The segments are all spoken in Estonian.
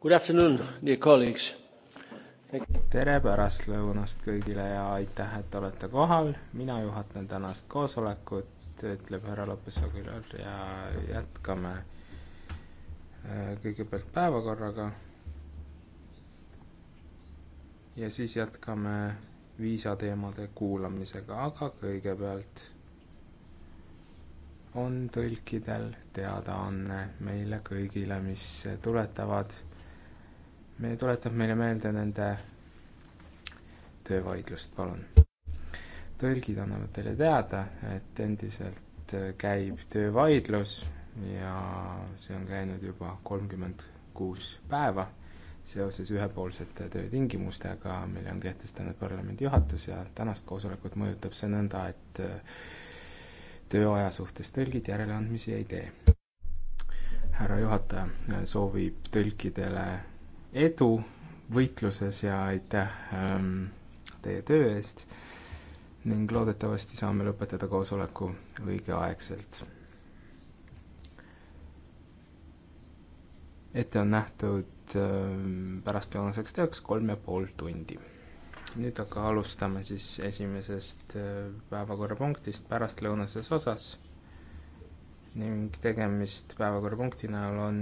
Good afternoon, dear colleagues. tere pärastlõunast kõigile ja aitäh, et olete kohal. mina juhatan tänast koosolekut, ütleb härra Lopes-Aguilar ja jätkame äh, kõigepealt päevakorraga. ja siis jätkame viisateemade kuulamisega, aga kõigepealt on tõlkidel teadaanne meile kõigile, mis tuletavad me, tuletab meile meelde nende töövaidlust, palun. tõlgid annavad teile teada, et endiselt käib töövaidlus ja see on käinud juba kolmkümmend kuus päeva seoses ühepoolsete töötingimustega, mille on kehtestanud parlamendi juhatus ja tänast koosolekut mõjutab see nõnda, et tööaja suhtes tõlgid järeleandmisi ei tee. härra juhataja soovib tõlkidele edu võitluses ja aitäh ähm, teie töö eest ning loodetavasti saame lõpetada koosoleku õigeaegselt. ette on nähtud ähm, pärastlõunaseks tööks kolm ja pool tundi. nüüd aga alustame siis esimesest äh, päevakorrapunktist pärastlõunases osas ning tegemist päevakorrapunkti näol on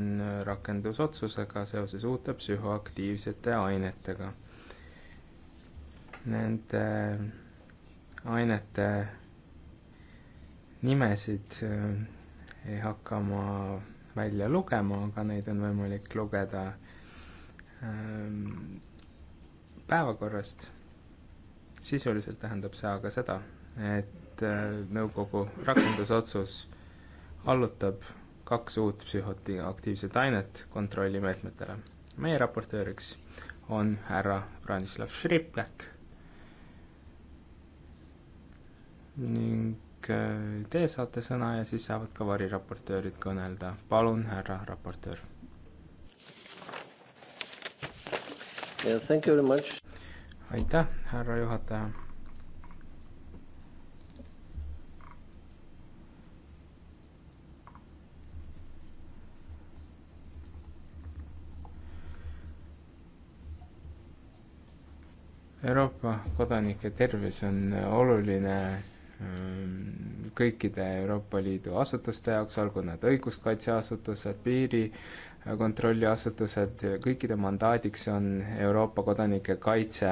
rakendusotsusega seoses uute psühhoaktiivsete ainetega. Nende ainete nimesid äh, ei hakka ma välja lugema, aga neid on võimalik lugeda ähm, päevakorrast. sisuliselt tähendab see aga seda, et äh, nõukogu rakendusotsus allutab kaks uut psühhoaktiivset ainet kontrollimeetmetele. meie raportööriks on härra Branislav Šriplek. ning äh, teie saate sõna ja siis saavad ka variraportöörid kõnelda. palun, härra raportöör yeah,. aitäh, härra juhataja Euroopa kodanike tervis on oluline ähm, kõikide Euroopa Liidu asutuste jaoks, olgu nad õiguskaitseasutused, piiri kontrolliasutused, kõikide mandaadiks on Euroopa kodanike kaitse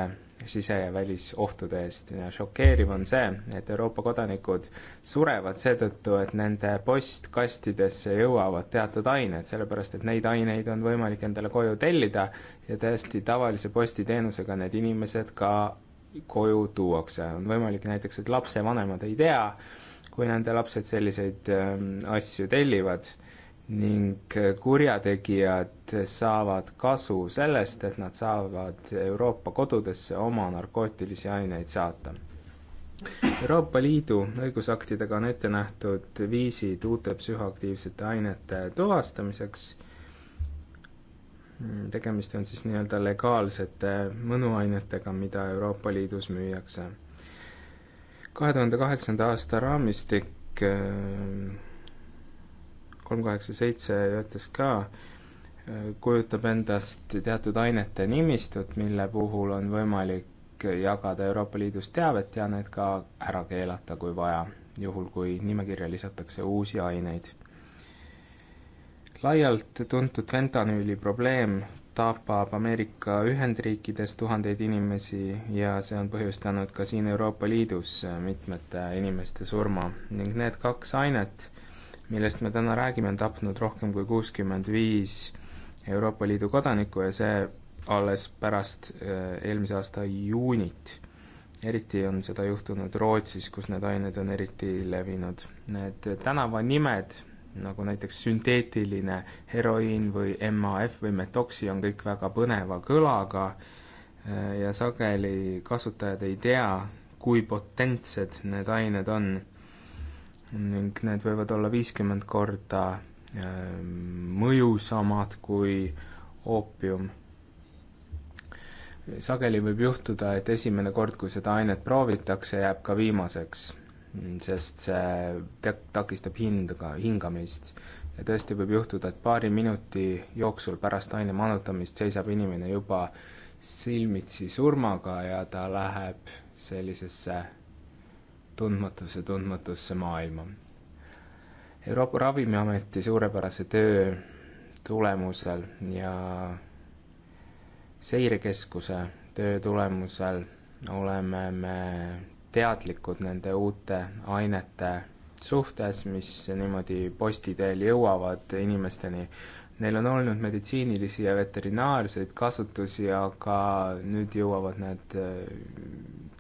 sise- ja välisohtude eest ja šokeeriv on see, et Euroopa kodanikud surevad seetõttu, et nende postkastidesse jõuavad teatud ained, sellepärast et neid aineid on võimalik endale koju tellida ja täiesti tavalise postiteenusega need inimesed ka koju tuuakse, on võimalik näiteks, et lapsevanemad ei tea, kui nende lapsed selliseid äh, asju tellivad ning kurjategijad saavad kasu sellest, et nad saavad Euroopa kodudesse oma narkootilisi aineid saata Euroopa Liidu õigusaktidega on ette nähtud viisid uute psühhoaktiivsete ainete tuvastamiseks, tegemist on siis nii-öelda legaalsete mõnuainetega, mida Euroopa Liidus müüakse. kahe tuhande kaheksanda aasta raamistik kolm kaheksa seitse JTSK äh, kujutab endast teatud ainete nimistut, mille puhul on võimalik jagada Euroopa Liidus teavet ja need ka ära keelata, kui vaja, juhul kui nimekirja lisatakse uusi aineid. laialt tuntud fentanüüli probleem tapab Ameerika Ühendriikides tuhandeid inimesi ja see on põhjustanud ka siin Euroopa Liidus mitmete inimeste surma ning need kaks ainet millest me täna räägime, on tapnud rohkem kui kuuskümmend viis Euroopa Liidu kodanikku ja see alles pärast äh, eelmise aasta juunit. eriti on seda juhtunud Rootsis, kus need ained on eriti levinud. Need tänavanimed, nagu näiteks sünteetiline heroiin või MAF või metoksi, on kõik väga põneva kõlaga äh, ja sageli kasutajad ei tea, kui potentsed need ained on ning need võivad olla viiskümmend korda ähm, mõjusamad kui oopium. sageli võib juhtuda, et esimene kord, kui seda ainet proovitakse, jääb ka viimaseks, sest see tek-, takistab hinga, hingamist. ja tõesti võib juhtuda, et paari minuti jooksul pärast aine manutamist seisab inimene juba silmitsi surmaga ja ta läheb sellisesse tundmatuse tundmatusse maailma. Euroopa Ravimiameti suurepärase töö tulemusel ja seirekeskuse töö tulemusel oleme me teadlikud nende uute ainete suhtes, mis niimoodi posti teel jõuavad inimesteni. Neil on olnud meditsiinilisi ja veterinaarseid kasutusi, aga nüüd jõuavad need äh,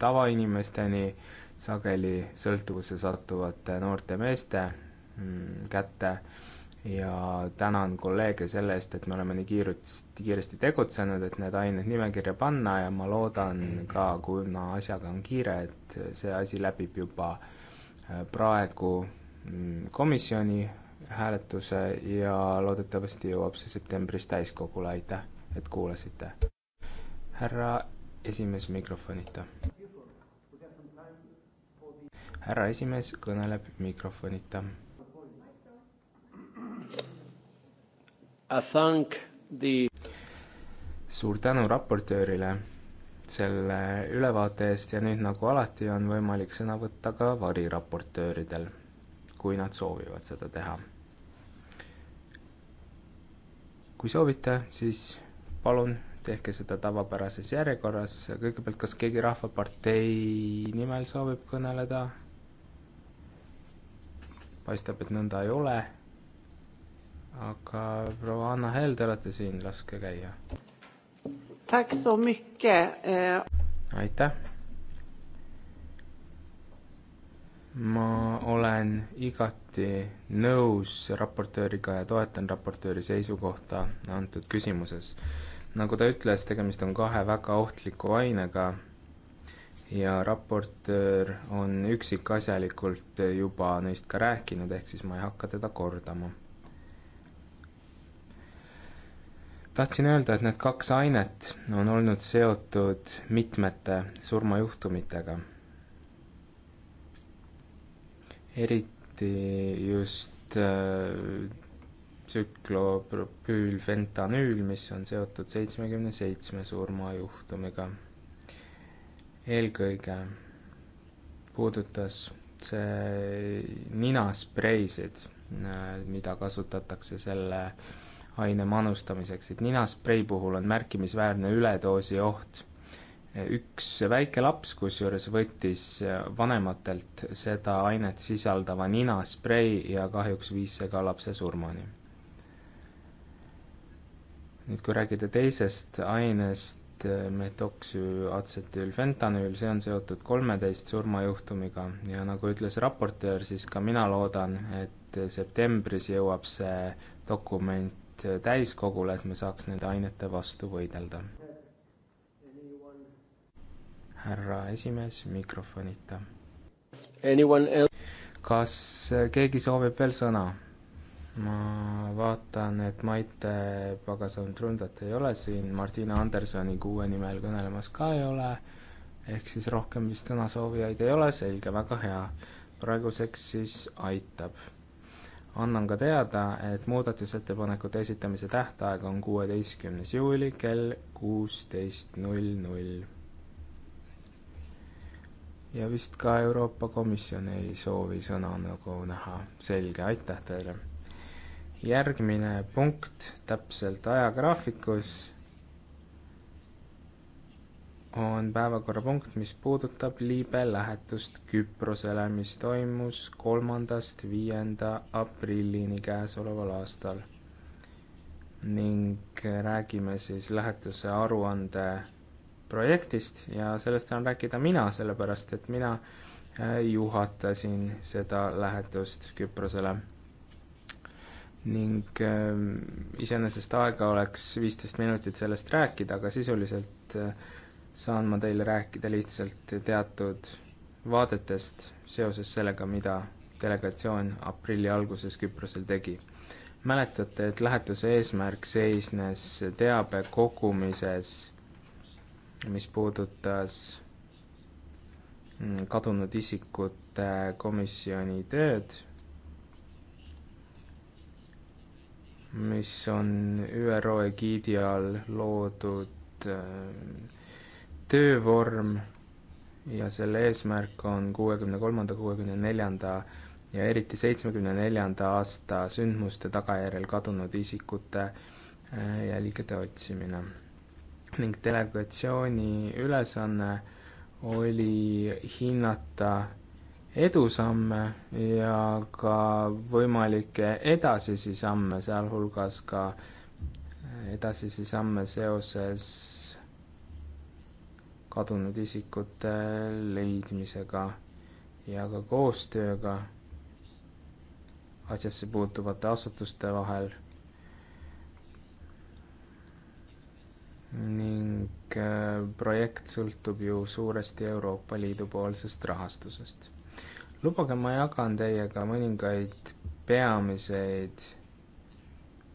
tavainimesteni äh, sageli sõltuvusse sattuvate noorte meeste mm, kätte ja tänan kolleege selle eest, et me oleme nii kiiresti, kiiresti tegutsenud, et need ained nimekirja panna ja ma loodan ka, kuna asjaga on kiire, et see asi läbib juba äh, praegu mm, komisjoni hääletuse ja loodetavasti jõuab see septembris täiskogule, aitäh, et kuulasite. härra esimees mikrofonita härra esimees kõneleb mikrofonita. The... suur tänu raportöörile selle ülevaate eest ja nüüd nagu alati on võimalik sõna võtta ka variraportööridel, kui nad soovivad seda teha. kui soovite, siis palun tehke seda tavapärases järjekorras, kõigepealt kas keegi Rahvapartei nimel soovib kõneleda? paistab, et nõnda ei ole. aga proua Anna Hell, te olete siin, laske käia. Eh, aitäh. ma olen igati nõus raportööriga ja toetan raportööri seisukohta antud küsimuses. nagu ta ütles, tegemist on kahe väga ohtliku ainega ja raportöör on üksikasjalikult juba neist ka rääkinud, ehk siis ma ei hakka teda kordama. tahtsin öelda, et need kaks ainet on olnud seotud mitmete surmajuhtumitega. eriti just äh, tsüklopropüülfentanüül, mis on seotud seitsmekümne seitsme surmajuhtumiga eelkõige puudutas see ninaspreisid, mida kasutatakse selle aine manustamiseks, et ninasprei puhul on märkimisväärne üledoosi oht. üks väike laps kusjuures võttis vanematelt seda ainet sisaldava ninasprei ja kahjuks viis see ka lapse surmani. nüüd, kui rääkida teisest ainest, et äh, metoksüatsetüülfentanüül, see on seotud kolmeteist surmajuhtumiga ja nagu ütles raportöör, siis ka mina loodan, et septembris jõuab see dokument täiskogule, et me saaks nende ainete vastu võidelda. härra esimees, mikrofonita. kas keegi soovib veel sõna? ma vaatan, et Maite Pagasaun-Trundat ei ole siin, Martina Andersoni kuue nimel kõnelemas ka ei ole, ehk siis rohkem vist sõnasoovijaid ei ole, selge, väga hea. praeguseks siis aitab. annan ka teada, et muudatusettepanekute esitamise tähtaeg on kuueteistkümnes juuli kell kuusteist null null. ja vist ka Euroopa Komisjon ei soovi sõna, nagu näha. selge, aitäh teile järgmine punkt täpselt ajagraafikus on päevakorrapunkt, mis puudutab liibe lähetust Küprosele, mis toimus kolmandast viienda aprillini käesoleval aastal. ning räägime siis lähetuse aruande projektist ja sellest saan rääkida mina, sellepärast et mina eh, juhatasin seda lähetust Küprosele ning ähm, iseenesest aega oleks viisteist minutit sellest rääkida, aga sisuliselt äh, saan ma teile rääkida lihtsalt teatud vaadetest seoses sellega, mida delegatsioon aprilli alguses Küprosel tegi. mäletate, et lähetuse eesmärk seisnes teabe kogumises, mis puudutas mm, kadunud isikute komisjoni tööd mis on ÜRO egiidi all loodud äh, töövorm ja selle eesmärk on kuuekümne kolmanda, kuuekümne neljanda ja eriti seitsmekümne neljanda aasta sündmuste tagajärjel kadunud isikute äh, jälgede otsimine. ning delegatsiooni ülesanne oli hinnata edusamme ja ka võimalikke edasisi samme, sealhulgas ka edasisi samme seoses kadunud isikute leidmisega ja ka koostööga asjasse puutuvate asutuste vahel ning äh, projekt sõltub ju suuresti Euroopa Liidu poolsest rahastusest lubage, ma jagan teiega mõningaid peamiseid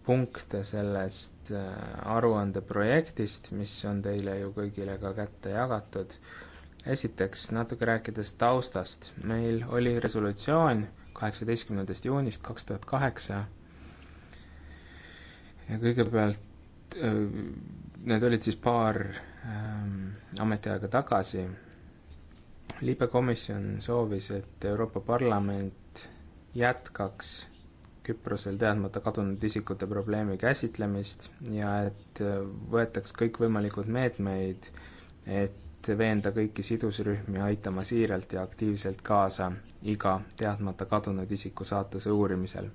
punkte sellest äh, aruandeprojektist, mis on teile ju kõigile ka kätte jagatud. esiteks natuke rääkides taustast, meil oli resolutsioon kaheksateistkümnendast juunist kaks tuhat kaheksa ja kõigepealt äh, need olid siis paar ähm, ametiaega tagasi libekomisjon soovis, et Euroopa Parlament jätkaks Küprosel teadmata kadunud isikute probleemi käsitlemist ja et võetaks kõikvõimalikud meetmeid, et veenda kõiki sidusrühmi aitama siiralt ja aktiivselt kaasa iga teadmata kadunud isiku saatuse uurimisel.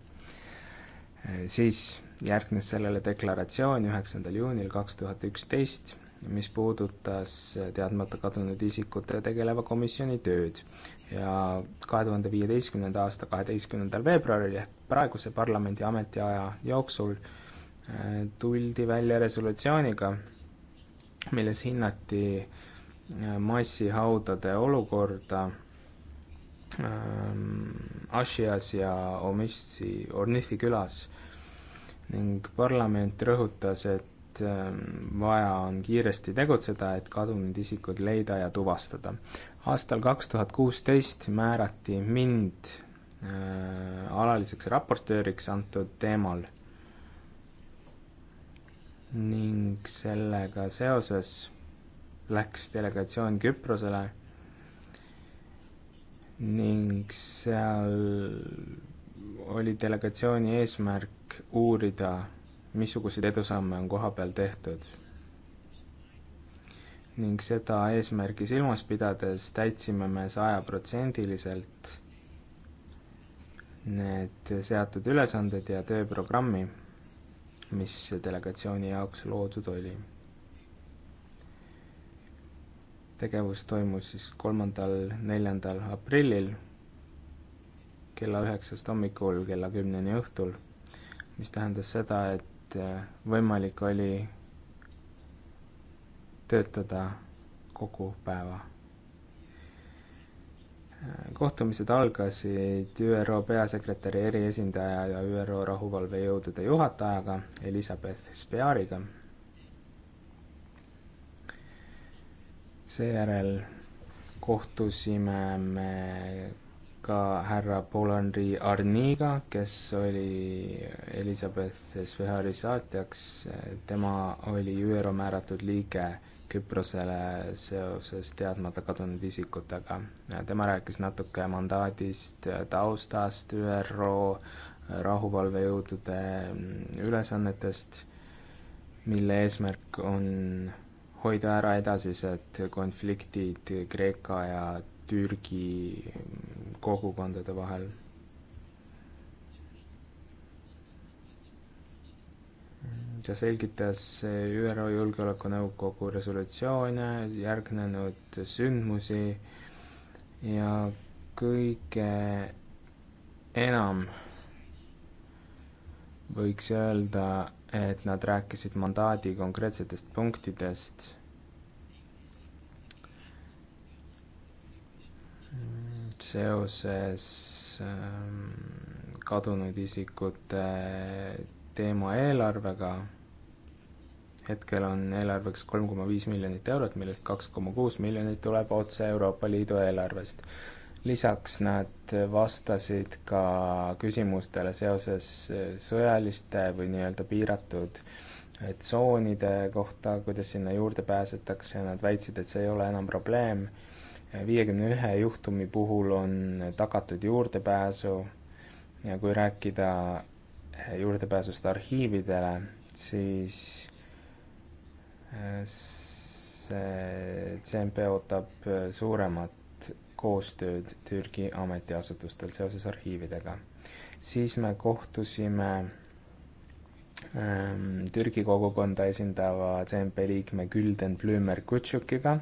siis järgnes sellele deklaratsioon üheksandal juunil kaks tuhat üksteist mis puudutas teadmata kadunud isikutega tegeleva komisjoni tööd. ja kahe tuhande viieteistkümnenda aasta kaheteistkümnendal veebruaril ehk praeguse parlamendi ametiaja jooksul äh, tuldi välja resolutsiooniga, milles hinnati äh, massihaudade olukorda ähm, Ashias ja Omissi, Ornithi külas ning parlament rõhutas, et et ähm, vaja on kiiresti tegutseda, et kadunud isikud leida ja tuvastada. aastal kaks tuhat kuusteist määrati mind äh, alaliseks raportööriks antud teemal. ning sellega seoses läks delegatsioon Küprosele ning seal oli delegatsiooni eesmärk uurida missuguseid edusamme on kohapeal tehtud. ning seda eesmärki silmas pidades täitsime me sajaprotsendiliselt need seatud ülesanded ja tööprogrammi, mis delegatsiooni jaoks loodud oli. tegevus toimus siis kolmandal, neljandal aprillil kella üheksast hommikul kella kümneni õhtul, mis tähendas seda, et et äh, võimalik oli töötada kogu päeva. Äh, kohtumised algasid ÜRO peasekretäri eriesindaja ja ÜRO rahuvalvejõudude juhatajaga Elizabeth Speariga. seejärel kohtusime me ka härra Paul-Henri Arniga, kes oli Elizabeth Svehari saatjaks, tema oli ÜRO määratud liige Küprosele seoses teadmata kadunud isikutega. tema rääkis natuke mandaadist, taustast, ÜRO rahuvalvejõudude ülesannetest, mille eesmärk on hoida ära edasised konfliktid Kreeka ja Türgi kogukondade vahel. ta selgitas ÜRO Julgeolekunõukogu resolutsioone, järgnenud sündmusi ja kõige enam võiks öelda, et nad rääkisid mandaadi konkreetsetest punktidest mm seoses ähm, kadunud isikute teema eelarvega. hetkel on eelarveks kolm koma viis miljonit eurot, millest kaks koma kuus miljonit tuleb otse Euroopa Liidu eelarvest. lisaks nad vastasid ka küsimustele seoses äh, sõjaliste või nii-öelda piiratud tsoonide kohta, kuidas sinna juurde pääsetakse, nad väitsid, et see ei ole enam probleem viiekümne ühe juhtumi puhul on tagatud juurdepääsu ja kui rääkida eh, juurdepääsust arhiividele, siis eh, see CMP ootab eh, suuremat koostööd Türgi ametiasutustel seoses arhiividega. siis me kohtusime Ehm, Türgi kogukonda esindava CMP liikme Gülden Blümer Kutšukiga,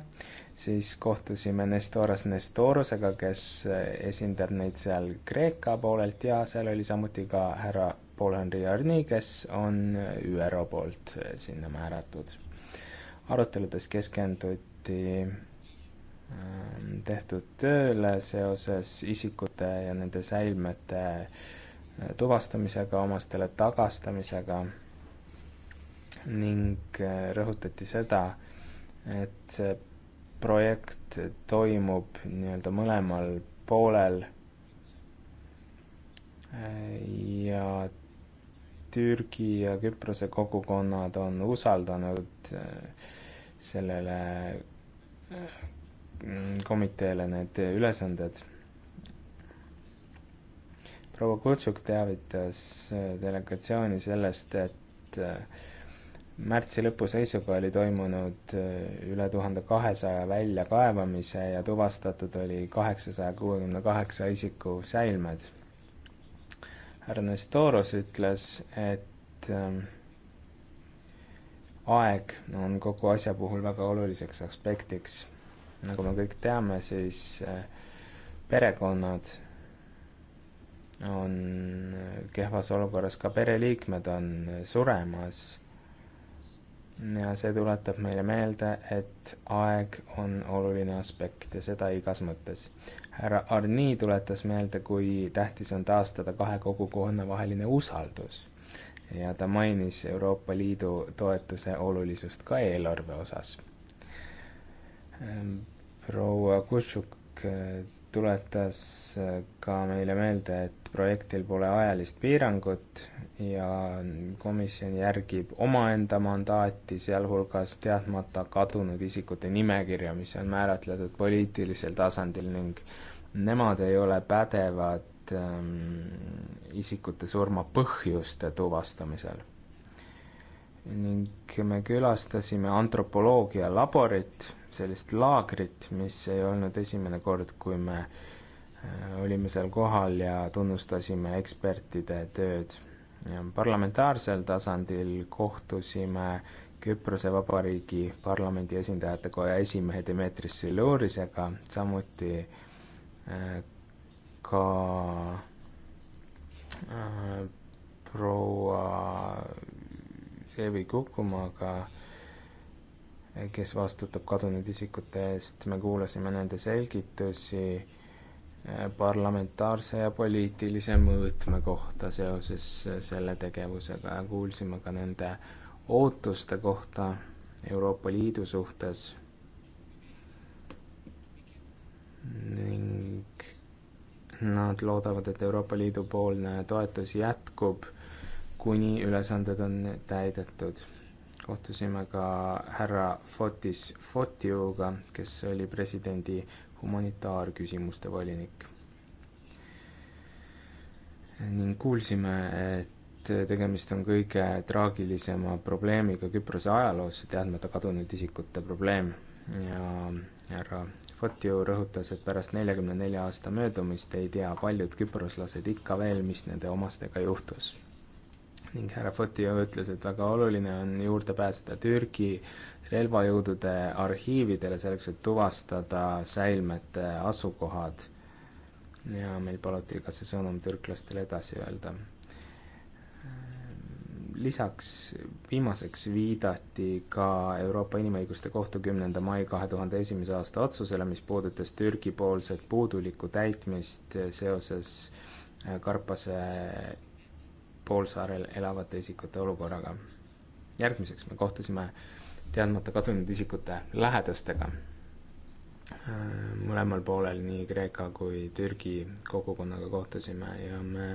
siis kohtusime Nestoras Nestorosega, kes eh, esindab neid seal Kreeka poolelt ja seal oli samuti ka härra Paul-Henri Arni, kes on ÜRO poolt eh, sinna määratud. aruteludes keskenduti ehm, tehtud tööle seoses isikute ja nende säilmete eh, tuvastamisega, omastele tagastamisega ning äh, rõhutati seda, et see projekt toimub nii-öelda mõlemal poolel äh, ja Türgi ja Küprose kogukonnad on usaldanud äh, sellele komiteele need ülesanded. proua Kutsuk teavitas delegatsiooni sellest, et märtsi lõpu seisuga oli toimunud äh, üle tuhande kahesaja väljakaevamise ja tuvastatud oli kaheksasaja kuuekümne kaheksa isiku säilmed. härra Nestoros ütles, et ähm, aeg on kogu asja puhul väga oluliseks aspektiks. nagu me kõik teame, siis äh, perekonnad on äh, kehvas olukorras, ka pereliikmed on suremas ja see tuletab meile meelde, et aeg on oluline aspekt ja seda igas mõttes. härra Arni tuletas meelde, kui tähtis on taastada kahe kogukonna vaheline usaldus ja ta mainis Euroopa Liidu toetuse olulisust ka eelarve osas. Ehm, proua Kutšuk tuletas äh, ka meile meelde, et projektil pole ajalist piirangut ja komisjon järgib omaenda mandaati, sealhulgas teadmata kadunud isikute nimekirja, mis on määratletud poliitilisel tasandil ning nemad ei ole pädevad ähm, isikute surma põhjuste tuvastamisel. ning me külastasime antropoloogia laborit sellist laagrit, mis ei olnud esimene kord, kui me äh, olime seal kohal ja tunnustasime ekspertide tööd. parlamentaarsel tasandil kohtusime Küprose Vabariigi parlamendi esindajate koja esimehe Demetris Silurisega, samuti äh, ka äh, proua Sevi Kukumaga kes vastutab kadunud isikute eest, me kuulasime nende selgitusi eh, parlamentaarse ja poliitilise mõõtme kohta seoses eh, selle tegevusega ja kuulsime ka nende ootuste kohta Euroopa Liidu suhtes ning nad loodavad, et Euroopa Liidu poolne toetus jätkub, kuni ülesanded on täidetud kohtusime ka härra Fotis Fotiuga, kes oli presidendi humanitaarküsimuste volinik. ning kuulsime, et tegemist on kõige traagilisema probleemiga Küprose ajaloos, teadmata kadunud isikute probleem ja härra Fotiu rõhutas, et pärast neljakümne nelja aasta möödumist ei tea paljud küproslased ikka veel, mis nende omastega juhtus ning härra Fotijev ütles, et väga oluline on juurde pääseda Türgi relvajõudude arhiividele, selleks et tuvastada säilmete asukohad. ja meil paluti ka see sõnum türklastele edasi öelda. lisaks viimaseks viidati ka Euroopa Inimõiguste Kohtu kümnenda mai kahe tuhande esimese aasta otsusele, mis puudutas Türgi-poolset puudulikku täitmist seoses Karpase poolsaarel elavate isikute olukorraga. järgmiseks me kohtusime teadmata kadunud isikute lähedastega äh, mõlemal poolel, nii Kreeka kui Türgi kogukonnaga kohtusime ja me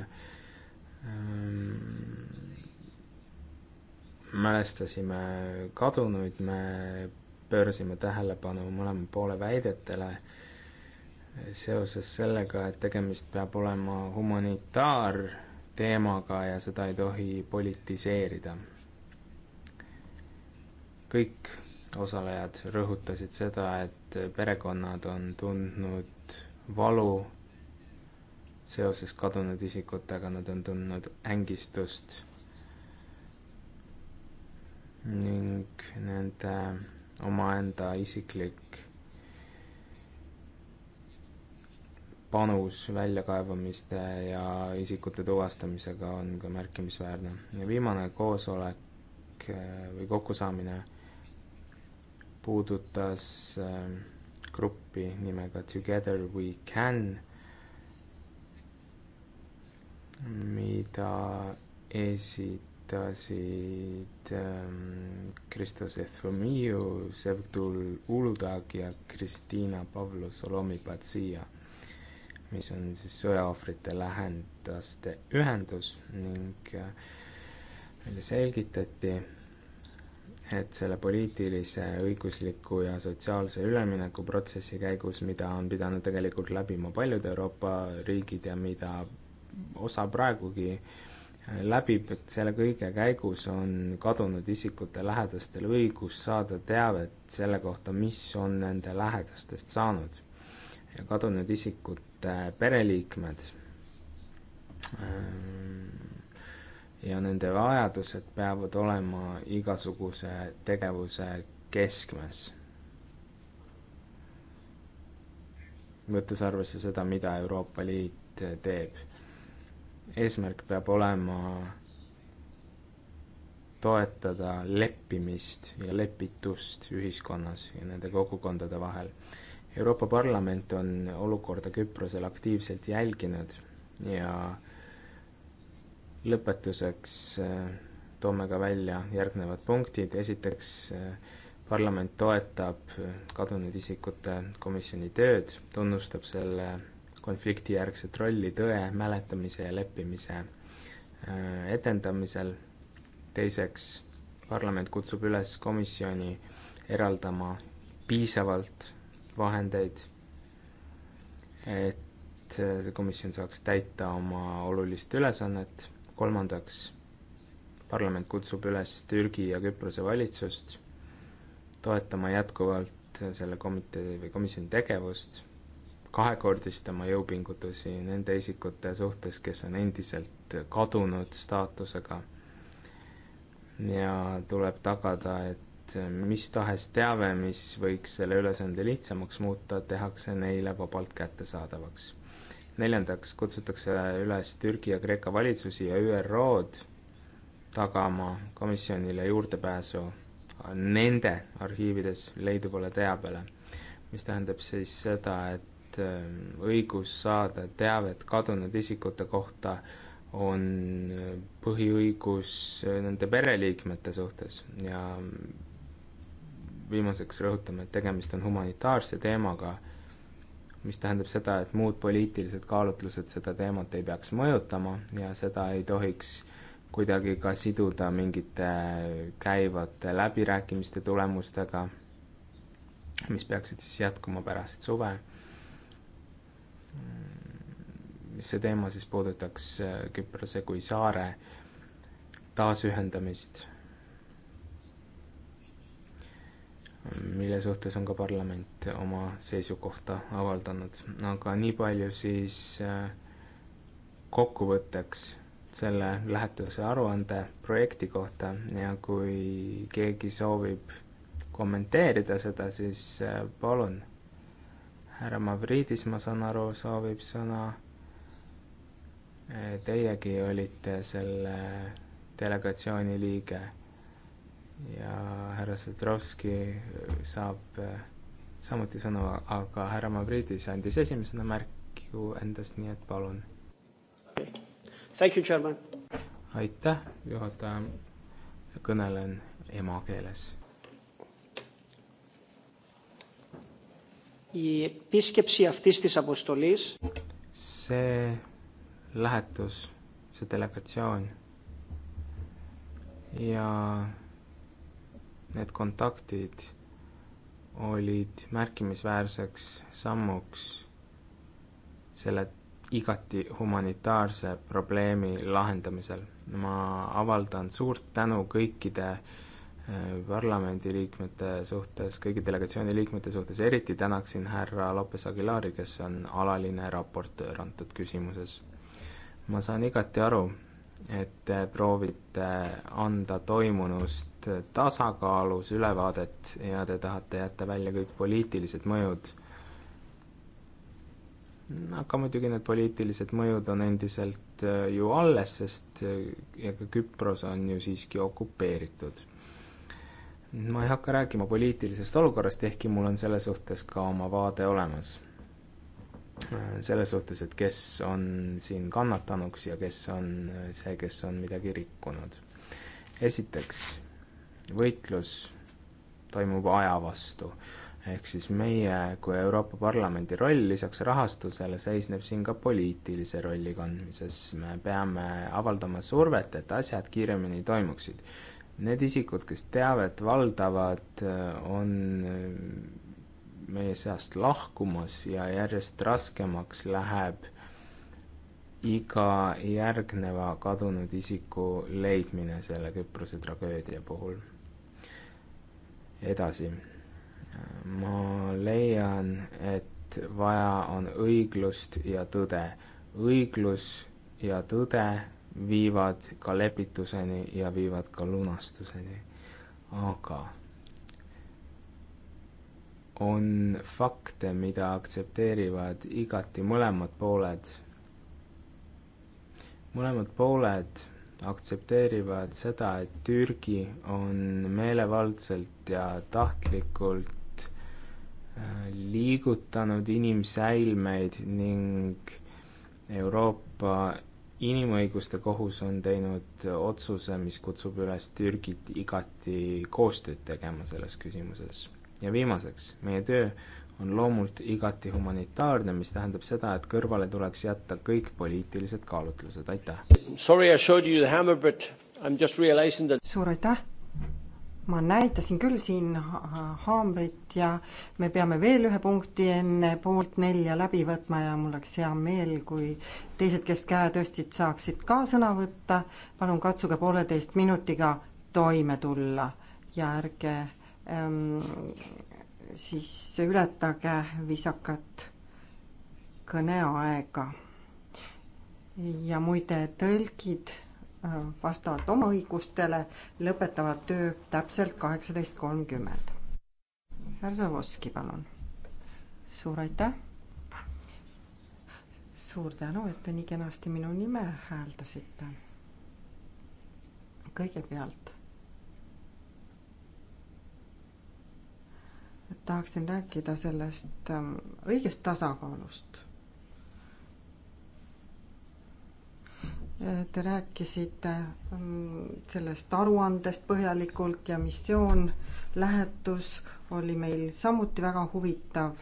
ähm, mälestasime kadunuid, me pöörasime tähelepanu mõlema poole väidetele äh, seoses sellega, et tegemist peab olema humanitaar- teemaga ja seda ei tohi politiseerida. kõik osalejad rõhutasid seda, et perekonnad on tundnud valu seoses kadunud isikutega, nad on tundnud ängistust ning nende omaenda isiklik panus väljakaevamiste ja isikute tuvastamisega on ka märkimisväärne. viimane koosolek äh, või kokkusaamine puudutas äh, gruppi nimega Together We Can, mida esitasid Kristo ähm, Sefromiu, Sevtul Uludag ja Kristiina Pavlo Solomi-Patsia mis on siis sõjaohvrite lähendaste ühendus ning äh, meile selgitati, et selle poliitilise, õigusliku ja sotsiaalse üleminekuprotsessi käigus, mida on pidanud tegelikult läbima paljud Euroopa riigid ja mida osa praegugi äh, läbib, et selle kõige käigus on kadunud isikute lähedastel õigus saada teavet selle kohta, mis on nende lähedastest saanud. ja kadunud isikud Äh, pereliikmed ähm, ja nende vajadused peavad olema igasuguse tegevuse keskmes. võttes arvesse seda, mida Euroopa Liit teeb. eesmärk peab olema toetada leppimist ja lepitust ühiskonnas ja nende kogukondade vahel Euroopa Parlament on olukorda Küprosel aktiivselt jälginud ja lõpetuseks äh, toome ka välja järgnevad punktid, esiteks äh, parlament toetab äh, kadunud isikute komisjoni tööd, tunnustab selle konfliktijärgset rolli tõe mäletamise ja leppimise edendamisel, teiseks parlament kutsub üles komisjoni eraldama piisavalt vahendeid, et äh, see komisjon saaks täita oma olulist ülesannet. kolmandaks, parlament kutsub üles Türgi ja Küprose valitsust toetama jätkuvalt selle komitee või komisjoni tegevust, kahekordistama jõupingutusi nende isikute suhtes, kes on endiselt kadunud staatusega ja tuleb tagada, et et äh, mis tahes teave, mis võiks selle ülesande lihtsamaks muuta, tehakse neile vabalt kättesaadavaks. neljandaks kutsutakse üles Türgi ja Kreeka valitsusi ja ÜRO-d tagama komisjonile juurdepääsu nende arhiivides leiduvale teabele, mis tähendab siis seda, et äh, õigus saada teavet kadunud isikute kohta on äh, põhiõigus nende pereliikmete suhtes ja viimaseks rõhutame, et tegemist on humanitaarse teemaga, mis tähendab seda, et muud poliitilised kaalutlused seda teemat ei peaks mõjutama ja seda ei tohiks kuidagi ka siduda mingite käivate läbirääkimiste tulemustega, mis peaksid siis jätkuma pärast suve. see teema siis puudutaks Küprose kui saare taasühendamist mille suhtes on ka parlament oma seisukohta avaldanud. aga nii palju siis äh, kokkuvõtteks selle lähetuse aruande projekti kohta ja kui keegi soovib kommenteerida seda, siis äh, palun. härra Mavridis, ma saan aru, soovib sõna. Äh, teiegi olite selle delegatsiooni liige ja härra Sõdrovski äh, saab äh, samuti sõna, aga härra Mavridis andis esimesena märku endast, nii et palun. aitäh, juhataja. kõnelen emakeeles. see lähetus, see delegatsioon ja Need kontaktid olid märkimisväärseks sammuks selle igati humanitaarse probleemi lahendamisel. ma avaldan suurt tänu kõikide äh, parlamendiliikmete suhtes, kõigi delegatsiooni liikmete suhtes, eriti tänaksin härra Lopes Aguilari, kes on alaline raportöör antud küsimuses. ma saan igati aru, et te proovite anda toimunust head tasakaalus ülevaadet ja te tahate jätta välja kõik poliitilised mõjud. aga muidugi need poliitilised mõjud on endiselt äh, ju alles, sest äh, ega Küpros on ju siiski okupeeritud. ma ei hakka rääkima poliitilisest olukorrast, ehkki mul on selle suhtes ka oma vaade olemas äh, selles suhtes, et kes on siin kannatanuks ja kes on see, kes on midagi rikkunud. esiteks, võitlus toimub aja vastu. ehk siis meie kui Euroopa Parlamendi roll lisaks rahastusele seisneb siin ka poliitilise rolli kandmises, me peame avaldama survet, et asjad kiiremini toimuksid. Need isikud, kes teavet valdavad, on meie seast lahkumas ja järjest raskemaks läheb iga järgneva kadunud isiku leidmine selle Küprose tragöödia puhul edasi. ma leian, et vaja on õiglust ja tõde. õiglus ja tõde viivad ka lepituseni ja viivad ka lunastuseni. aga on fakte, mida aktsepteerivad igati mõlemad pooled. mõlemad pooled aktsepteerivad seda, et Türgi on meelevaldselt ja tahtlikult äh, liigutanud inimsäilmeid ning Euroopa Inimõiguste Kohus on teinud otsuse, mis kutsub üles Türgit igati koostööd tegema selles küsimuses. ja viimaseks, meie töö on loomult igati humanitaarne, mis tähendab seda, et kõrvale tuleks jätta kõik poliitilised kaalutlused, aitäh. That... suur aitäh! ma näitasin küll siin haamrit ja me peame veel ühe punkti enne poolt nelja läbi võtma ja mul oleks hea meel, kui teised, kes käe tõstsid, saaksid ka sõna võtta. palun katsuge pooleteist minutiga toime tulla ja ärge ähm, siis ületage viisakat kõneaega. ja muide, tõlgid äh, vastavalt oma õigustele lõpetavad töö täpselt kaheksateist kolmkümmend. härra Zavoski, palun. suur aitäh. suur tänu, et te nii kenasti minu nime hääldasite. kõigepealt tahaksin rääkida sellest ähm, õigest tasakaalust. Äh, te rääkisite ähm, sellest aruandest põhjalikult ja missioon, lähetus oli meil samuti väga huvitav.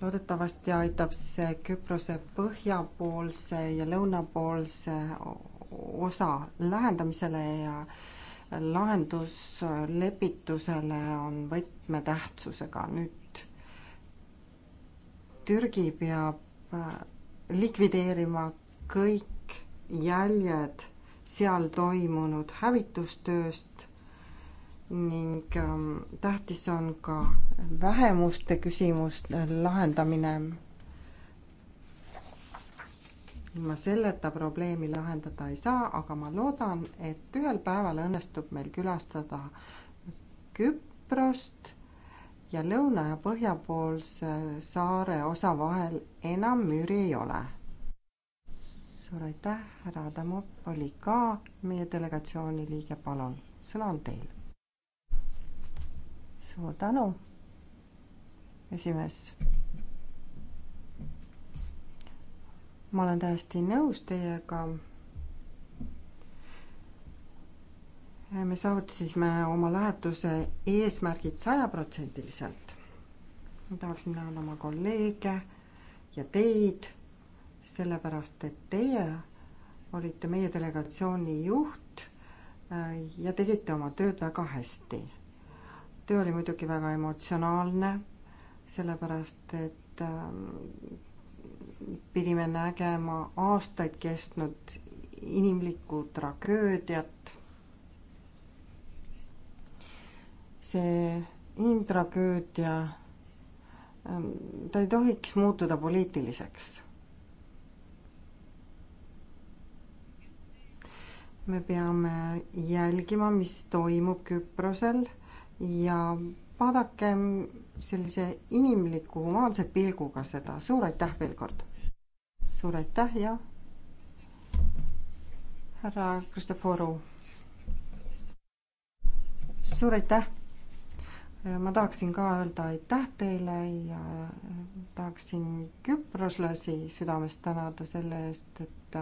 loodetavasti aitab see Küprose põhjapoolse ja lõunapoolse osa lähendamisele ja äh, lahendus lepitusele on võtmetähtsusega. nüüd Türgi peab äh, likvideerima kõik jäljed seal toimunud hävitustööst ning ähm, tähtis on ka vähemuste küsimuste lahendamine ilma selleta probleemi lahendada ei saa, aga ma loodan, et ühel päeval õnnestub meil külastada Küprost ja lõuna ja põhjapoolse saare osa vahel enam müüri ei ole. suur aitäh, härra Adamov oli ka meie delegatsiooni liige, palun, sõna on teil. suur tänu, esimees ma olen täiesti nõus teiega. me saavutasime oma lähetuse eesmärgid sajaprotsendiliselt. ma tahaksin tänada oma kolleege ja teid, sellepärast et teie olite meie delegatsiooni juht äh, ja tegite oma tööd väga hästi. töö oli muidugi väga emotsionaalne, sellepärast et ähm, pidime nägema aastaid kestnud inimlikku tragöödiat. see inimtragöödia, ähm, ta ei tohiks muutuda poliitiliseks me peame jälgima, mis toimub Küprosel ja vaadakem sellise inimliku, humaanse pilguga seda. suur aitäh veel kord! suur aitäh ja härra Kristoforu. suur aitäh. ma tahaksin ka öelda aitäh teile ja tahaksin küproslasi südamest tänada selle eest, et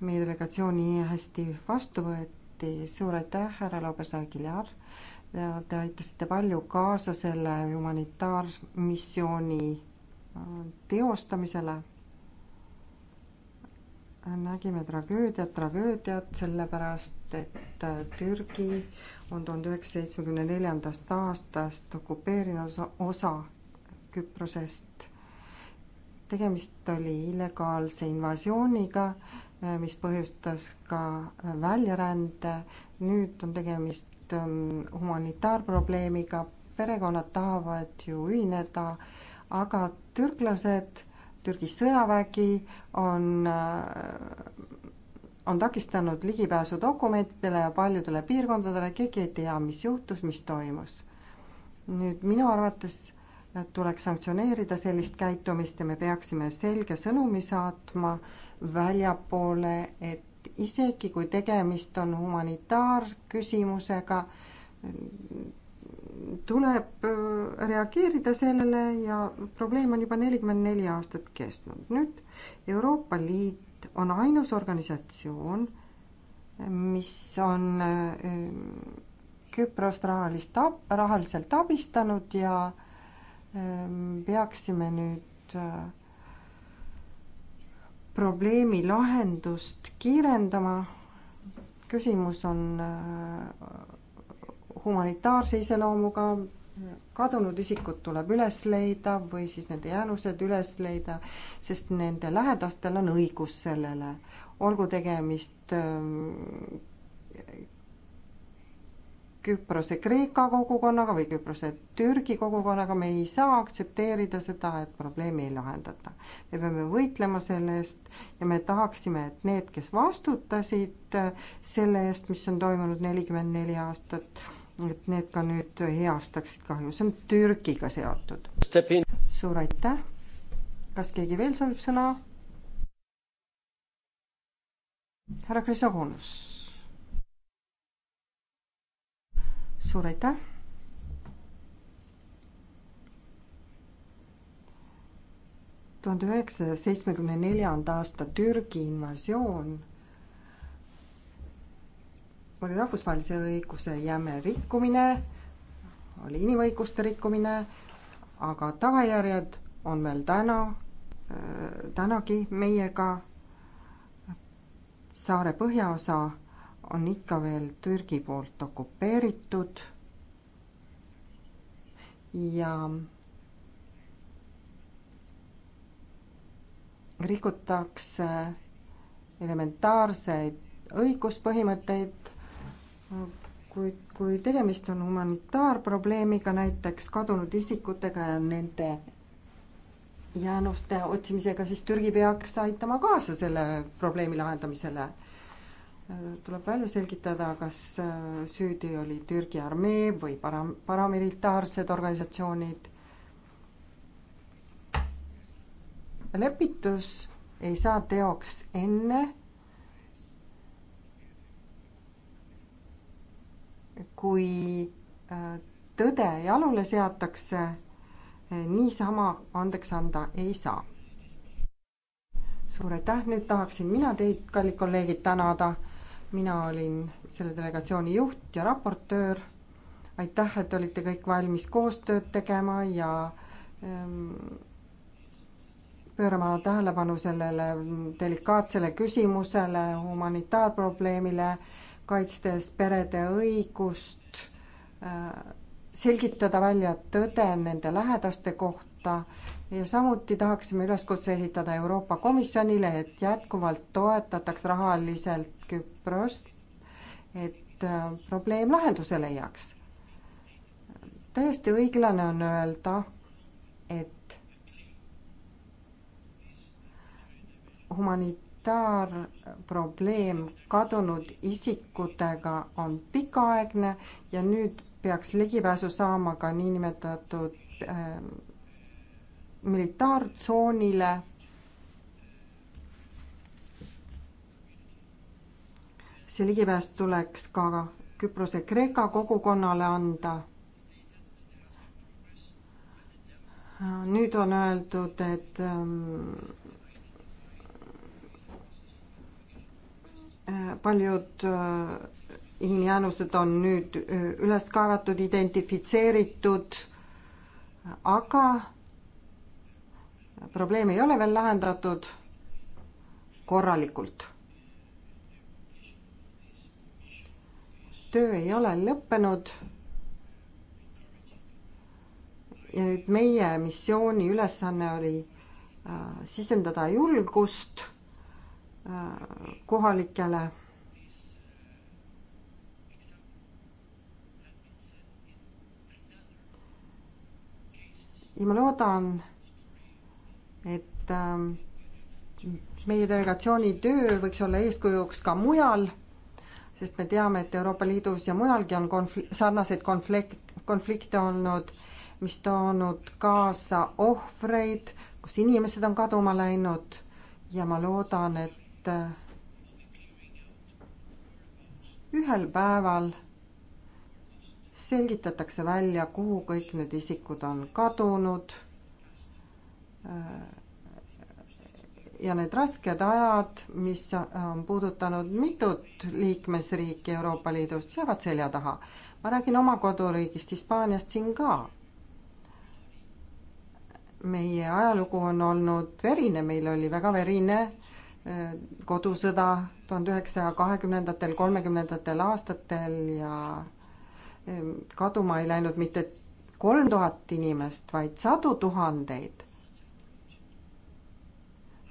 meie delegatsiooni nii hästi vastu võeti. suur aitäh, härra Lobes-Aguilar ja te aitasite palju kaasa selle humanitaarmissiooni teostamisele nägime tragöödiat, tragöödiat sellepärast, et äh, Türgi on tuhande üheksasaja seitsmekümne neljandast aastast okupeerinud osa Küprosest. tegemist oli illegaalse invasiooniga, äh, mis põhjustas ka äh, väljarände. nüüd on tegemist ähm, humanitaarprobleemiga, perekonnad tahavad ju ühineda, aga türklased Türgi sõjavägi on, äh, on takistanud ligipääsu dokumentidele ja paljudele piirkondadele, keegi ei tea, mis juhtus, mis toimus. nüüd minu arvates äh, tuleks sanktsioneerida sellist käitumist ja me peaksime selge sõnumi saatma väljapoole, et isegi kui tegemist on humanitaarküsimusega, tuleb äh, reageerida sellele ja probleem on juba nelikümmend neli aastat kestnud. nüüd Euroopa Liit on ainus organisatsioon, mis on äh, Küprost rahalist ab-, rahaliselt abistanud ja ähm, peaksime nüüd äh, probleemi lahendust kiirendama. küsimus on humanitaarse iseloomuga, kadunud isikud tuleb üles leida või siis nende jäänused üles leida, sest nende lähedastel on õigus sellele. olgu tegemist ähm, Küprose Kreeka kogukonnaga või Küprose Türgi kogukonnaga, me ei saa aktsepteerida seda, et probleemi ei lahendata. me peame võitlema selle eest ja me tahaksime, et need, kes vastutasid äh, selle eest, mis on toimunud nelikümmend neli aastat, et need ka nüüd heastaksid kahju, see on Türgiga seotud. suur aitäh. kas keegi veel soovib sõna? härra Krisogonus. suur aitäh. tuhande üheksasaja seitsmekümne neljanda aasta Türgi invasioon oli rahvusvahelise õiguse jäme rikkumine, oli inimõiguste rikkumine, aga tagajärjed on meil täna, äh, tänagi meiega. saare põhjaosa on ikka veel Türgi poolt okupeeritud ja rikutakse elementaarseid õiguspõhimõtteid, kui, kui tegemist on humanitaarprobleemiga, näiteks kadunud isikutega ja nende jäänuste otsimisega, siis Türgi peaks aitama kaasa selle probleemi lahendamisele. tuleb välja selgitada, kas äh, süüdi oli Türgi armee või para-, paramilitaarsed organisatsioonid. lepitus ei saa teoks enne kui äh, tõde jalule seatakse, äh, niisama andeks anda ei saa. suur aitäh, nüüd tahaksin mina teid, kallid kolleegid, tänada. mina olin selle delegatsiooni juht ja raportöör. aitäh, et olite kõik valmis koostööd tegema ja ähm, pöörama tähelepanu sellele delikaatsele küsimusele, humanitaarprobleemile äh,, kaitstes perede õigust äh, selgitada välja tõde nende lähedaste kohta ja samuti tahaksime üleskutse esitada Euroopa Komisjonile, et jätkuvalt toetataks rahaliselt Küprost, et äh, probleem lahenduse leiaks. täiesti õiglane on öelda, et humanit-, humanitaarprobleem kadunud isikutega on pikaaegne ja nüüd peaks ligipääsu saama ka niinimetatud äh, militaartsoonile see ligipääs tuleks ka Küprose Kreeka kogukonnale anda. nüüd on öeldud, et ähm, Äh, paljud äh, inimjäänused on nüüd äh, üles kaevatud, identifitseeritud, aga probleem ei ole veel lahendatud korralikult. töö ei ole lõppenud. ja nüüd meie missiooni ülesanne oli sisendada julgust Äh, kohalikele ja ma loodan, et äh, meie delegatsiooni töö võiks olla eeskujuks ka mujal, sest me teame, et Euroopa Liidus ja mujalgi on konfl-, sarnaseid konflikt, konflikte olnud, mis toonud kaasa ohvreid, kus inimesed on kaduma läinud ja ma loodan, et et äh, ühel päeval selgitatakse välja, kuhu kõik need isikud on kadunud. Äh, ja need rasked ajad, mis on puudutanud mitut liikmesriiki Euroopa Liidust, jäävad selja taha. ma räägin oma koduriigist Hispaaniast siin ka. meie ajalugu on olnud verine, meil oli väga verine äh, kodusõda tuhande üheksasaja kahekümnendatel, kolmekümnendatel aastatel ja ehm, kaduma ei läinud mitte kolm tuhat inimest, vaid sadu tuhandeid.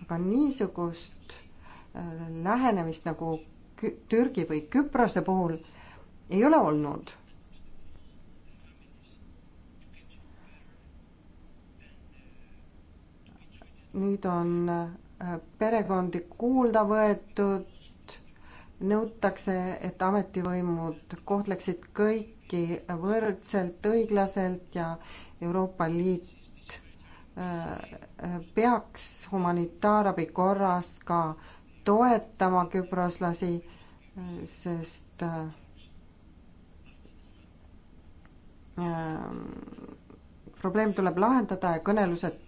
aga niisugust äh, lähenemist nagu Türgi või Küprose puhul ei ole olnud. nüüd on äh, Äh, perekondi kuulda võetud, nõutakse, et ametivõimud kohtleksid kõiki võrdselt, õiglaselt ja Euroopa Liit äh, peaks humanitaarabi korras ka toetama küproslasi, äh, sest ähm, probleem tuleb lahendada ja kõnelused,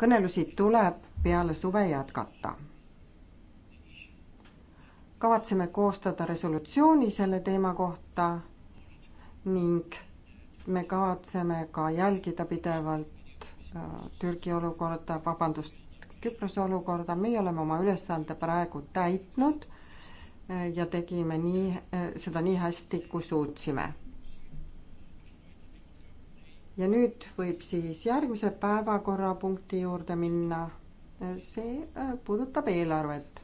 kõnelusi tuleb peale suve jätkata. kavatseme koostada resolutsiooni selle teema kohta ning me kavatseme ka jälgida pidevalt äh, Türgi olukorda, vabandust, Küprose olukorda, meie oleme oma ülesande praegu täitnud äh, ja tegime nii, äh, seda nii hästi, kui suutsime. ja nüüd võib siis järgmise päevakorrapunkti juurde minna see äh, puudutab eelarvet.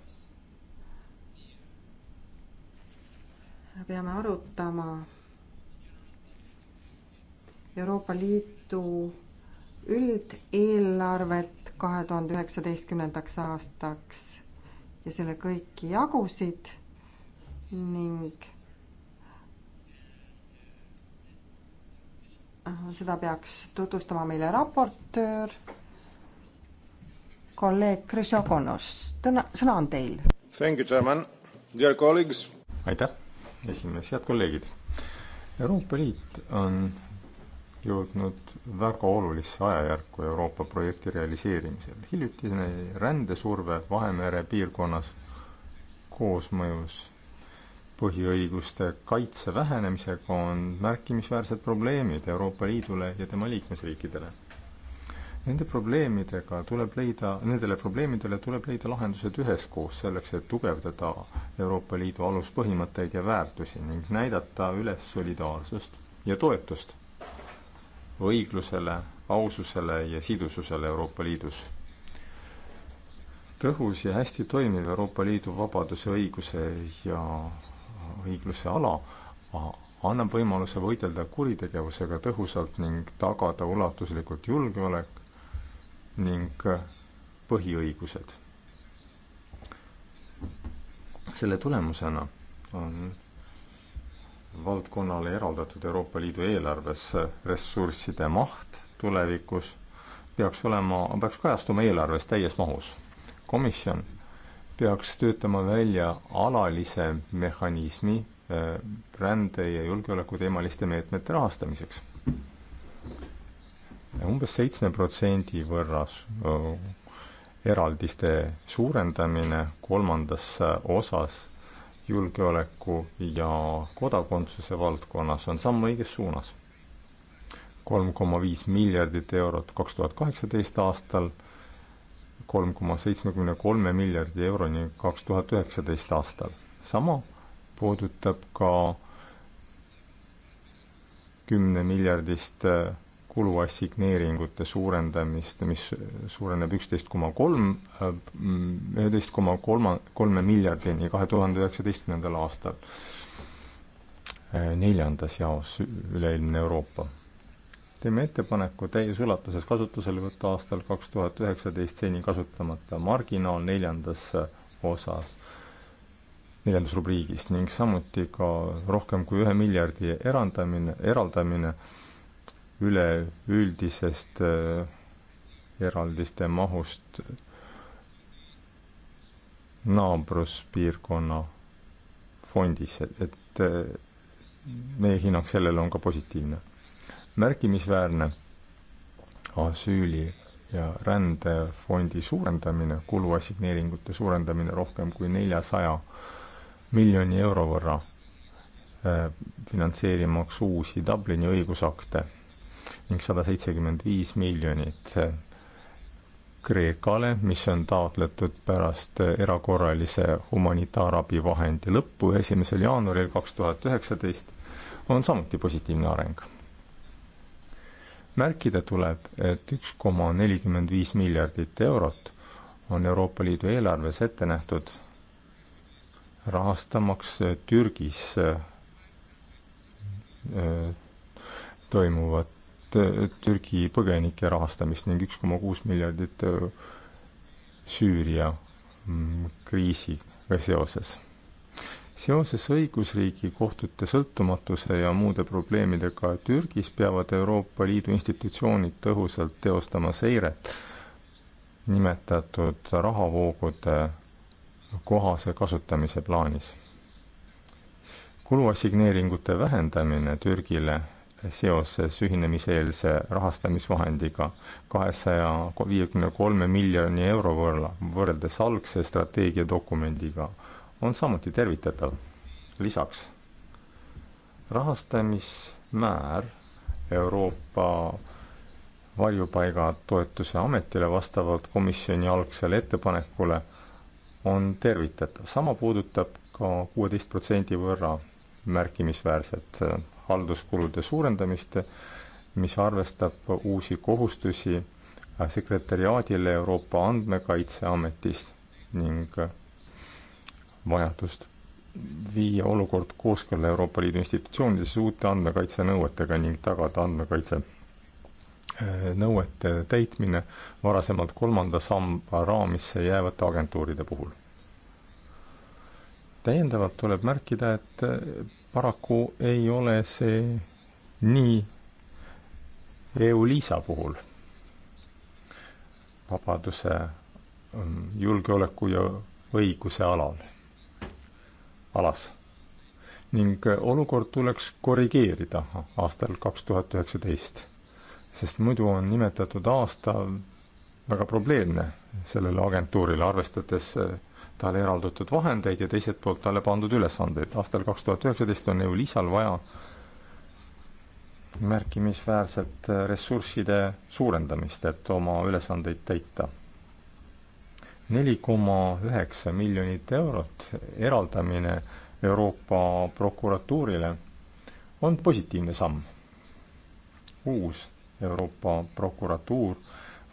peame arutama Euroopa Liidu üldeelarvet kahe tuhande üheksateistkümnendaks aastaks ja selle kõiki jagusid ning äh, seda peaks tutvustama meile raportöör kolleeg Krisokonos, täna, sõna on teil. Thank you, chairman, dear colleagues. aitäh, esimees, head kolleegid. Euroopa Liit on jõudnud väga olulisse ajajärku Euroopa projekti realiseerimisel. hiljutine rändesurve Vahemere piirkonnas koosmõjus põhiõiguste kaitse vähenemisega on märkimisväärsed probleemid Euroopa Liidule ja tema liikmesriikidele Nende probleemidega tuleb leida, nendele probleemidele tuleb leida lahendused üheskoos, selleks et tugevdada Euroopa Liidu aluspõhimõtteid ja väärtusi ning näidata üles solidaarsust ja toetust õiglusele, aususele ja sidususele Euroopa Liidus. tõhus ja hästi toimiv Euroopa Liidu vabaduse, õiguse ja õigluse ala annab võimaluse võidelda kuritegevusega tõhusalt ning tagada ulatuslikult julgeolek, ning äh, põhiõigused. selle tulemusena on valdkonnale eraldatud Euroopa Liidu eelarves äh, ressursside maht tulevikus peaks olema, peaks kajastuma eelarves täies mahus. komisjon peaks töötama välja alalise mehhanismi äh, rände ja julgeoleku teemaliste meetmete rahastamiseks umbes seitsme protsendi võrras eraldiste suurendamine kolmandas äh, osas julgeoleku ja kodakondsuse valdkonnas on samm õiges suunas. kolm koma viis miljardit eurot kaks tuhat kaheksateist aastal, kolm koma seitsmekümne kolme miljardi euroni kaks tuhat üheksateist aastal. sama puudutab ka kümne miljardist äh, kuluassigneeringute suurendamist, mis suureneb üksteist koma kolm, äh, üheteist koma kolma, kolme miljardini kahe tuhande üheksateistkümnendal aastal. Äh, neljandas jaos üleilmne Euroopa. teeme ettepaneku täies ulatuses kasutusele võtta aastal kaks tuhat üheksateist seni kasutamata marginaal neljandas äh, osas neljandas rubriigis ning samuti ka rohkem kui ühe miljardi erandamine, eraldamine, eraldamine üleüldisest äh, eraldiste mahust naabruspiirkonna fondis, et, et äh, meie hinnang sellele on ka positiivne. märkimisväärne asüüli ja rändefondi suurendamine, kuluassigneeringute suurendamine rohkem kui neljasaja miljoni euro võrra, äh, finantseerimaks uusi Dublini õigusakte ning sada seitsekümmend viis miljonit Kreekale, mis on taotletud pärast erakorralise humanitaarabivahendi lõppu esimesel jaanuaril kaks tuhat üheksateist, on samuti positiivne areng. märkida tuleb, et üks koma nelikümmend viis miljardit eurot on Euroopa Liidu eelarves ette nähtud rahastamaks Türgis äh, toimuvat Türgi põgenike rahastamist ning üks koma kuus miljardit Süüria mm, kriisiga seoses. seoses õigusriigi kohtute sõltumatuse ja muude probleemidega Türgis peavad Euroopa Liidu institutsioonid tõhusalt teostama seiret nimetatud rahavoogude kohase kasutamise plaanis. kuluassigneeringute vähendamine Türgile seoses ühinemiseelse rahastamisvahendiga kahesaja viiekümne kolme miljoni euro võrra võrreldes algse strateegiadokumendiga on samuti tervitatav. lisaks rahastamismäär Euroopa varjupaigatoetuse ametile vastavalt komisjoni algsele ettepanekule on tervitatav, sama puudutab ka kuueteist protsendi võrra märkimisväärset halduskulude suurendamist, mis arvestab uusi kohustusi sekretäriaadile Euroopa Andmekaitseametis ning vajadust viia olukord kooskõlla Euroopa Liidu institutsioonides uute andmekaitsenõuetega ning tagada andmekaitse äh, nõuete täitmine varasemalt kolmanda samba raamisse jäävate agentuuride puhul täiendavalt tuleb märkida, et eh, paraku ei ole see nii EU-LISA puhul, vabaduse, mm, julgeoleku ja õiguse alal, alas. ning eh, olukord tuleks korrigeerida aastal kaks tuhat üheksateist, sest muidu on nimetatud aasta väga probleemne sellele agentuurile, arvestades eh, talle eraldatud vahendeid ja teiselt poolt talle pandud ülesandeid. aastal kaks tuhat üheksateist on EU-LISal vaja märkimisväärset ressursside suurendamist, et oma ülesandeid täita. neli koma üheksa miljonit eurot eraldamine Euroopa prokuratuurile on positiivne samm. uus Euroopa prokuratuur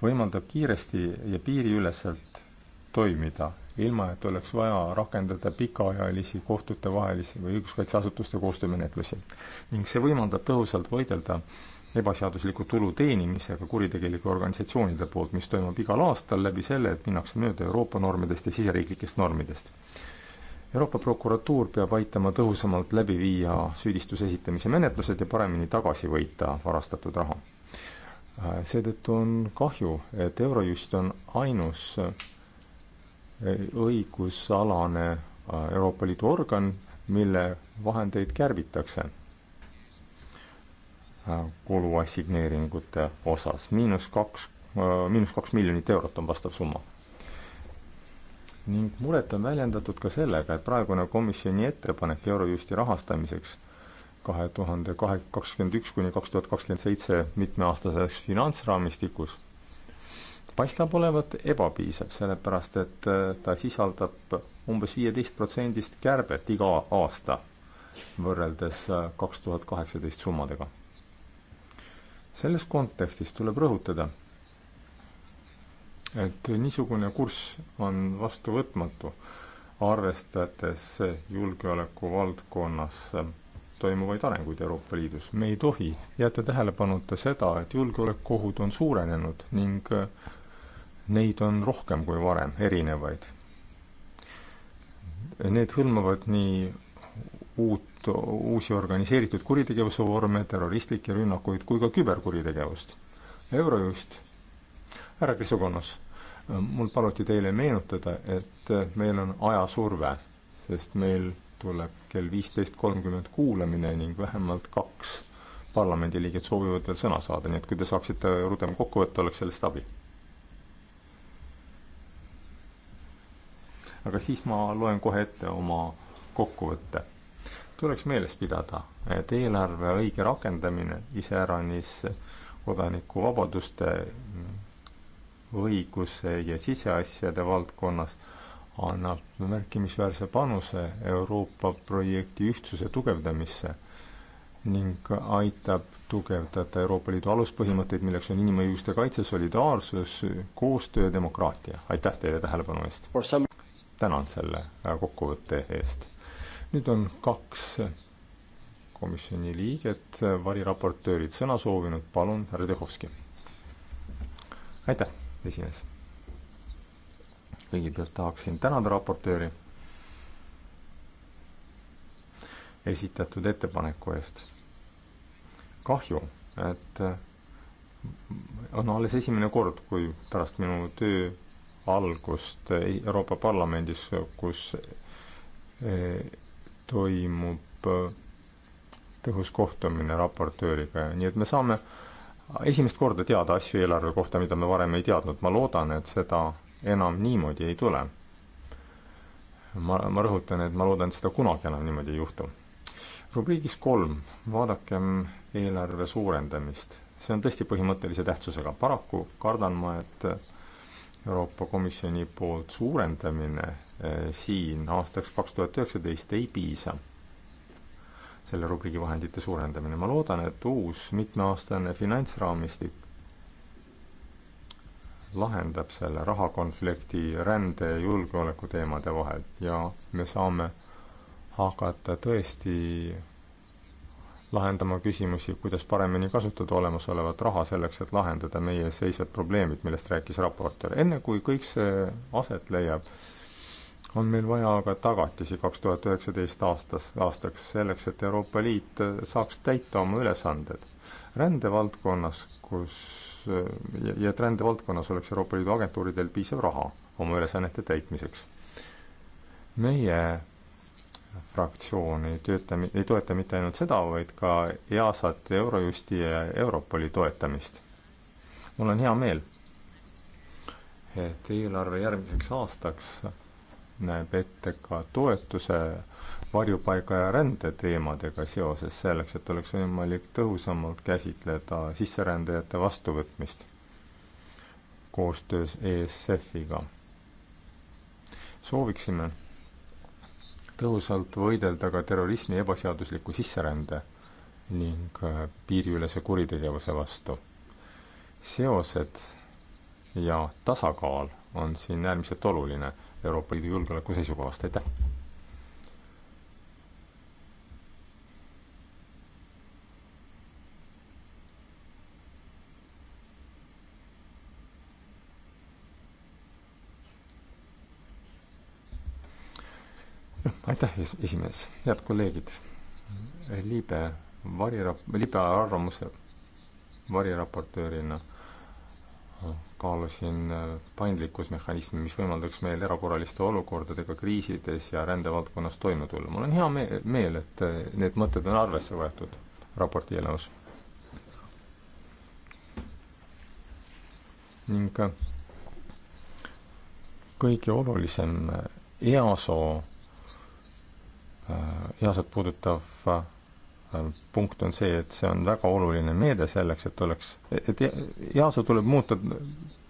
võimaldab kiiresti ja piiriüleselt toimida ilma et oleks vaja rakendada pikaajalisi kohtutevahelisi või õiguskaitseasutuste koostöömenetlusi. ning see võimaldab tõhusalt võidelda ebaseadusliku tulu teenimisega kuritegelike organisatsioonide poolt, mis toimub igal aastal läbi selle, et minnakse mööda Euroopa normidest ja siseriiklikest normidest. Euroopa prokuratuur peab aitama tõhusamalt läbi viia süüdistuse esitamise menetlused ja paremini tagasi võita varastatud raha. Äh, seetõttu on kahju, et Eurojust on ainus õigusalane äh, Euroopa Liidu organ, mille vahendeid kärbitakse äh, kulu assigneeringute osas, miinus kaks, äh, miinus kaks miljonit eurot on vastav summa. ning muret on väljendatud ka sellega, et praegune komisjoni ettepanek Eurojusti rahastamiseks kahe tuhande kahe, kakskümmend üks kuni kaks tuhat kakskümmend seitse mitmeaastases finantsraamistikus paistab olevat ebapiisav, sellepärast et äh, ta sisaldab umbes viieteist protsendist kärbet iga aasta võrreldes äh, kaks tuhat kaheksateist summadega. selles kontekstis tuleb rõhutada, et niisugune kurss on vastuvõtmatu, arvestades julgeoleku valdkonnas äh, toimuvaid arenguid Euroopa Liidus. me ei tohi jätta tähelepanuta seda, et julgeolekuohud on suurenenud ning neid on rohkem kui varem, erinevaid. Need hõlmavad nii uut, uusi organiseeritud kuritegevuse vorme, terroristlikke rünnakuid kui ka küberkuritegevust. Eurojust, härra Krisokonnas, mul paluti teile meenutada, et meil on ajasurve, sest meil tuleb kell viisteist kolmkümmend kuulamine ning vähemalt kaks parlamendiliiget soovivad veel sõna saada, nii et kui te saaksite rutem kokku võtta, oleks sellest abi aga siis ma loen kohe ette oma kokkuvõtte. tuleks meeles pidada, et eelarve õige rakendamine iseäranis kodanikuvabaduste õiguse ja siseasjade valdkonnas annab märkimisväärse panuse Euroopa projekti ühtsuse tugevdamisse ning aitab tugevdada Euroopa Liidu aluspõhimõtteid, milleks on inimõiguste kaitse, solidaarsus, koostöö ja demokraatia. aitäh teile tähelepanu eest! tänan selle äh, kokkuvõtte eest. nüüd on kaks komisjoni liiget, äh, variraportöörid sõna soovinud, palun, härra Tehovski. aitäh, esimees. kõigepealt tahaksin tänada raportööri esitatud ettepaneku eest. kahju, et äh, on alles esimene kord, kui pärast minu töö algust Euroopa Parlamendis, kus eh, toimub eh, tõhus kohtumine raportööriga, nii et me saame esimest korda teada asju eelarve kohta, mida me varem ei teadnud, ma loodan, et seda enam niimoodi ei tule. ma, ma rõhutan, et ma loodan, et seda kunagi enam niimoodi ei juhtu. rubriigis kolm, vaadakem eelarve suurendamist. see on tõesti põhimõttelise tähtsusega, paraku kardan ma, et Euroopa Komisjoni poolt suurendamine eh, siin aastaks kaks tuhat üheksateist ei piisa, selle rubriigi vahendite suurendamine. ma loodan, et uus mitmeaastane finantsraamistik lahendab selle rahakonflikti rände ja julgeoleku teemade vahel ja me saame hakata tõesti lahendama küsimusi, kuidas paremini kasutada olemasolevat raha selleks, et lahendada meie ees seisvad probleemid, millest rääkis raportöör. enne kui kõik see aset leiab, on meil vaja aga tagatisi kaks tuhat üheksateist aastas, aastaks selleks, et Euroopa Liit saaks täita oma ülesanded. rändevaldkonnas, kus ja, ja et rändevaldkonnas oleks Euroopa Liidu agentuuridel piisav raha oma ülesannete täitmiseks. meie fraktsioon ei tööta, ei toeta mitte ainult seda, vaid ka EASA-t, Eurojusti ja Europoli toetamist. mul on hea meel, et eelarve järgmiseks aastaks näeb ette ka toetuse varjupaiga ja rände teemadega seoses, selleks et oleks võimalik tõhusamalt käsitleda sisserändajate vastuvõtmist koostöös ESF-iga. sooviksime tõhusalt võidelda ka terrorismi, ebaseadusliku sisserände ning äh, piiriülese kuritegevuse vastu. seosed ja tasakaal on siin äärmiselt oluline Euroopa Liidu julgeoleku seisukohast, aitäh! aitäh, esimees, head kolleegid. liibe varirap-, libe arvamuse variraportöörina kaalusin äh, paindlikkusmehhanismi, mis võimaldaks meil erakorraliste olukordadega kriisides ja rändevaldkonnas toime tulla. mul on hea me-, meel, et äh, need mõtted on arvesse võetud raporti eelnõus. ning äh, kõige olulisem EASO Äh, EASA-t puudutav äh, punkt on see, et see on väga oluline meede selleks, et oleks, et EASA tuleb muuta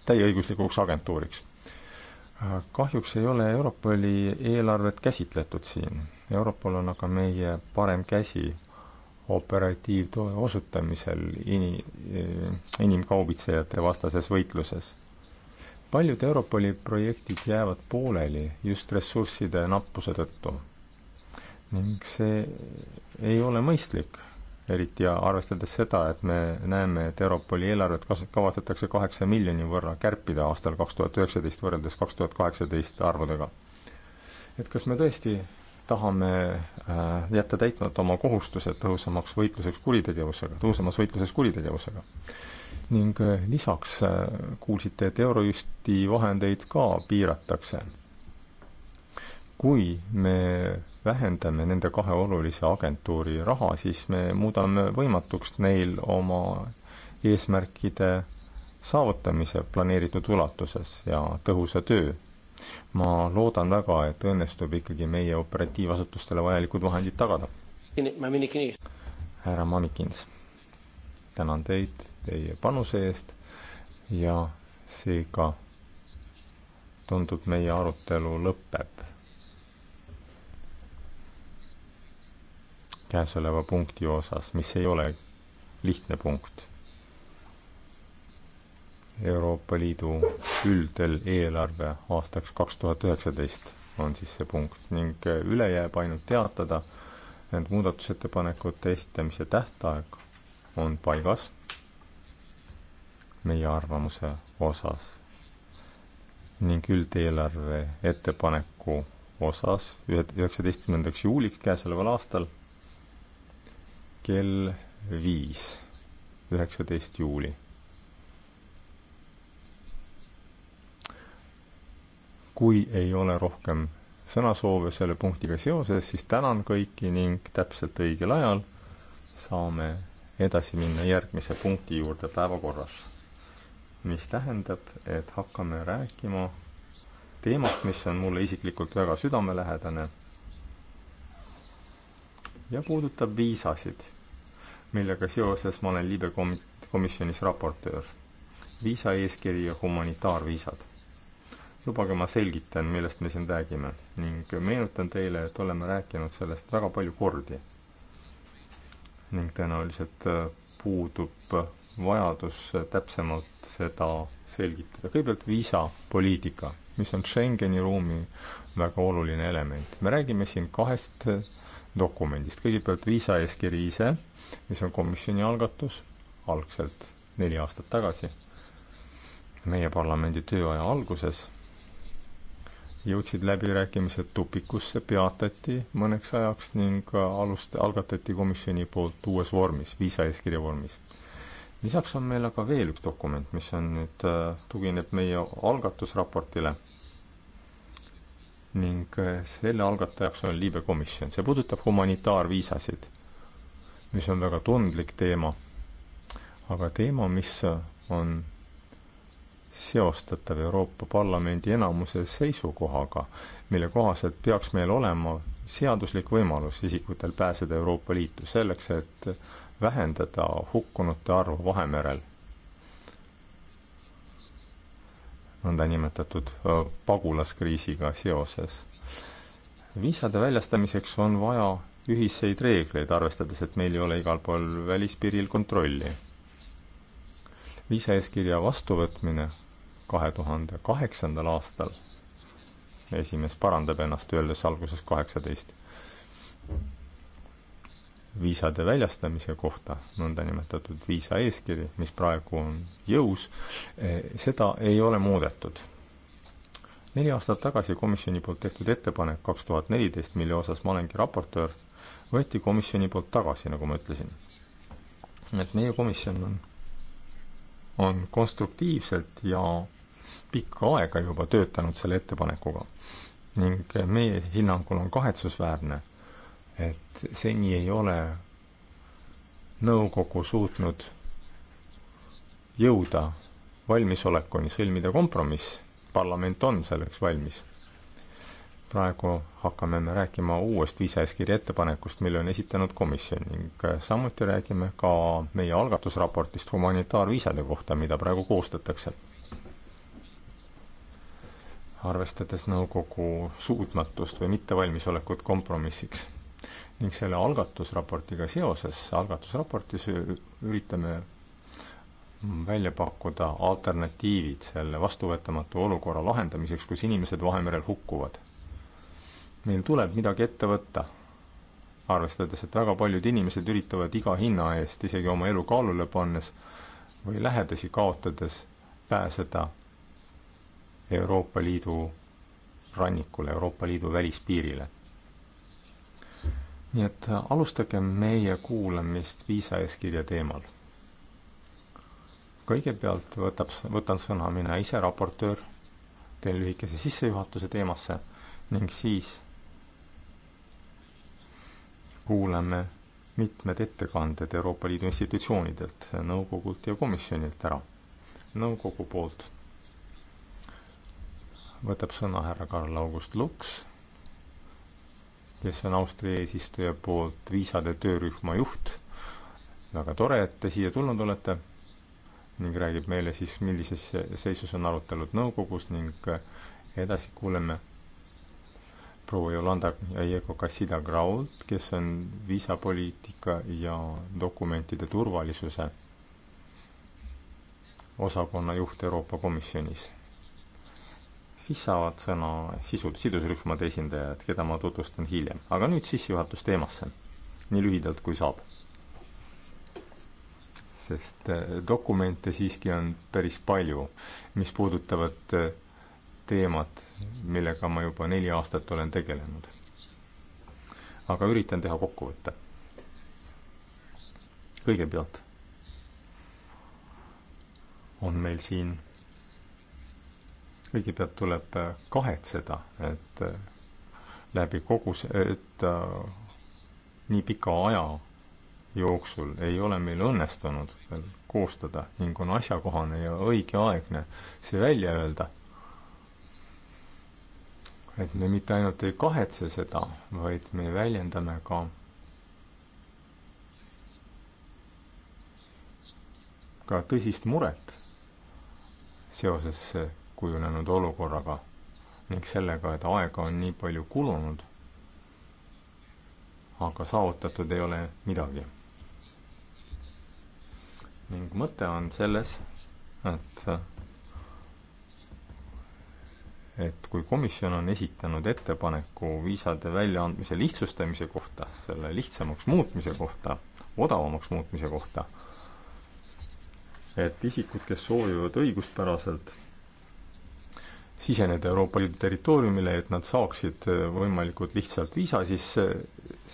täieõiguslikuks agentuuriks. Äh, kahjuks ei ole Europoli eelarvet käsitletud siin. Europol on aga meie parem käsi operatiivtoe osutamisel ini-, inimkaubitsejate vastases võitluses. paljud Europoli projektid jäävad pooleli just ressursside nappuse tõttu ning see ei ole mõistlik, eriti arvestades seda, et me näeme, et Europoli eelarvet kas-, kavatsetakse kaheksa miljoni võrra kärpida aastal kaks tuhat üheksateist võrreldes kaks tuhat kaheksateist arvudega. et kas me tõesti tahame äh, jätta täitmata oma kohustused tõhusamaks võitluseks kuritegevusega, tõhusamas võitluses kuritegevusega? ning äh, lisaks äh, kuulsite, et Eurojusti vahendeid ka piiratakse. kui me vähendame nende kahe olulise agentuuri raha, siis me muudame võimatuks neil oma eesmärkide saavutamise planeeritud ulatuses ja tõhusa töö. ma loodan väga, et õnnestub ikkagi meie operatiivasutustele vajalikud vahendid tagada. härra Mamikins, tänan teid teie panuse eest ja seega tundub, meie arutelu lõpeb käesoleva punkti osas, mis ei ole lihtne punkt. Euroopa Liidu üldel eelarve aastaks kaks tuhat üheksateist on siis see punkt ning üle jääb ainult teatada, et muudatusettepanekute esitamise tähtaeg on paigas meie arvamuse osas ning üldeelarve ettepaneku osas üheksateistkümnendaks juuliks käesoleval aastal kell viis, üheksateist juuli. kui ei ole rohkem sõnasoove selle punktiga seoses, siis tänan kõiki ning täpselt õigel ajal saame edasi minna järgmise punkti juurde päevakorras. mis tähendab, et hakkame rääkima teemast, mis on mulle isiklikult väga südamelähedane ja puudutab viisasid, millega seoses ma olen liibe kom-, komisjonis raportöör. viisaeeskiri ja humanitaarviisad. lubage, ma selgitan, millest me siin räägime ning meenutan teile, et oleme rääkinud sellest väga palju kordi. ning tõenäoliselt äh, puudub vajadus täpsemalt seda selgitada. kõigepealt viisapoliitika mis on Schengeni ruumi väga oluline element. me räägime siin kahest äh, dokumendist, kõigepealt viisaeeskiri ise, mis on komisjoni algatus algselt neli aastat tagasi, meie parlamendi tööaja alguses, jõudsid läbirääkimised tupikusse, peatati mõneks ajaks ning äh, alust-, algatati komisjoni poolt uues vormis, viisaeeskirja vormis lisaks on meil aga veel üks dokument, mis on nüüd, äh, tugineb meie algatusraportile ning äh, selle algatajaks on Liibe komisjon. see puudutab humanitaarviisasid, mis on väga tundlik teema, aga teema, mis on seostatav Euroopa Parlamendi enamuse seisukohaga, mille kohaselt peaks meil olema seaduslik võimalus isikutel pääseda Euroopa Liitu selleks, et vähendada hukkunute arvu Vahemerel nõndanimetatud pagulaskriisiga seoses. viisade väljastamiseks on vaja ühiseid reegleid, arvestades, et meil ei ole igal pool välispiiril kontrolli. viisaeeskirja vastuvõtmine kahe tuhande kaheksandal aastal, esimees parandab ennast, öeldes alguses kaheksateist, viisade väljastamise kohta, nõndanimetatud viisa eeskiri, mis praegu on jõus, eh, seda ei ole muudetud. neli aastat tagasi komisjoni poolt tehtud ettepanek kaks tuhat neliteist, mille osas ma olengi raportöör, võeti komisjoni poolt tagasi, nagu ma ütlesin. et meie komisjon on, on konstruktiivselt ja pikka aega juba töötanud selle ettepanekuga ning meie hinnangul on kahetsusväärne et seni ei ole nõukogu suutnud jõuda valmisolekuni sõlmida kompromiss, parlament on selleks valmis. praegu hakkame me rääkima uuest viisaeeskirja ettepanekust, mille on esitanud komisjon ning samuti räägime ka meie algatusraportist humanitaarviisade kohta, mida praegu koostatakse. arvestades nõukogu suutmatust või mittevalmisolekut kompromissiks ning selle algatusraportiga seoses, algatusraportis üritame välja pakkuda alternatiivid selle vastuvõetamatu olukorra lahendamiseks, kus inimesed Vahemerel hukkuvad. meil tuleb midagi ette võtta, arvestades, et väga paljud inimesed üritavad iga hinna eest, isegi oma elu kaalule pannes või lähedasi kaotades, pääseda Euroopa Liidu rannikule, Euroopa Liidu välispiirile nii et äh, alustage meie kuulamist viisaeeskirja teemal. kõigepealt võtab, võtan sõna mina ise, raportöör, teen lühikese sissejuhatuse teemasse ning siis kuulame mitmed ettekanded Euroopa Liidu institutsioonidelt, nõukogult ja komisjonilt ära. nõukogu poolt võtab sõna härra Karl August Luks, kes on Austria eesistuja poolt viisade töörühma juht. väga tore, et te siia tulnud olete ning räägib meile siis, millises seisus on arutelud nõukogus ning edasi kuuleme proua Yolanda Jaiego Kassida Grault, kes on viisapoliitika ja dokumentide turvalisuse osakonna juht Euroopa Komisjonis siis saavad sõna sisu, sidusrühmade esindajad, keda ma tutvustan hiljem. aga nüüd sissejuhatus teemasse, nii lühidalt kui saab. sest äh, dokumente siiski on päris palju, mis puudutavad äh, teemat, millega ma juba neli aastat olen tegelenud. aga üritan teha kokkuvõtte. kõigepealt on meil siin kõigepealt tuleb kahetseda, et äh, läbi kogu see, et äh, nii pika aja jooksul ei ole meil õnnestunud veel koostada ning on asjakohane ja õigeaegne see välja öelda. et me mitte ainult ei kahetse seda, vaid me väljendame ka ka tõsist muret seoses kujunenud olukorraga ning sellega, et aega on nii palju kulunud, aga saavutatud ei ole midagi. ning mõte on selles, et et kui komisjon on esitanud ettepaneku viisade väljaandmise lihtsustamise kohta, selle lihtsamaks muutmise kohta, odavamaks muutmise kohta, et isikud, kes soovivad õiguspäraselt siseneda Euroopa Liidu territooriumile, et nad saaksid äh, võimalikult lihtsalt viisa, siis äh,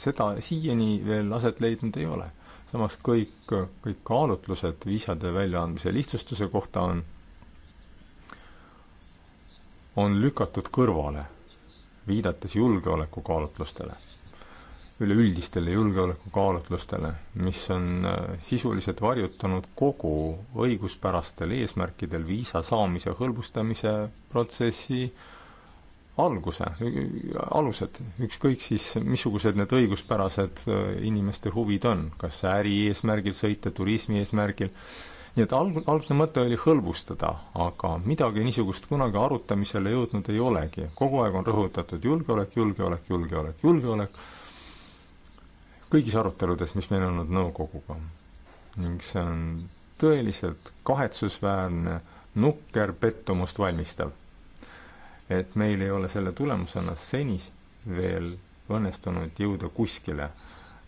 seda siiani veel aset leidnud ei ole. samas kõik, äh, kõik kaalutlused viisade väljaandmise lihtsustuse kohta on, on lükatud kõrvale, viidates julgeolekukaalutlustele üleüldistele julgeolekukaalutlustele, mis on äh, sisuliselt varjutanud kogu õiguspärastel eesmärkidel viisa saamise hõlbustamise protsessi alguse, alused, ükskõik siis, missugused need õiguspärased äh, inimeste huvid on, kas äri eesmärgil sõita, turismi eesmärgil, nii et alg-, algne mõte oli hõlbustada, aga midagi niisugust kunagi arutamisele jõudnud ei olegi. kogu aeg on rõhutatud julgeolek, julgeolek, julgeolek, julgeolek, kõigis aruteludes, mis meil on olnud nõukoguga. ning see on tõeliselt kahetsusväärne, nukker, pettumust valmistav. et meil ei ole selle tulemusena seni veel õnnestunud jõuda kuskile,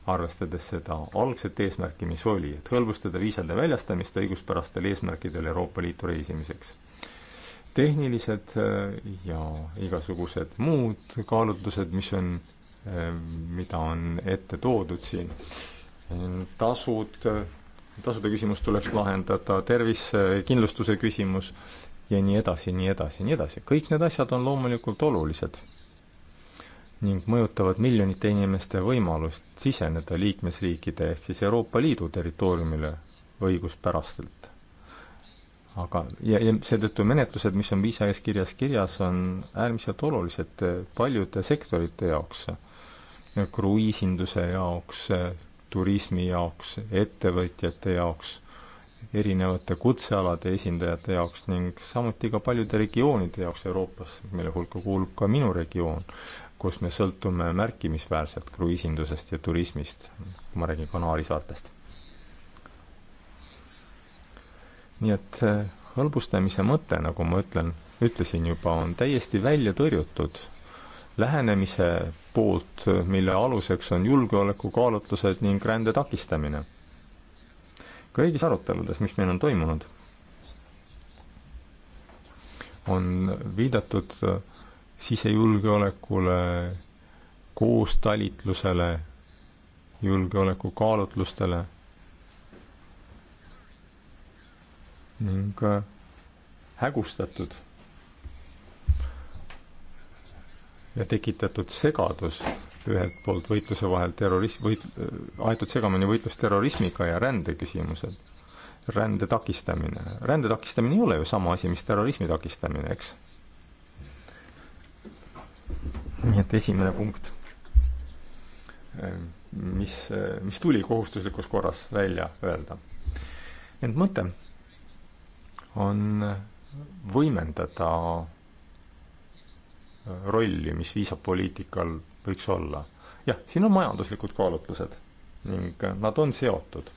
arvestades seda algset eesmärki, mis oli, et hõlbustada viisade väljastamist õiguspärastel eesmärkidel Euroopa Liitu reisimiseks. tehnilised äh, ja igasugused muud kaalutlused, mis on mida on ette toodud siin. tasud, tasude küsimus tuleks lahendada, tervisekindlustuse küsimus ja nii edasi, nii edasi, nii edasi. kõik need asjad on loomulikult olulised ning mõjutavad miljonite inimeste võimalust siseneda liikmesriikide ehk siis Euroopa Liidu territooriumile õiguspärastelt. aga, ja, ja seetõttu menetlused, mis on viisa eeskirjas kirjas, on äärmiselt olulised paljude sektorite jaoks kruiisinduse jaoks, turismi jaoks, ettevõtjate jaoks, erinevate kutsealade esindajate jaoks ning samuti ka paljude regioonide jaoks Euroopas, mille hulka kuulub ka minu regioon, kus me sõltume märkimisväärselt kruiisindusest ja turismist, kui ma räägin Kanaari saartest. nii et äh, hõlbustamise mõte, nagu ma ütlen, ütlesin juba, on täiesti välja tõrjutud lähenemise poolt, mille aluseks on julgeolekukaalutlused ning rände takistamine. kõigis aruteludes, mis meil on toimunud, on viidatud äh, sisejulgeolekule, koostalitlusele, julgeolekukaalutlustele ning äh, hägustatud ja tekitatud segadus ühelt poolt võitluse vahel terrorism, võit-, aetud segamini võitlus terrorismiga ja rändeküsimused, rände takistamine. rände takistamine ei ole ju sama asi, mis terrorismi takistamine, eks? nii et esimene punkt, ehm, mis, mis tuli kohustuslikus korras välja öelda. ent mõte on võimendada rolli, mis viisapoliitikal võiks olla. jah, siin on majanduslikud kaalutlused ning äh, nad on seotud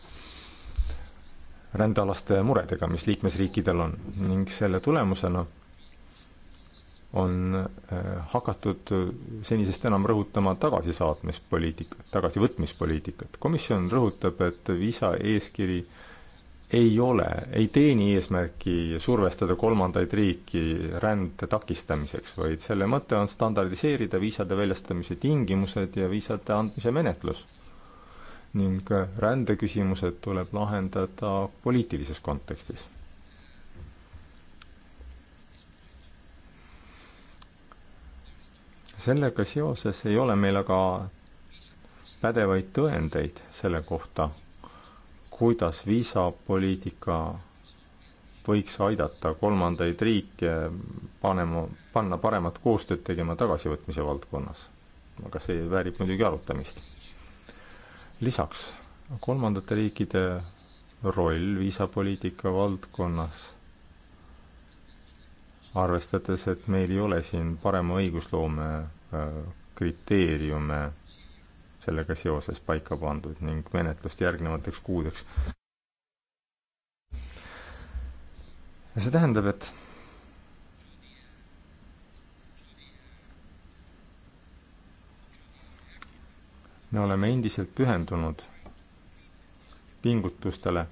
rändealaste muredega, mis liikmesriikidel on ning selle tulemusena on äh, hakatud äh, senisest enam rõhutama tagasisaatmispoliitikat, tagasivõtmispoliitikat. komisjon rõhutab, et viisa eeskiri äh, ei ole, ei teeni eesmärki survestada kolmandaid riiki rände takistamiseks, vaid selle mõte on standardiseerida viisade väljastamise tingimused ja viisade andmise menetlus. ning rändeküsimused tuleb lahendada poliitilises kontekstis. sellega seoses ei ole meil aga pädevaid tõendeid selle kohta, kuidas viisapoliitika võiks aidata kolmandaid riike panema, panna paremat koostööd tegema tagasivõtmise valdkonnas. aga see väärib muidugi arutamist. lisaks kolmandate riikide roll viisapoliitika valdkonnas, arvestades, et meil ei ole siin parema õigusloome äh, kriteeriume sellega seoses paika pandud ning menetlust järgnevateks kuudeks. ja see tähendab, et me oleme endiselt pühendunud pingutustele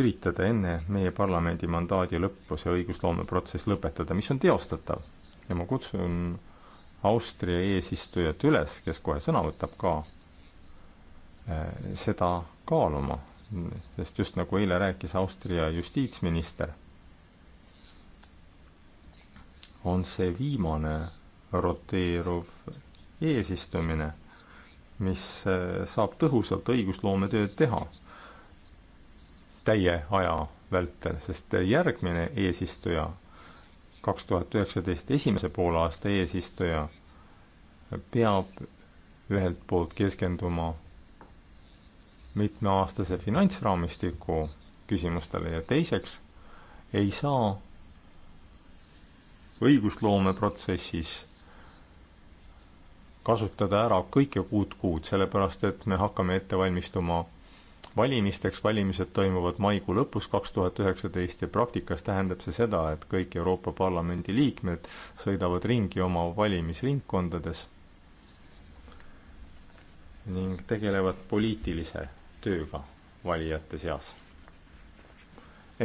üritada enne meie parlamendi mandaadi lõppu see õigusloomeprotsess lõpetada, mis on teostatav. ja ma kutsun Austria eesistujat üles, kes kohe sõna võtab ka, eh, seda kaaluma, sest just nagu eile rääkis Austria justiitsminister, on see viimane roteeruv eesistumine, mis eh, saab tõhusalt õigusloometööd teha täie aja vältel, sest järgmine eesistuja kaks tuhat üheksateist esimese poolaasta eesistuja peab ühelt poolt keskenduma mitmeaastase finantsraamistiku küsimustele ja teiseks ei saa õigusloomeprotsessis kasutada ära kõike kuut kuud, sellepärast et me hakkame ette valmistuma valimisteks, valimised toimuvad maikuu lõpus kaks tuhat üheksateist ja praktikas tähendab see seda, et kõik Euroopa Parlamendi liikmed sõidavad ringi oma valimisringkondades ning tegelevad poliitilise tööga valijate seas.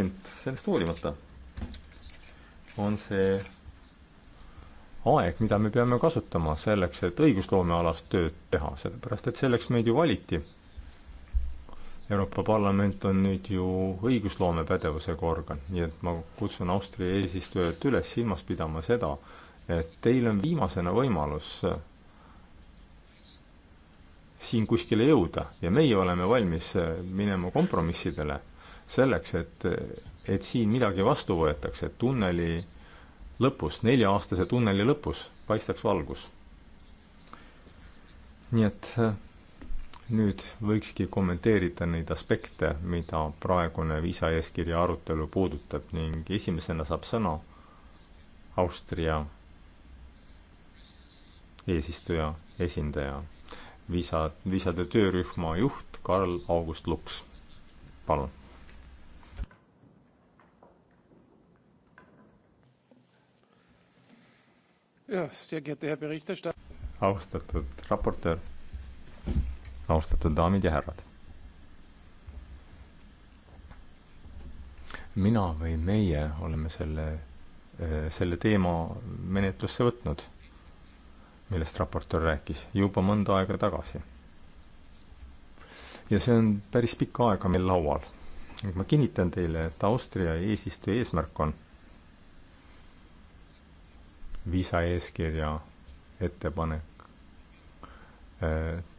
ent sellest hoolimata on see aeg, mida me peame kasutama selleks, et õigusloomealast tööd teha, sellepärast et selleks meid ju valiti Euroopa Parlament on nüüd ju õigusloome pädevusega organ, nii et ma kutsun Austria eesistujat üles silmas pidama seda, et teil on viimasena võimalus äh, siin kuskile jõuda ja meie oleme valmis äh, minema kompromissidele selleks, et, äh, et siin midagi vastu võetakse, et tunneli lõpus, nelja-aastase tunneli lõpus paistaks valgus. nii et nüüd võikski kommenteerida neid aspekte, mida praegune viisaeeskirja arutelu puudutab ning esimesena saab sõna Austria eesistuja esindaja, viisa, viisade töörühma juht Karl August Luks, palun. austatud raportöör austatud daamid ja härrad. mina või meie oleme selle, äh, selle teema menetlusse võtnud, millest raportöör rääkis juba mõnda aega tagasi. ja see on päris pikka aega meil laual. ma kinnitan teile, et Austria eesistuja eesmärk on viisaeeskirja ettepanek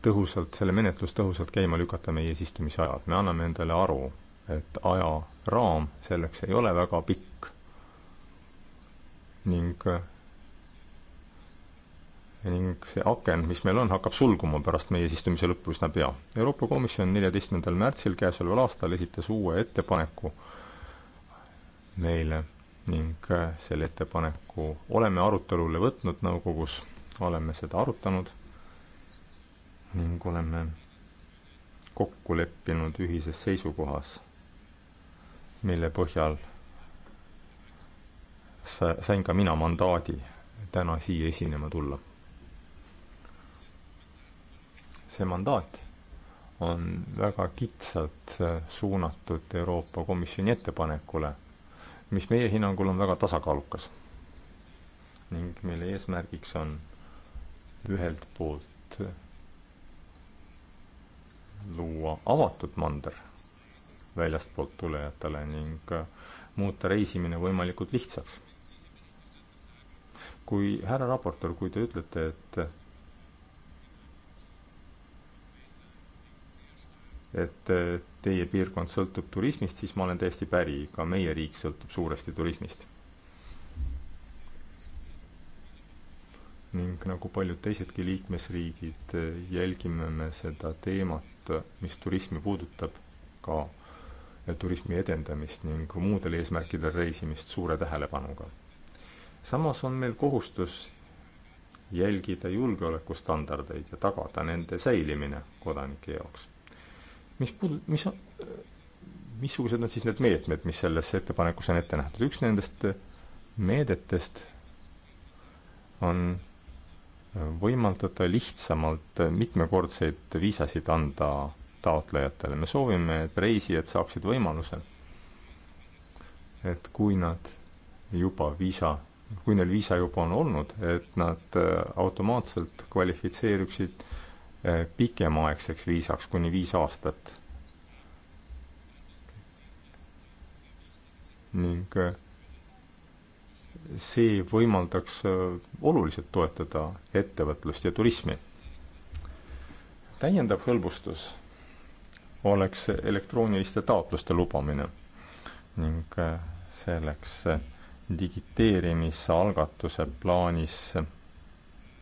tõhusalt, selle menetlus tõhusalt käima lükata meie eesistumise ajal. me anname endale aru, et ajaraam selleks ei ole väga pikk ning ning see aken, mis meil on, hakkab sulguma pärast meie eesistumise lõppu üsna pea. Euroopa Komisjon neljateistkümnendal märtsil käesoleval aastal esitas uue ettepaneku meile ning äh, selle ettepaneku oleme arutelule võtnud nõukogus, oleme seda arutanud ning oleme kokku leppinud ühises seisukohas, mille põhjal sa-, sain ka mina mandaadi täna siia esinema tulla. see mandaat on väga kitsalt äh, suunatud Euroopa Komisjoni ettepanekule, mis meie hinnangul on väga tasakaalukas ning mille eesmärgiks on ühelt poolt luua avatud mander väljastpoolt tulejatele ning äh, muuta reisimine võimalikult lihtsaks. kui härra raportöör, kui te ütlete, et et äh, teie piirkond sõltub turismist, siis ma olen täiesti päri, ka meie riik sõltub suuresti turismist. ning nagu paljud teisedki liikmesriigid, äh, jälgime me seda teemat loomulikult, mis turismi puudutab, ka turismi edendamist ning muudel eesmärkidel reisimist suure tähelepanuga. samas on meil kohustus jälgida julgeolekustandardeid ja tagada nende säilimine kodanike jaoks. mis puudu-, mis on, missugused on siis need meetmed, mis selles ettepanekus on ette nähtud, üks nendest meedetest on võimaldada lihtsamalt mitmekordseid viisasid anda taotlejatele. me soovime, et reisijad saaksid võimaluse, et kui nad juba viisa, kui neil viisa juba on olnud, et nad äh, automaatselt kvalifitseeruksid äh, pikemaaegseks viisaks kuni viis aastat. ning äh, see võimaldaks äh, oluliselt toetada ettevõtlust ja turismi. täiendav hõlbustus oleks elektrooniliste taotluste lubamine ning äh, selleks äh, digiteerimisalgatuse plaanis,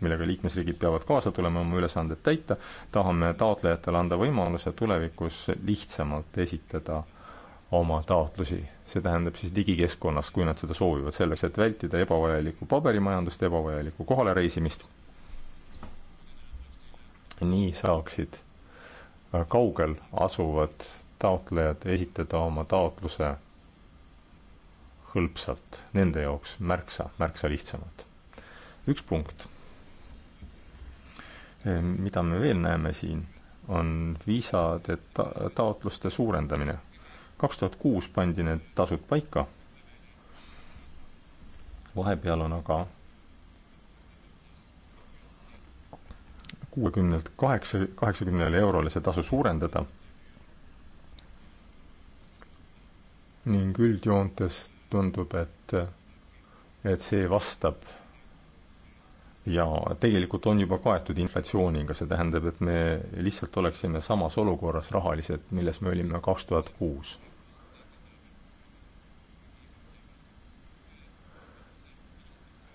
millega liikmesriigid peavad kaasa tulema oma ülesanded täita, tahame taotlejatele anda võimaluse tulevikus lihtsamalt esitada oma taotlusi, see tähendab siis digikeskkonnas, kui nad seda soovivad, selleks et vältida ebavajalikku paberimajandust, ebavajalikku kohalereisimist. nii saaksid äh, kaugel asuvad taotlejad esitada oma taotluse hõlpsalt, nende jaoks märksa, märksa lihtsamalt. üks punkt, eh, mida me veel näeme siin, on viisade ta-, taotluste suurendamine kaks tuhat kuus pandi need tasud paika. vahepeal on aga kuuekümnelt kaheksa, kaheksakümnele eurole see tasu suurendada. ning üldjoontes tundub, et, et see vastab ja tegelikult on juba kaetud inflatsiooniga, see tähendab, et me lihtsalt oleksime samas olukorras rahaliselt, milles me olime kaks tuhat kuus.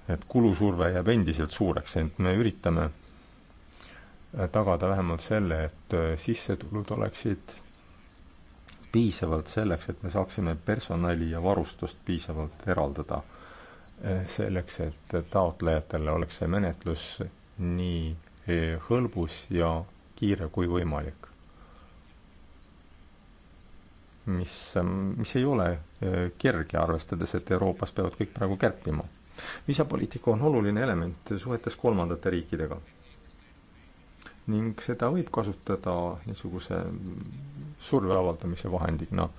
et kulusurve jääb endiselt suureks, ent me üritame tagada vähemalt selle, et sissetulud oleksid piisavalt selleks, et me saaksime personali ja varustust piisavalt eraldada Eh, selleks, et taotlejatel oleks see menetlus nii eh, hõlbus ja kiire kui võimalik. mis, mis ei ole eh, kerge, arvestades, et Euroopas peavad kõik praegu kärpima. viisapoliitika on oluline element suhetes kolmandate riikidega. ning seda võib kasutada niisuguse surve avaldamise vahendina no,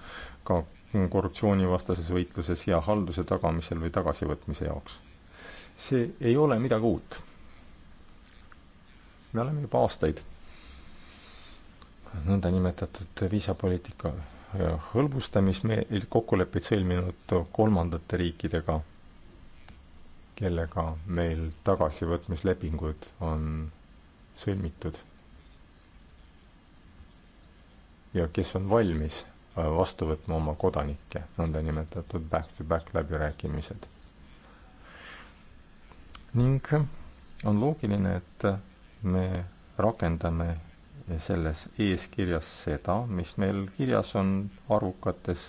ka korruptsioonivastases võitluses, hea halduse tagamisel või tagasivõtmise jaoks. see ei ole midagi uut. me oleme juba aastaid nõndanimetatud viisapoliitika äh, hõlbustamismeil kokkuleppeid sõlminud kolmandate riikidega, kellega meil tagasivõtmislepingud on sõlmitud ja kes on valmis Äh, vastu võtma oma kodanikke, nõndanimetatud back-to-back läbirääkimised. ning on loogiline, et me rakendame selles eeskirjas seda, mis meil kirjas on arvukates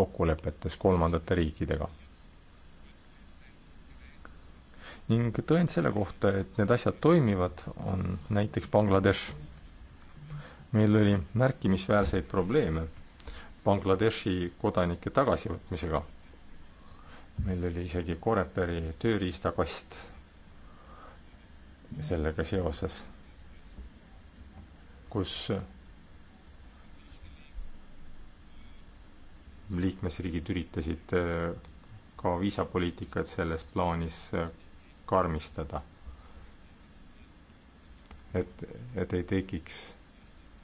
kokkulepetes kolmandate riikidega. ning tõend selle kohta, et need asjad toimivad, on näiteks Bangladesh. meil oli märkimisväärseid probleeme Bangladeshi kodanike tagasivõtmisega. meil oli isegi Coreperi tööriistakast sellega seoses, kus liikmesriigid üritasid äh, ka viisapoliitikat selles plaanis äh, karmistada. et, et ei tekiks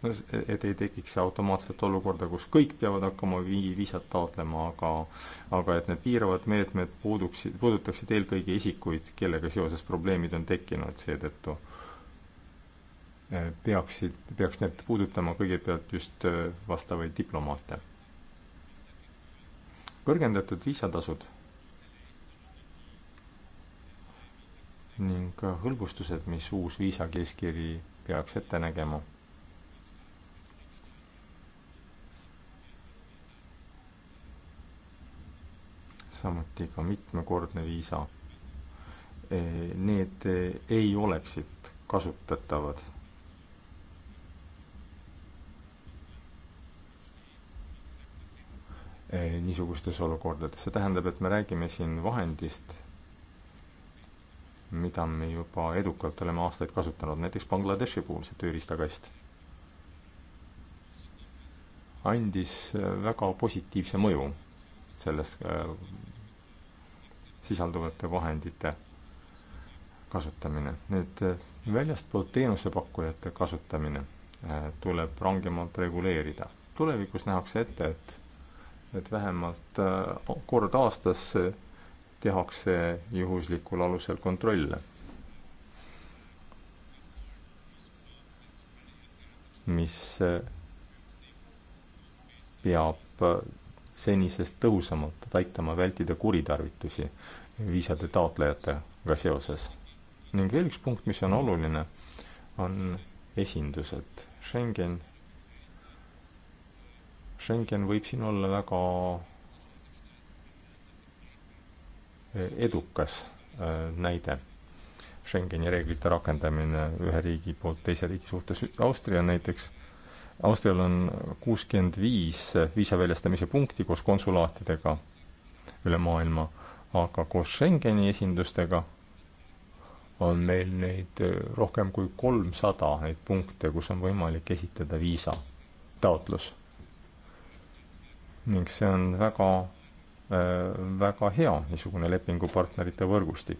no e-, et ei tekiks automaatset olukorda, kus kõik peavad hakkama viisat taotlema, aga aga et need piiravad meetmed puuduksid, puudutaksid eelkõige isikuid, kellega seoses probleemid on tekkinud, seetõttu e, peaksid, peaks need puudutama kõigepealt just e, vastavaid diplomaate. kõrgendatud viisatasud ning hõlbustused, mis uus viisakeeskiri peaks ette nägema samuti ka mitmekordne viisa. E, need ei oleksid kasutatavad e, niisugustes olukordades, see tähendab, et me räägime siin vahendist, mida me juba edukalt oleme aastaid kasutanud, näiteks Bangladeshi puhul see tööriistakast andis väga positiivse mõju selles äh, sisalduvate vahendite kasutamine. nüüd äh, väljastpoolt teenusepakkujate kasutamine äh, tuleb rangemalt reguleerida. tulevikus nähakse ette, et, et vähemalt kord aastas tehakse juhuslikul alusel kontrolle. mis peab senisest tõhusamalt, et aitama vältida kuritarvitusi viisade taotlejatega seoses. ning veel üks punkt, mis on oluline, on esindused. Schengen, Schengen võib siin olla väga eh, edukas eh, näide. Schengeni reeglite rakendamine ühe riigi poolt teise riigi suhtes, Austria näiteks Austrial on kuuskümmend viis viisa väljastamise punkti koos konsulaatidega üle maailma, aga koos Schengeni esindustega on meil neid äh, rohkem kui kolmsada, neid punkte, kus on võimalik esitada viisataotlus. ning see on väga, äh, väga hea niisugune lepingupartnerite võrgustik.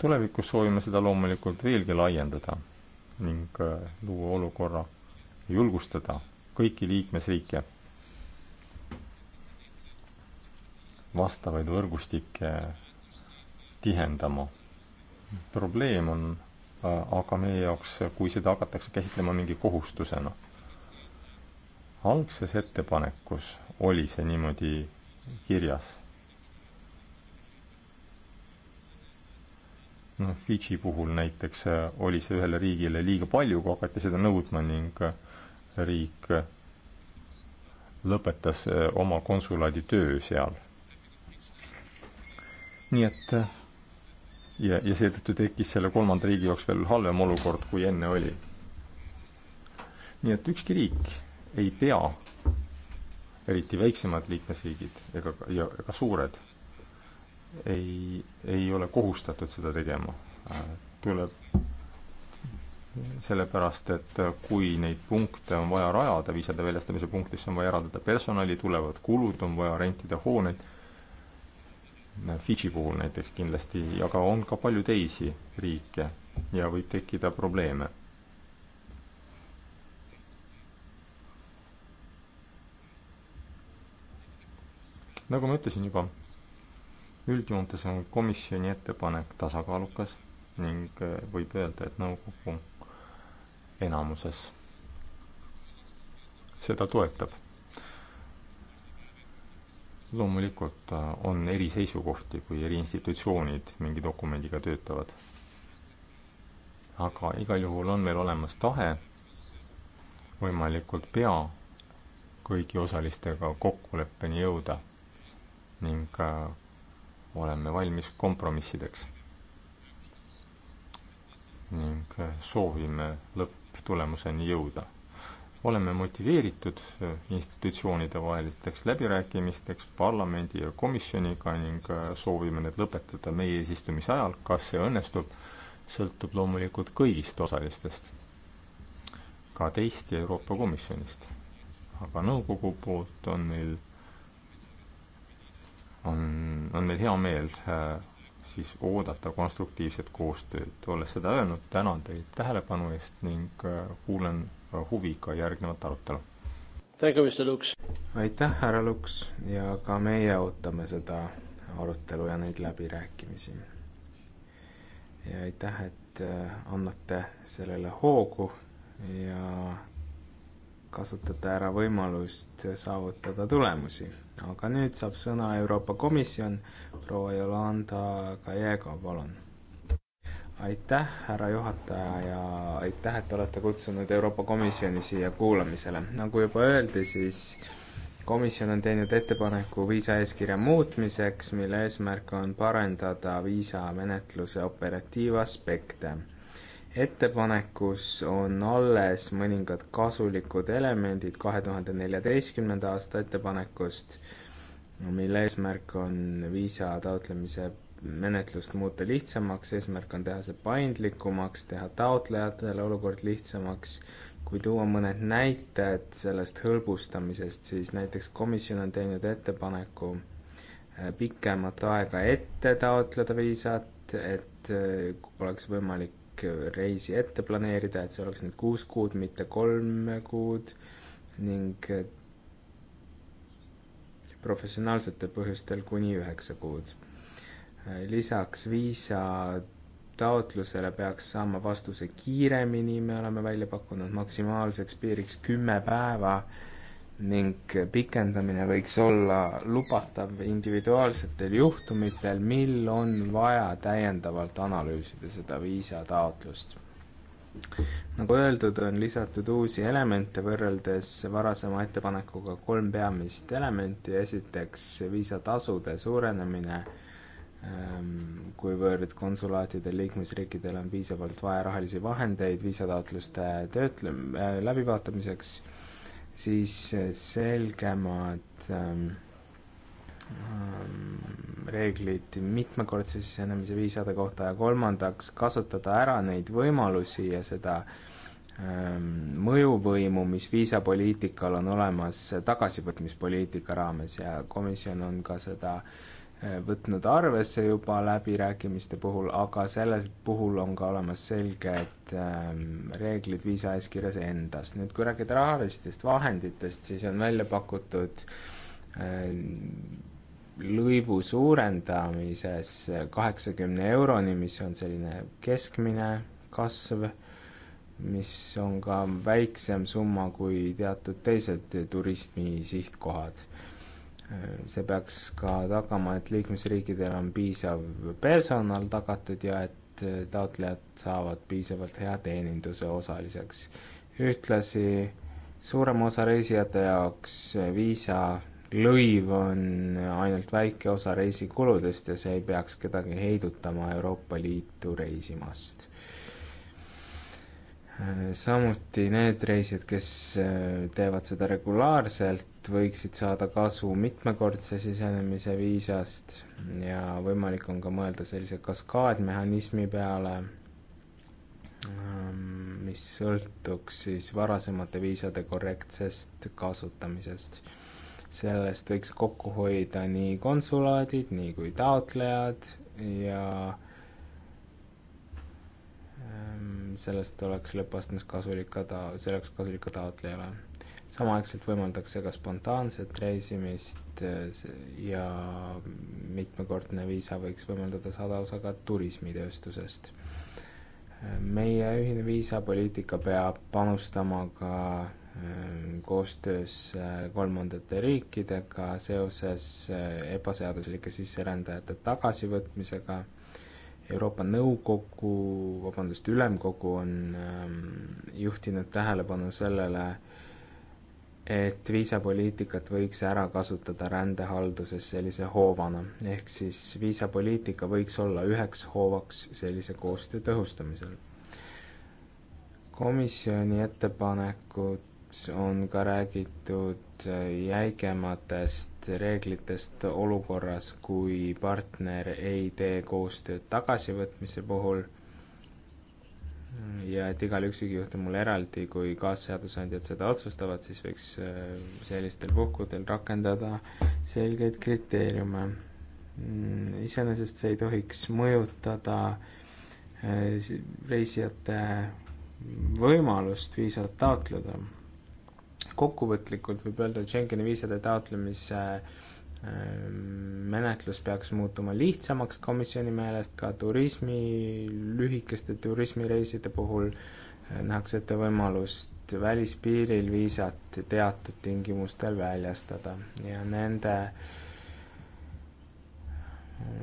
tulevikus soovime seda loomulikult veelgi laiendada ning äh, luua olukorra julgustada kõiki liikmesriike vastavaid võrgustikke tihendama. probleem on äh, aga meie jaoks, kui seda hakatakse käsitlema mingi kohustusena. algses ettepanekus oli see niimoodi kirjas. noh, Fidži puhul näiteks äh, oli see ühele riigile liiga palju, kui hakati seda nõudma ning äh, riik lõpetas eh, oma konsulaadi töö seal. nii et eh, ja, ja seetõttu tekkis selle kolmanda riigi jaoks veel halvem olukord, kui enne oli. nii et ükski riik ei pea, eriti väiksemad liikmesriigid ega, ja ka suured, ei, ei ole kohustatud seda tegema. Äh, tuleb sellepärast et äh, kui neid punkte on vaja rajada, viisade väljastamise punktisse on vaja eraldada personali, tulevad kulud, on vaja rentida hooneid, äh, Fidži puhul näiteks kindlasti, aga on ka palju teisi riike ja võib tekkida probleeme. nagu ma ütlesin juba, üldjoontes on komisjoni ettepanek tasakaalukas ning äh, võib öelda, et nõukogu no, enamuses seda toetab. loomulikult äh, on eri seisukohti, kui eri institutsioonid mingi dokumendiga töötavad. aga igal juhul on meil olemas tahe võimalikult pea kõigi osalistega kokkuleppeni jõuda ning äh, oleme valmis kompromissideks. ning äh, soovime lõpp lõpptulemuseni jõuda. oleme motiveeritud äh, institutsioonidevahelisteks läbirääkimisteks parlamendi ja komisjoniga ning äh, soovime need lõpetada meie eesistumise ajal, kas see õnnestub, sõltub loomulikult kõigist osalistest, ka teist ja Euroopa Komisjonist. aga nõukogu poolt on meil, on, on meil hea meel äh, siis oodata konstruktiivset koostööd. olles seda öelnud, tänan teid tähelepanu eest ning äh, kuulan äh, huviga järgnevat arutelu. aitäh, härra Luks, ja ka meie ootame seda arutelu ja neid läbirääkimisi. ja aitäh, et äh, annate sellele hoogu ja kasutate ära võimalust saavutada tulemusi aga nüüd saab sõna Euroopa Komisjon, proua Yolanda Gallego, palun. aitäh, härra juhataja ja aitäh, et olete kutsunud Euroopa Komisjoni siia kuulamisele. nagu juba öeldi, siis komisjon on teinud ettepaneku viisaeeskirja muutmiseks, mille eesmärk on parendada viisamenetluse operatiivaspekte ettepanekus on alles mõningad kasulikud elemendid kahe tuhande neljateistkümnenda aasta ettepanekust, mille eesmärk on viisa taotlemise menetlust muuta lihtsamaks, eesmärk on teha see paindlikumaks, teha taotlejatele olukord lihtsamaks. kui tuua mõned näited sellest hõlbustamisest, siis näiteks komisjon on teinud ettepaneku äh, pikemat aega ette taotleda viisat, et äh, oleks võimalik reisi ette planeerida, et see oleks nüüd kuus kuud, mitte kolm kuud ning eh, professionaalsetel põhjustel kuni üheksa kuud. Eh, lisaks viisa taotlusele peaks saama vastuse kiiremini, me oleme välja pakkunud maksimaalseks piiriks kümme päeva äh, ning pikendamine võiks olla lubatav individuaalsetel juhtumitel, mil on vaja täiendavalt analüüsida seda viisataotlust. nagu öeldud, on lisatud uusi elemente võrreldes varasema ettepanekuga kolm peamist elementi, esiteks viisatasude suurenemine, ehm, kuivõrd konsulaatidel liikmesriikidel on piisavalt vaja rahalisi vahendeid viisataotluste töötle-, läbivaatamiseks siis äh, selgemad ähm, ähm, reeglid mitmekordse sisenemise viisade kohta ja kolmandaks, kasutada ära neid võimalusi ja seda ähm, mõjuvõimu, mis viisapoliitikal on olemas tagasivõtmispoliitika raames ja komisjon on ka seda äh, Eh, võtnud arvesse juba läbirääkimiste puhul, aga selles puhul on ka olemas selged ähm, reeglid viisa-eeskirjas endas. nüüd kui rääkida rahalistest vahenditest, siis on välja pakutud äh, lõivu suurendamises kaheksakümne euroni, mis on selline keskmine kasv, mis on ka väiksem summa kui teatud teised turismi sihtkohad see peaks ka tagama, et liikmesriikidel on piisav personal tagatud ja et eh, taotlejad saavad piisavalt hea teeninduse osaliseks. ühtlasi suurema osa reisijate jaoks viisa lõiv on ainult väike osa reisikuludest ja see ei peaks kedagi heidutama Euroopa Liitu reisimast. Äh, samuti need reisijad, kes äh, teevad seda regulaarselt, võiksid saada kasu mitmekordse sisenemise viisast ja võimalik on ka mõelda sellise kaskaadmehhanismi peale, ähm, mis sõltuks siis varasemate viisade korrektsest kasutamisest. sellest võiks kokku hoida nii konsulaadid, nii kui taotlejad ja sellest oleks lõppastmes kasulik ka ta-, see oleks kasulik ka taotlejale. samaaegselt võimaldatakse ka spontaanset reisimist ja mitmekordne viisa võiks võimaldada saada osa ka turismitööstusest. meie ühine viisapoliitika peab panustama ka ehm, koostöös kolmandate riikidega seoses ebaseaduslike sisserändajate tagasivõtmisega Euroopa Nõukogu, vabandust, Ülemkogu on ähm, juhtinud tähelepanu sellele, et viisapoliitikat võiks ära kasutada rändehalduses sellise hoovana, ehk siis viisapoliitika võiks olla üheks hoovaks sellise koostöö tõhustamisel. komisjoni ettepanekud on ka räägitud äh, jäigematest reeglitest olukorras, kui partner ei tee koostööd tagasivõtmise puhul ja et igal üksikjuhtumul eraldi, kui kaasseadusandjad seda otsustavad, siis võiks äh, sellistel puhkudel rakendada selgeid kriteeriume. Mm, iseenesest see ei tohiks mõjutada äh, reisijate võimalust viisat taotleda kokkuvõtlikult võib öelda, et Schengeni viisade taotlemise ähm, menetlus peaks muutuma lihtsamaks komisjoni meelest, ka turismi, lühikeste turismireiside puhul äh, nähakse ette võimalust välispiiril viisat teatud tingimustel väljastada ja nende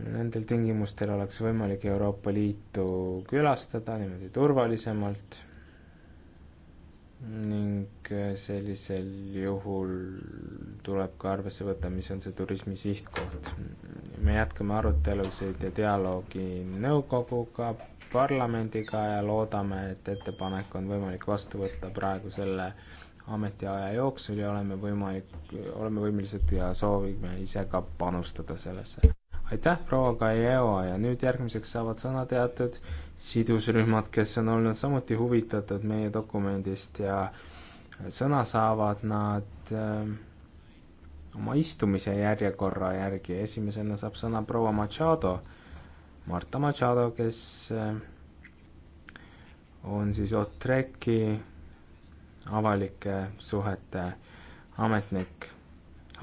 Nendel tingimustel oleks võimalik Euroopa Liitu külastada niimoodi turvalisemalt ning äh, sellisel juhul tuleb ka arvesse võtta, mis on see turismi sihtkoht. me jätkame arutelusid ja dialoogi nõukoguga, parlamendiga ja loodame, et ettepanek on võimalik vastu võtta praegu selle ametiaja jooksul ja oleme võimalik, oleme võimelised ja soovime ise ka panustada sellesse aitäh, proua Kaieo ja nüüd järgmiseks saavad sõna teatud sidusrühmad, kes on olnud samuti huvitatud meie dokumendist ja sõna saavad nad äh, oma istumise järjekorra järgi, esimesena saab sõna proua Machado, Marta Machado, kes äh, on siis Otreki avalike suhete ametnik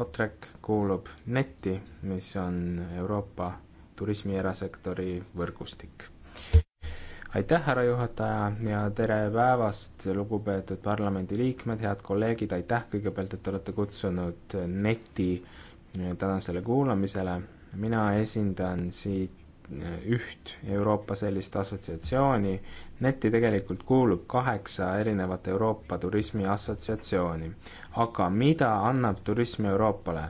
Hotrek kuulub NET-i, mis on Euroopa turismi erasektori võrgustik. aitäh, härra juhataja ja tere päevast, lugupeetud parlamendiliikmed, head kolleegid, aitäh kõigepealt, et olete kutsunud NET-i tänasele kuulamisele. mina esindan siit üht Euroopa sellist assotsiatsiooni. netti tegelikult kuulub kaheksa erinevat Euroopa turismiassotsiatsiooni. aga mida annab turism Euroopale?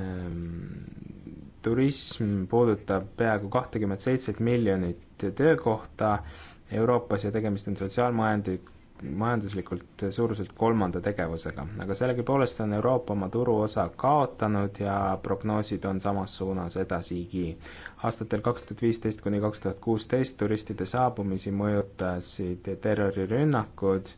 Ehm, turism puudutab peaaegu kahtekümmet seitset miljonit töökohta Euroopas ja tegemist on sotsiaalmajandusliku majanduslikult suuruselt kolmanda tegevusega, aga sellegipoolest on Euroopa oma turuosa kaotanud ja prognoosid on samas suunas edasigi. aastatel kaks tuhat viisteist kuni kaks tuhat kuusteist turistide saabumisi mõjutasid terrorirünnakud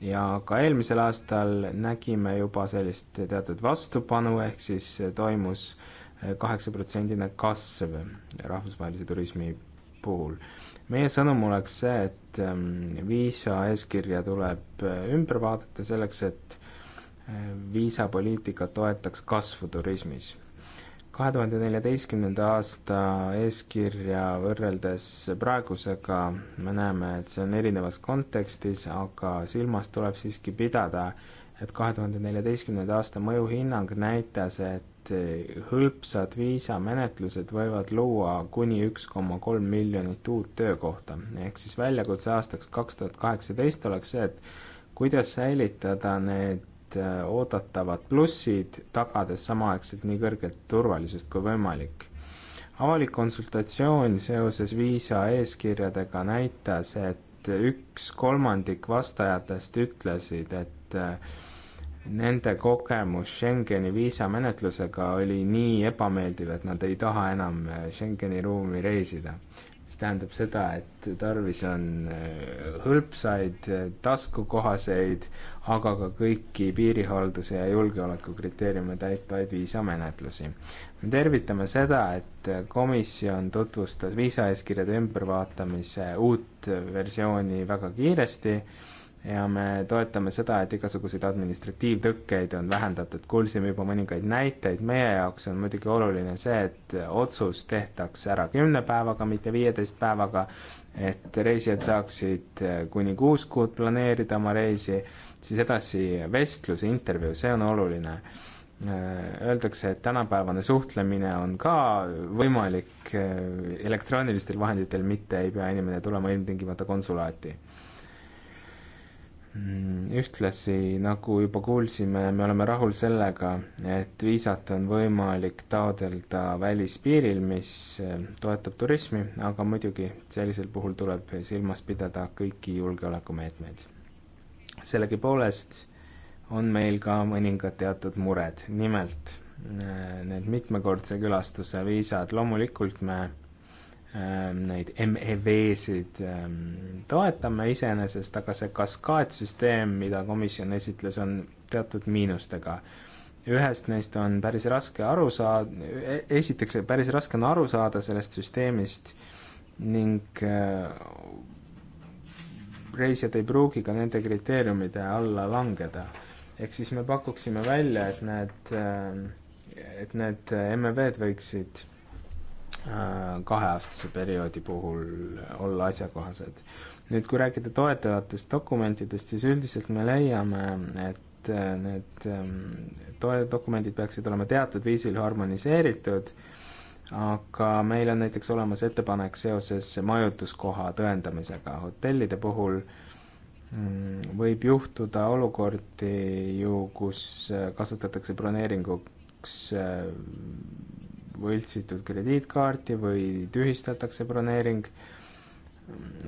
ja ka eelmisel aastal nägime juba sellist teatud vastupanu, ehk siis toimus kaheksaprotsendine kasv rahvusvahelise turismi puhul meie sõnum oleks see, et ähm, viisaeeskirja tuleb äh, ümber vaadata selleks, et äh, viisapoliitika toetaks kasvu turismis. kahe tuhande neljateistkümnenda aasta eeskirja võrreldes praegusega me näeme, et see on erinevas kontekstis, aga silmas tuleb siiski pidada, et kahe tuhande neljateistkümnenda aasta mõjuhinnang näitas, et et eh, hõlpsad viisamenetlused võivad luua kuni üks koma kolm miljonit uut töökohta. ehk siis väljakutse aastaks kaks tuhat kaheksateist oleks see, et kuidas säilitada need eh, oodatavad plussid, tagades samaaegselt nii kõrget turvalisust kui võimalik. avalik konsultatsioon seoses viisa eeskirjadega näitas, et üks kolmandik vastajatest ütlesid, et eh, nende kogemus Schengeni viisamenetlusega oli nii ebameeldiv, et nad ei taha enam äh, Schengeni ruumi reisida. mis tähendab seda, et tarvis on äh, hõlpsaid, äh, taskukohaseid, aga ka kõiki piirihalduse ja julgeoleku kriteeriume täitvaid viisamenetlusi. me tervitame seda, et komisjon tutvustas viisaeeskirjade ümbervaatamise uut versiooni väga kiiresti ja me toetame seda, et igasuguseid administratiivtõkkeid on vähendatud, kuulsime juba mõningaid näiteid, meie jaoks on muidugi oluline see, et otsus tehtakse ära kümne päevaga, mitte viieteist päevaga, et reisijad saaksid eh, kuni kuus kuud planeerida oma reisi, siis edasi vestlus, intervjuu, see on oluline. Eh, öeldakse, et tänapäevane suhtlemine on ka võimalik eh, elektroonilistel vahenditel, mitte ei pea inimene tulema ilmtingimata konsulaati Mm, ühtlasi, nagu juba kuulsime, me oleme rahul sellega, et viisat on võimalik taodelda välispiiril, mis eh, toetab turismi, aga muidugi sellisel puhul tuleb silmas pidada kõiki julgeolekumeetmeid. sellegipoolest on meil ka mõningad teatud mured, nimelt eh, need mitmekordse külastuse viisad, loomulikult me Ähm, neid MEV-sid ähm, toetame iseenesest, aga see kaskaadsüsteem, mida komisjon esitles, on teatud miinustega. ühest neist on päris raske aru saada, e-, esiteks päris raske on aru saada sellest süsteemist ning äh, reisijad ei pruugi ka nende kriteeriumide alla langeda. ehk siis me pakuksime välja, et need, äh, et need MEV-d võiksid Äh, kaheaastase perioodi puhul olla asjakohased. nüüd, kui rääkida toetavatest dokumentidest, siis üldiselt me leiame, et äh, need ähm, toe-, dokumendid peaksid olema teatud viisil harmoniseeritud, aga meil on näiteks olemas ettepanek seoses majutuskoha tõendamisega. hotellide puhul mm, võib juhtuda olukordi ju, kus äh, kasutatakse broneeringuks võltsitud krediitkaarti või tühistatakse broneering,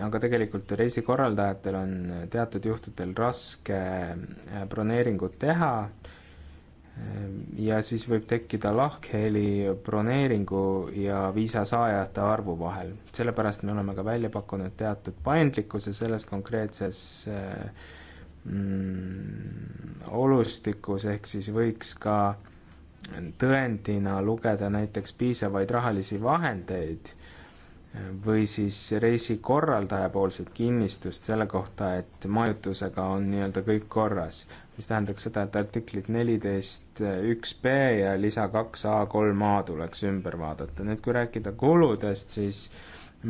aga tegelikult reisikorraldajatel on teatud juhtudel raske äh, broneeringut teha äh, ja siis võib tekkida lahkheli broneeringu ja viisa saajate arvu vahel. sellepärast me oleme ka välja pakkunud teatud paindlikkuse selles konkreetses äh, mm, olustikus, ehk siis võiks ka äh, tõendina lugeda näiteks piisavaid rahalisi vahendeid või siis reisikorraldaja poolset kinnistust selle kohta, et majutusega on nii-öelda kõik korras, mis tähendaks seda, et artiklid neliteist üks B ja lisa kaks A kolm A tuleks ümber vaadata. nüüd, kui rääkida kuludest, siis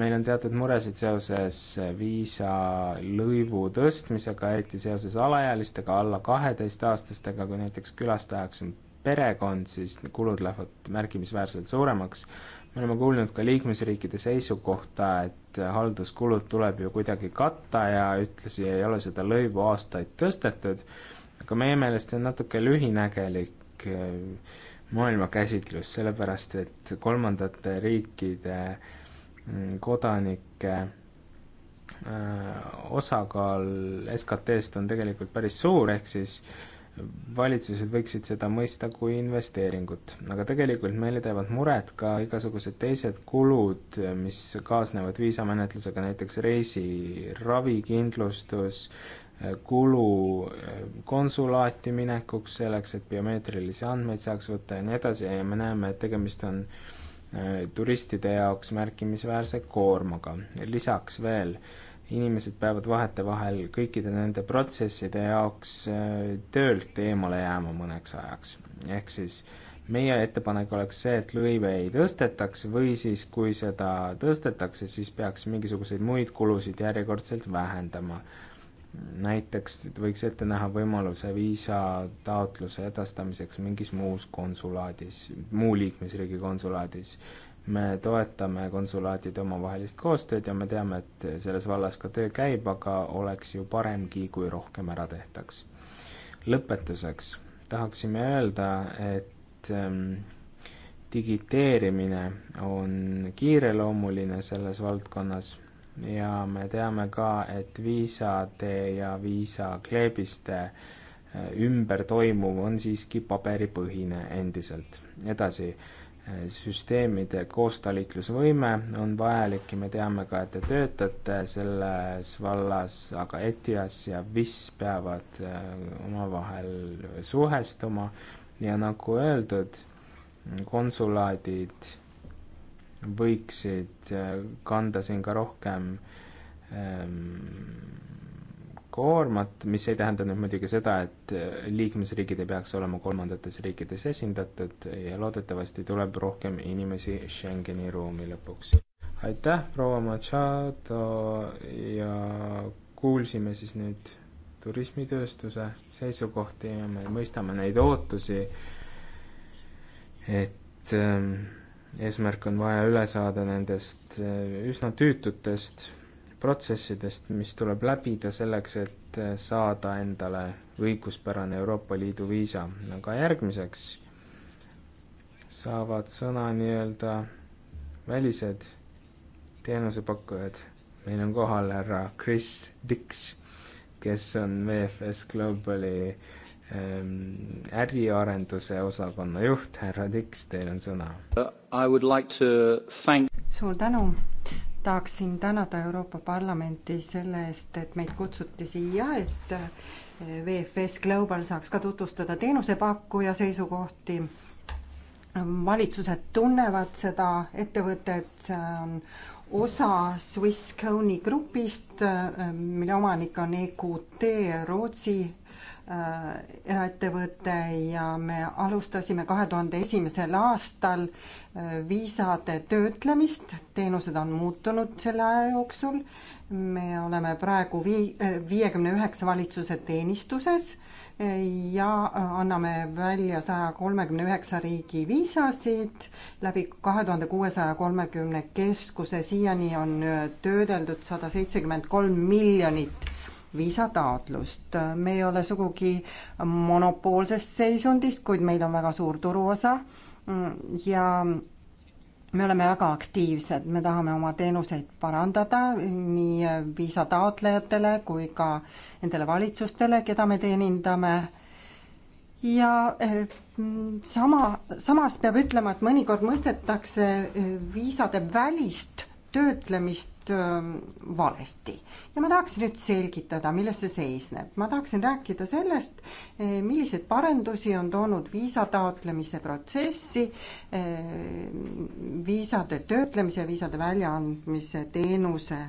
meil on teatud muresid seoses viisalõivu tõstmisega, eriti seoses alaealistega, alla kaheteistaastastega, kui näiteks külastajaks on perekond, siis kulud lähevad märkimisväärselt suuremaks. me oleme kuulnud ka liikmesriikide seisukohta, et halduskulud tuleb ju kuidagi katta ja ühtlasi ei ole seda lõivu aastaid tõstetud, aga meie meelest see on natuke lühinägelik äh, maailmakäsitlus, sellepärast et kolmandate riikide mm, kodanike äh, osakaal SKT-st on tegelikult päris suur, ehk siis äh, valitsused võiksid seda mõista kui investeeringut, aga tegelikult meile teevad muret ka igasugused teised kulud, mis kaasnevad viisamenetlusega, näiteks reisi, ravikindlustus, kulu konsulaati minekuks, selleks et biomeetrilisi andmeid saaks võtta ja nii edasi ja me näeme, et tegemist on äh, turistide jaoks märkimisväärse koormaga. lisaks veel äh, inimesed peavad vahetevahel kõikide nende protsesside jaoks äh, töölt eemale jääma mõneks ajaks. ehk siis meie ettepanek oleks see, et lõive ei tõstetaks või siis, kui seda tõstetakse, siis peaks mingisuguseid muid kulusid järjekordselt vähendama. näiteks võiks ette näha võimaluse viisataotluse edastamiseks mingis muus konsulaadis, muu liikmesriigi konsulaadis me toetame konsulaadide omavahelist koostööd ja me teame, et selles vallas ka töö käib, aga oleks ju paremgi, kui rohkem ära tehtaks. lõpetuseks tahaksime öelda, et ähm, digiteerimine on kiireloomuline selles valdkonnas ja me teame ka, et viisade ja viisakleebiste äh, eh, ümber toimuv on siiski paberipõhine endiselt. edasi süsteemide koostalitlusvõime on vajalik ja me teame ka, et te töötate selles vallas, aga ETIAS ja WIS peavad äh, omavahel suhestuma ja nagu öeldud, konsulaadid võiksid äh, kanda siin ka rohkem ähm, koormat, mis ei tähenda nüüd muidugi seda, et äh, liikmesriigid ei peaks olema kolmandates riikides esindatud ja loodetavasti tuleb rohkem inimesi Schengeni ruumi lõpuks. aitäh, proua Machado ja kuulsime siis nüüd turismitööstuse seisukohti ja me mõistame neid ootusi, et ähm, eesmärk on vaja üle saada nendest äh, üsna tüütutest protsessidest, mis tuleb läbida selleks, et äh, saada endale õiguspärane Euroopa Liidu viisa, aga järgmiseks saavad sõna nii-öelda välised teenusepakkujad. meil on kohal härra Chris Dix, kes on VFS Globali ähm, äriarenduse osakonna juht, härra Dix, teil on sõna. Like thank... suur tänu tahaksin tänada Euroopa Parlamenti selle eest, et meid kutsuti siia, et eh, VFS Global saaks ka tutvustada teenusepakkuja seisukohti. valitsused tunnevad seda ettevõtet, see on osa Swiss County grupist, eh, mille omanik on EQT Rootsi Äh, eraettevõte ja me alustasime kahe tuhande esimesel aastal äh, viisade töötlemist, teenused on muutunud selle aja jooksul, me oleme praegu vii-, äh, viiekümne üheksa valitsuse teenistuses ja anname välja saja kolmekümne üheksa riigi viisasid läbi kahe tuhande kuuesaja kolmekümne keskuse. siiani on töödeldud sada seitsekümmend kolm miljonit viisataotlust. me ei ole sugugi monopoolses seisundis, kuid meil on väga suur turuosa ja me oleme väga aktiivsed, me tahame oma teenuseid parandada nii viisataotlejatele kui ka nendele valitsustele, keda me teenindame. ja eh, sama, samas peab ütlema, et mõnikord mõistetakse eh, viisade välist töötlemist ähm, valesti. ja ma tahaksin nüüd selgitada, milles see seisneb. ma tahaksin rääkida sellest, eh, milliseid parendusi on toonud viisa taotlemise protsessi, eh, viisade töötlemise, viisade väljaandmise teenuse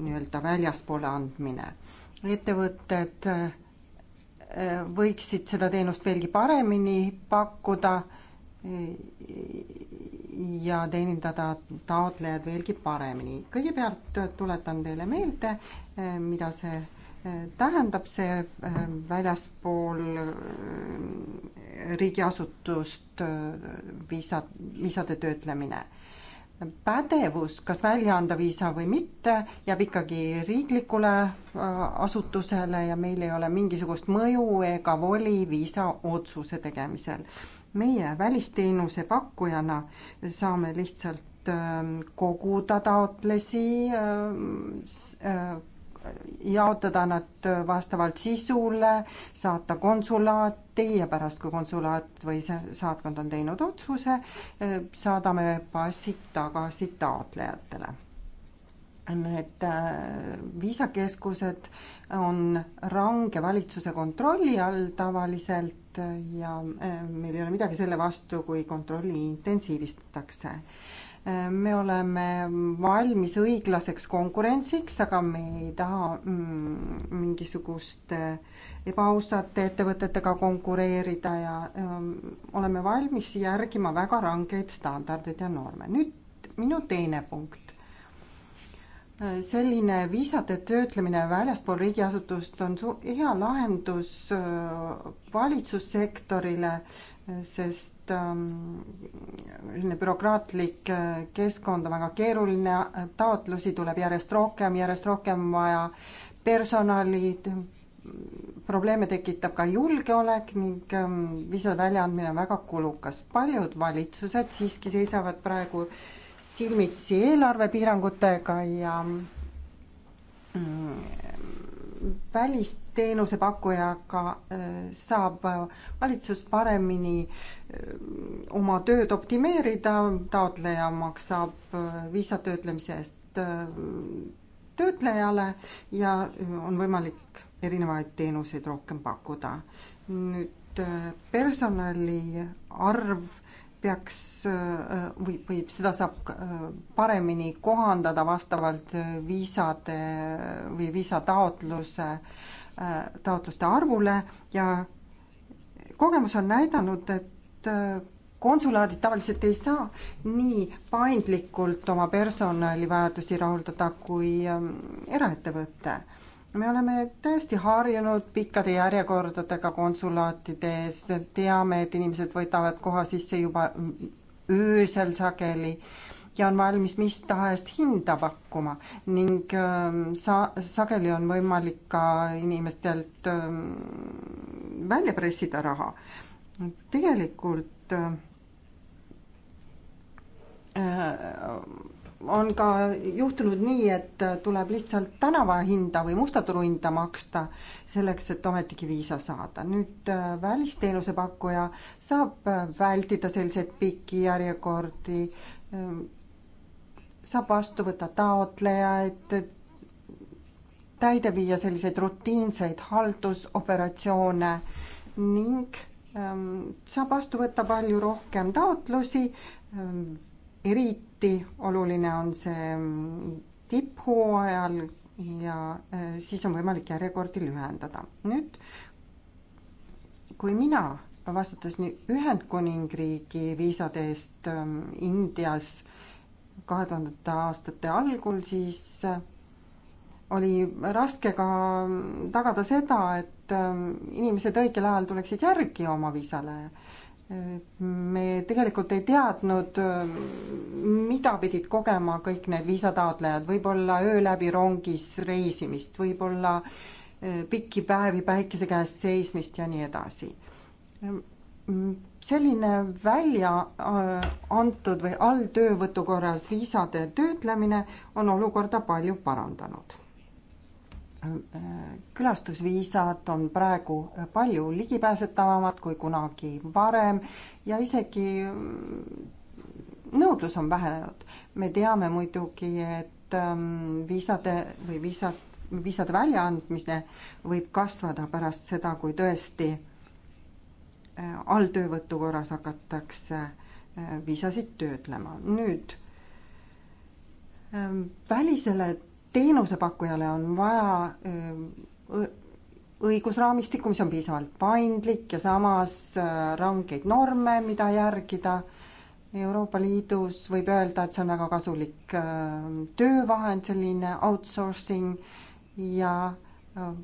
nii-öelda väljaspoole andmine. ettevõtted eh, võiksid seda teenust veelgi paremini pakkuda ja teenindada taotlejad veelgi paremini. kõigepealt tuletan teile meelde, eh, mida see eh, tähendab, see eh, väljaspool riigiasutust viisa, viisade töötlemine pädevus, kas välja anda viisa või mitte, jääb ikkagi riiklikule asutusele ja meil ei ole mingisugust mõju ega voli viisa otsuse tegemisel meie välisteenuse pakkujana saame lihtsalt ähm, koguda taotlusi, ähm, äh, jaotada nad vastavalt sisule, saata konsulaati ja pärast, kui konsulaat või saatkond on teinud otsuse, äh, saadame passid tagasi taotlejatele. Need äh, viisakeskused on range valitsuse kontrolli all tavaliselt Äh, ja äh, meil ei ole midagi selle vastu, kui kontrolli intensiivistatakse. Äh, me oleme valmis õiglaseks konkurentsiks, aga me ei taha mm, mingisugust ebaausate ettevõtetega konkureerida ja ähm, oleme valmis järgima väga rangeid standardeid ja norme. nüüd minu teine punkt selline viisade töötlemine väljaspool riigiasutust on su-, hea lahendus äh, valitsussektorile, sest ähm, selline bürokraatlik äh, keskkond on väga keeruline, äh, taotlusi tuleb järjest rohkem, järjest rohkem vaja personali, probleeme tekitab ka julgeolek ning ähm, viisade väljaandmine on väga kulukas. paljud valitsused siiski seisavad praegu äh, silmitsi eelarvepiirangutega ja mm, välisteenuse pakkujaga äh, saab valitsus paremini äh, oma tööd optimeerida, taotleja maksab äh, viisatöötlemise eest töötlejale ja on võimalik erinevaid teenuseid rohkem pakkuda. nüüd personali arv peaks või, või seda saab paremini kohandada vastavalt viisade või viisataotluse, taotluste arvule ja kogemus on näidanud, et konsulaadid tavaliselt ei saa nii paindlikult oma personalivajadusi rahuldada kui ähm, eraettevõte me oleme tõesti harjunud pikkade järjekordadega konsulaatide ees, teame, et inimesed võtavad koha sisse juba öösel sageli ja on valmis mis tahes hinda pakkuma ning ähm, sa-, sageli on võimalik ka inimestelt ähm, välja pressida raha. tegelikult äh, äh on ka juhtunud nii, et tuleb lihtsalt tänavahinda või musta turu hinda maksta selleks, et ometigi viisa saada. nüüd äh, välisteenuse pakkuja saab äh, vältida selliseid pikki järjekordi, ähm, saab vastu võtta taotlejaid, täide viia selliseid rutiinseid haldusoperatsioone ning ähm, saab vastu võtta palju rohkem taotlusi, ähm, eriti eriti oluline on see tipphooajal ja äh, siis on võimalik järjekordi lühendada. nüüd, kui mina vastutasin Ühendkuningriigi viisade eest ähm, Indias kahe tuhandete aastate algul, siis äh, oli raske ka ähm, tagada seda, et ähm, inimesed õigel ajal tuleksid järgi oma viisale me tegelikult ei teadnud, mida pidid kogema kõik need viisataotlejad, võib-olla öö läbi rongis reisimist, võib-olla e, pikki päevi päikese käes seismist ja nii edasi. selline välja antud või alltöövõtu korras viisade töötlemine on olukorda palju parandanud külastusviisad on praegu palju ligipääsetavamad kui kunagi varem ja isegi nõudlus on vähenenud. me teame muidugi, et ähm, viisade või viisa, viisade väljaandmine võib kasvada pärast seda, kui tõesti äh, alltöövõtu korras hakatakse äh, viisasid töötlema. nüüd ähm, välisele teenusepakkujale on vaja õigusraamistikku, mis on piisavalt paindlik ja samas rangeid norme, mida järgida. Euroopa Liidus võib öelda, et see on väga kasulik töövahend, selline outsourcing ja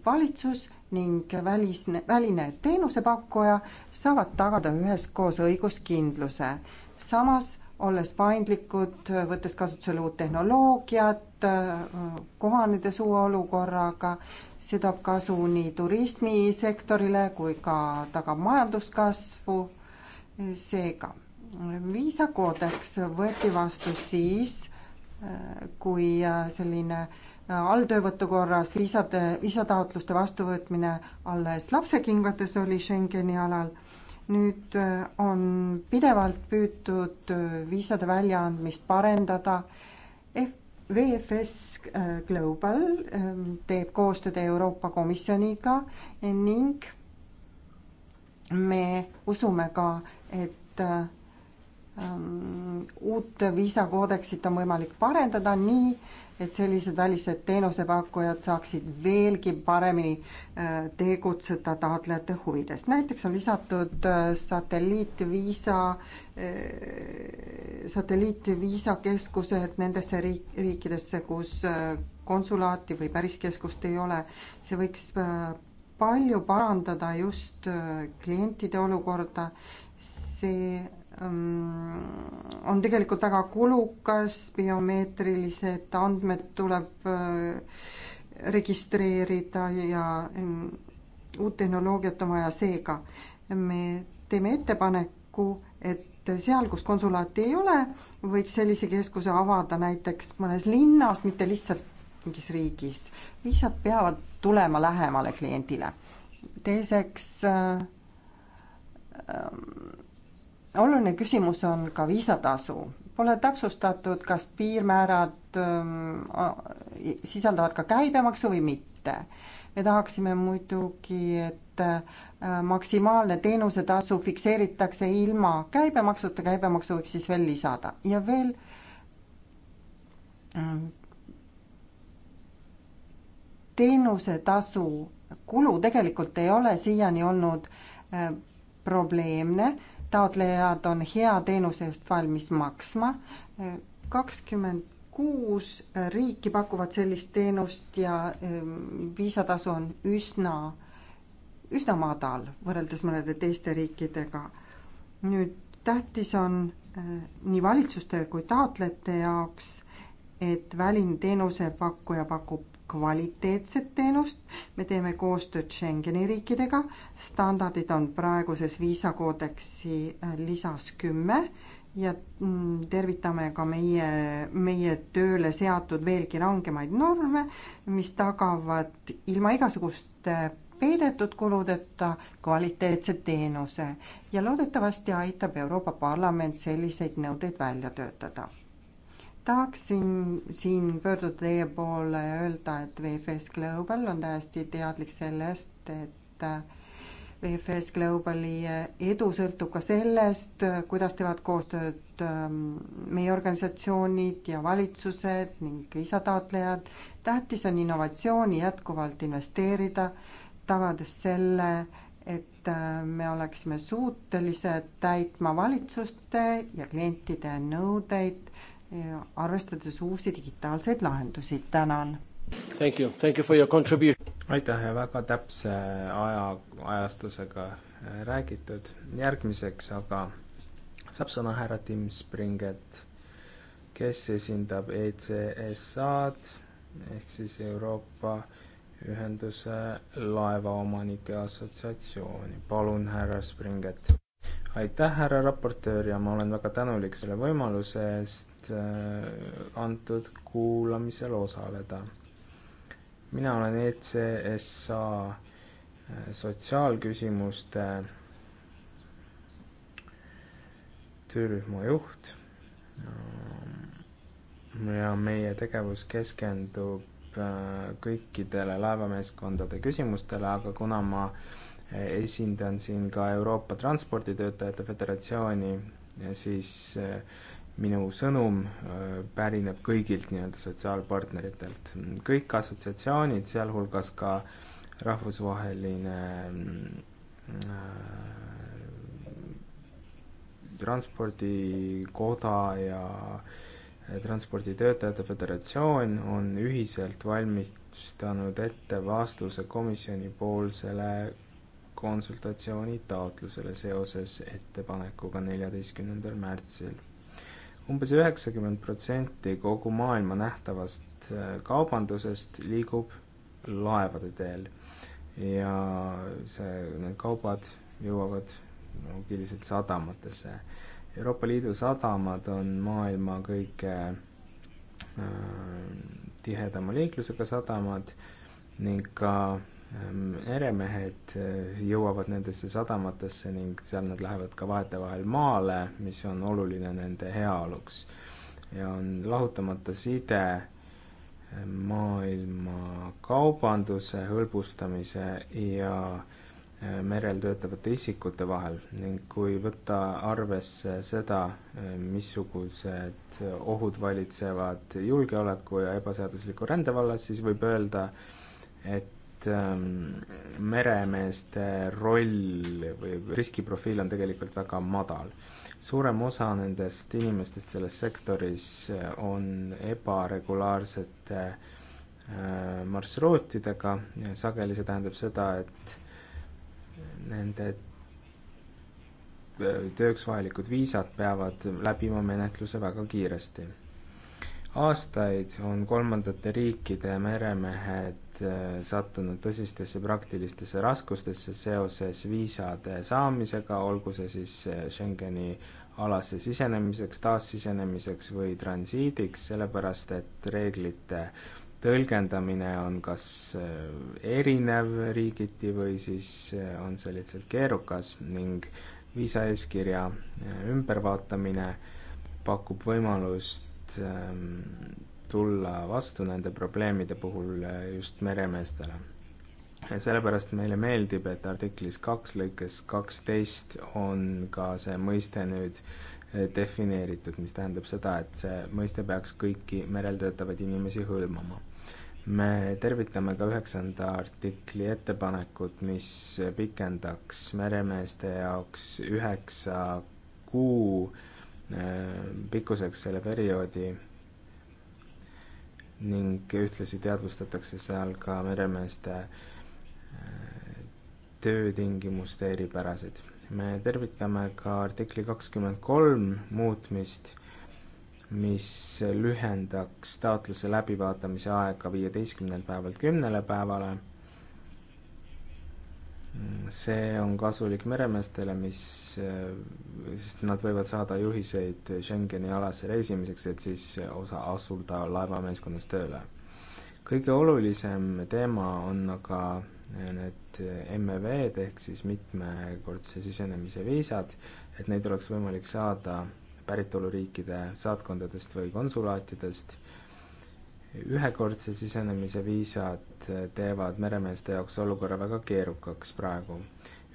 valitsus ning välis, väline teenusepakkuja saavad tagada üheskoos õiguskindluse. samas olles paindlikud, võttes kasutusele uut tehnoloogiat, kohanedes uue olukorraga, see toob kasu nii turismisektorile kui ka tagab majanduskasvu. seega viisakoodeks võeti vastu siis, kui selline alltöövõtu korras viisade, viisataotluste vastuvõtmine alles lapsekingades oli Schengeni alal nüüd äh, on pidevalt püütud äh, viisade väljaandmist parendada. VFS äh, Global teeb koostööd Euroopa Komisjoniga ning me usume ka, et Ähm, uut viisakoodeksit on võimalik parendada nii, et sellised välised teenusepakkujad saaksid veelgi paremini äh, tegutseda taotlejate huvides. näiteks on lisatud äh, satelliitviisa, äh, satelliitviisakeskused nendesse riik, riikidesse, kus konsulaati või päriskeskust ei ole. see võiks palju parandada just klientide olukorda, see Ehm, on tegelikult väga kulukas, biomeetrilised andmed tuleb eh, registreerida ja mm, uut tehnoloogiat on vaja, seega me teeme ettepaneku, et seal, kus konsulaati ei ole, võiks sellise keskuse avada näiteks mõnes linnas, mitte lihtsalt mingis riigis. viisad peavad tulema lähemale kliendile. teiseks äh, äh, oluline küsimus on ka viisatasu. Pole täpsustatud, kas piirmäärad ähm, sisaldavad ka käibemaksu või mitte. me tahaksime muidugi, et äh, maksimaalne teenusetasu fikseeritakse ilma käibemaksuta, käibemaksu võiks siis veel lisada ja veel ähm, teenusetasu kulu tegelikult ei ole siiani olnud äh, probleemne taotlejad on hea teenuse eest valmis maksma. kakskümmend kuus riiki pakuvad sellist teenust ja ehm, viisatasu on üsna, üsna madal võrreldes mõnede teiste riikidega. nüüd tähtis on eh, nii valitsuste kui taotlejate jaoks, et väline teenusepakkuja pakub kvaliteetset teenust, me teeme koostööd Schengeni riikidega, standardid on praeguses viisakoodeksi äh, lisas kümme ja mm, tervitame ka meie, meie tööle seatud veelgi rangemaid norme, mis tagavad ilma igasuguste peidetud kuludeta kvaliteetse teenuse ja loodetavasti aitab Euroopa Parlament selliseid nõudeid välja töötada tahaksin siin pöörduda teie poole ja öelda, et VFS Global on täiesti teadlik sellest, et äh, VFS Globali äh, edu sõltub ka sellest, äh, kuidas teevad koostööd ähm, meie organisatsioonid ja valitsused ning lisataotlejad. tähtis on innovatsiooni jätkuvalt investeerida, tagades selle, et me oleksime suutelised täitma valitsuste ja klientide nõudeid arvestades uusi digitaalseid lahendusi. tänan! Thank you, thank you for your contribution! aitäh ja väga täpse aja, ajastusega räägitud. järgmiseks aga saab sõna härra Tim Springet, kes esindab ECSA-d ehk siis Euroopa Ühenduse Laevaomanike Assotsiatsiooni. palun, härra Springet! aitäh, härra raportöör, ja ma olen väga tänulik selle võimaluse eest äh, antud kuulamisel osaleda. mina olen ECSA äh, sotsiaalküsimuste töörühma juht ähm, ja meie tegevus keskendub äh, kõikidele laevameeskondade küsimustele, aga kuna ma äh, esindan siin ka Euroopa Transporditöötajate Föderatsiooni, siis äh, minu sõnum äh, pärineb kõigilt nii-öelda sotsiaalpartneritelt. kõik assotsiatsioonid, sealhulgas ka rahvusvaheline äh, transpordikoda ja transporditöötajate föderatsioon on ühiselt valmistanud ette vastuse komisjonipoolsele konsultatsiooni taotlusele seoses ettepanekuga neljateistkümnendal märtsil. umbes üheksakümmend protsenti kogu maailma nähtavast äh, kaubandusest liigub laevade teel ja see, need kaubad jõuavad loogiliselt sadamatesse. Euroopa Liidu sadamad on maailma kõige äh, tihedama liiklusega sadamad ning ka äh, meremehed ehm, eh, jõuavad nendesse sadamatesse ning seal nad lähevad ka vahetevahel maale, mis on oluline nende heaoluks. ja on lahutamata side ehm, maailma kaubanduse hõlbustamise ja eh, merel töötavate isikute vahel ning kui võtta arvesse seda, eh, missugused ohud valitsevad julgeoleku ja ebaseadusliku rände vallas, siis võib öelda, et et ähm, meremeeste roll või riskiprofiil on tegelikult väga madal. suurem osa nendest inimestest selles sektoris äh, on ebaregulaarsete äh, marsruutidega ja sageli see tähendab seda, et nende äh, tööks vajalikud viisad peavad läbima menetluse väga kiiresti aastaid on kolmandate riikide meremehed Äh, sattunud tõsistesse praktilistesse raskustesse seoses viisade saamisega, olgu see siis äh, Schengeni alasse sisenemiseks, taassisenemiseks või transiidiks, sellepärast et reeglite tõlgendamine on kas äh, erinev riigiti või siis on see lihtsalt keerukas ning viisaeeskirja ümbervaatamine pakub võimalust ähm, tulla vastu nende probleemide puhul eh, just meremeestele. sellepärast meile meeldib, et artiklis kaks lõikes kaksteist on ka see mõiste nüüd eh, defineeritud, mis tähendab seda, et see mõiste peaks kõiki merel töötavaid inimesi hõlmama. me tervitame ka üheksanda artikli ettepanekut, mis pikendaks meremeeste jaoks üheksa kuu eh, pikkuseks selle perioodi ning ühtlasi teadvustatakse seal ka meremeeste äh, töötingimuste eripärasid. me tervitame ka artikli kakskümmend kolm muutmist, mis lühendaks taotluse läbivaatamise aega viieteistkümnelt päevalt kümnele päevale see on kasulik meremeestele, mis, eh, sest nad võivad saada juhiseid Schengeni alasse reisimiseks, et siis osa asuda laevameeskonnas tööle. kõige olulisem teema on aga eh, need MEV-d ehk siis mitmekordse sisenemise viisad, et neid oleks võimalik saada päritoluriikide saatkondadest või konsulaatidest ühekordse sisenemise viisad teevad meremeeste jaoks olukorra väga keerukaks praegu.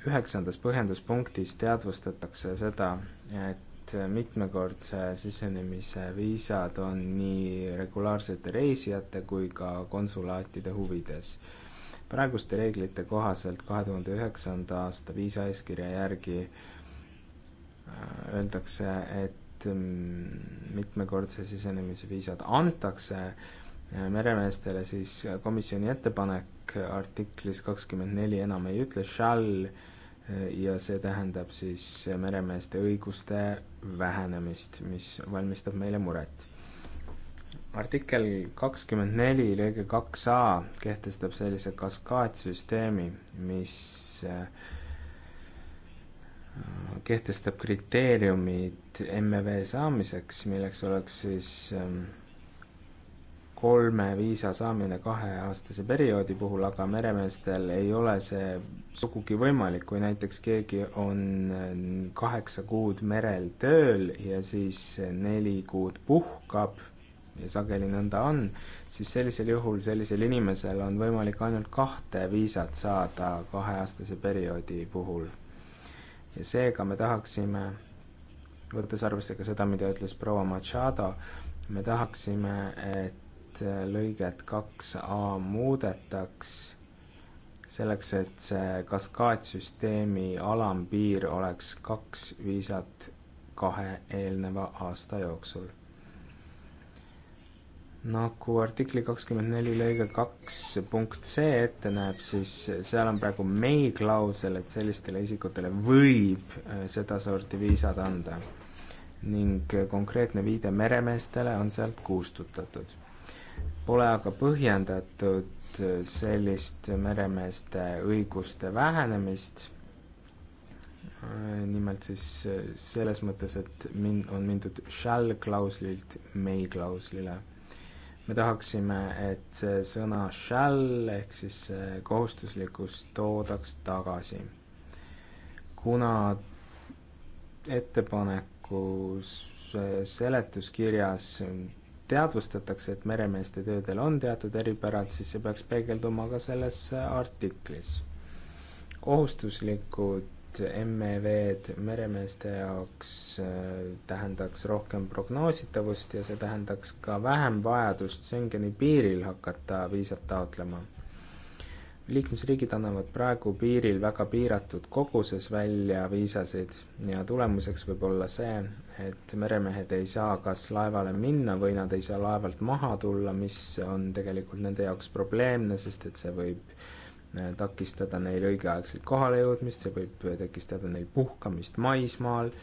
üheksandas põhjenduspunktis teadvustatakse seda, et mitmekordse sisenemise viisad on nii regulaarsete reisijate kui ka konsulaatide huvides. praeguste reeglite kohaselt kahe tuhande üheksanda aasta viisaeeskirja järgi äh, öeldakse, et mm, mitmekordse sisenemise viisad antakse äh, Äh, meremeestele, siis äh, komisjoni ettepanek artiklis kakskümmend neli enam ei ütle shall äh, ja see tähendab siis meremeeste õiguste vähenemist, mis valmistab meile muret. artikkel kakskümmend neli lõige kaks A kehtestab sellise kaskaadsüsteemi, mis kehtestab kriteeriumid MEV saamiseks, milleks oleks siis ähm, kolme viisa saamine kaheaastase perioodi puhul, aga meremeestel ei ole see sugugi võimalik, kui näiteks keegi on kaheksa kuud merel tööl ja siis neli kuud puhkab ja sageli nõnda on, siis sellisel juhul sellisel inimesel on võimalik ainult kahte viisat saada kaheaastase perioodi puhul. ja seega me tahaksime, võttes arvesse ka seda, mida ütles proua Machado, me tahaksime, et et äh, lõiget kaks A muudetaks selleks, et see kaskaadsüsteemi alampiir oleks kaks viisat kahe eelneva aasta jooksul. nagu artikli kakskümmend neli lõige kaks punkt C ette näeb, siis seal on praegu may klausel, et sellistele isikutele võib äh, sedasorti viisad anda ning konkreetne viide meremeestele on sealt kustutatud Pole aga põhjendatud sellist meremeeste õiguste vähenemist, nimelt siis selles mõttes, et min-, on mindud shall klauslilt may klauslile. me tahaksime, et see sõna shall ehk siis see kohustuslikkus toodaks tagasi. kuna ettepanekus seletuskirjas teadvustatakse, et meremeeste töödel on teatud eripärad, siis see peaks peegelduma ka selles artiklis. kohustuslikud MEV-d meremeeste jaoks äh, tähendaks rohkem prognoositavust ja see tähendaks ka vähem vajadust Schengeni piiril hakata viisat taotlema liikmesriigid annavad praegu piiril väga piiratud koguses välja viisasid ja tulemuseks võib olla see, et meremehed ei saa kas laevale minna või nad ei saa laevalt maha tulla, mis on tegelikult nende jaoks probleemne, sest et see võib eh, takistada neil õigeaegset kohalejõudmist, see võib takistada neil puhkamist maismaal,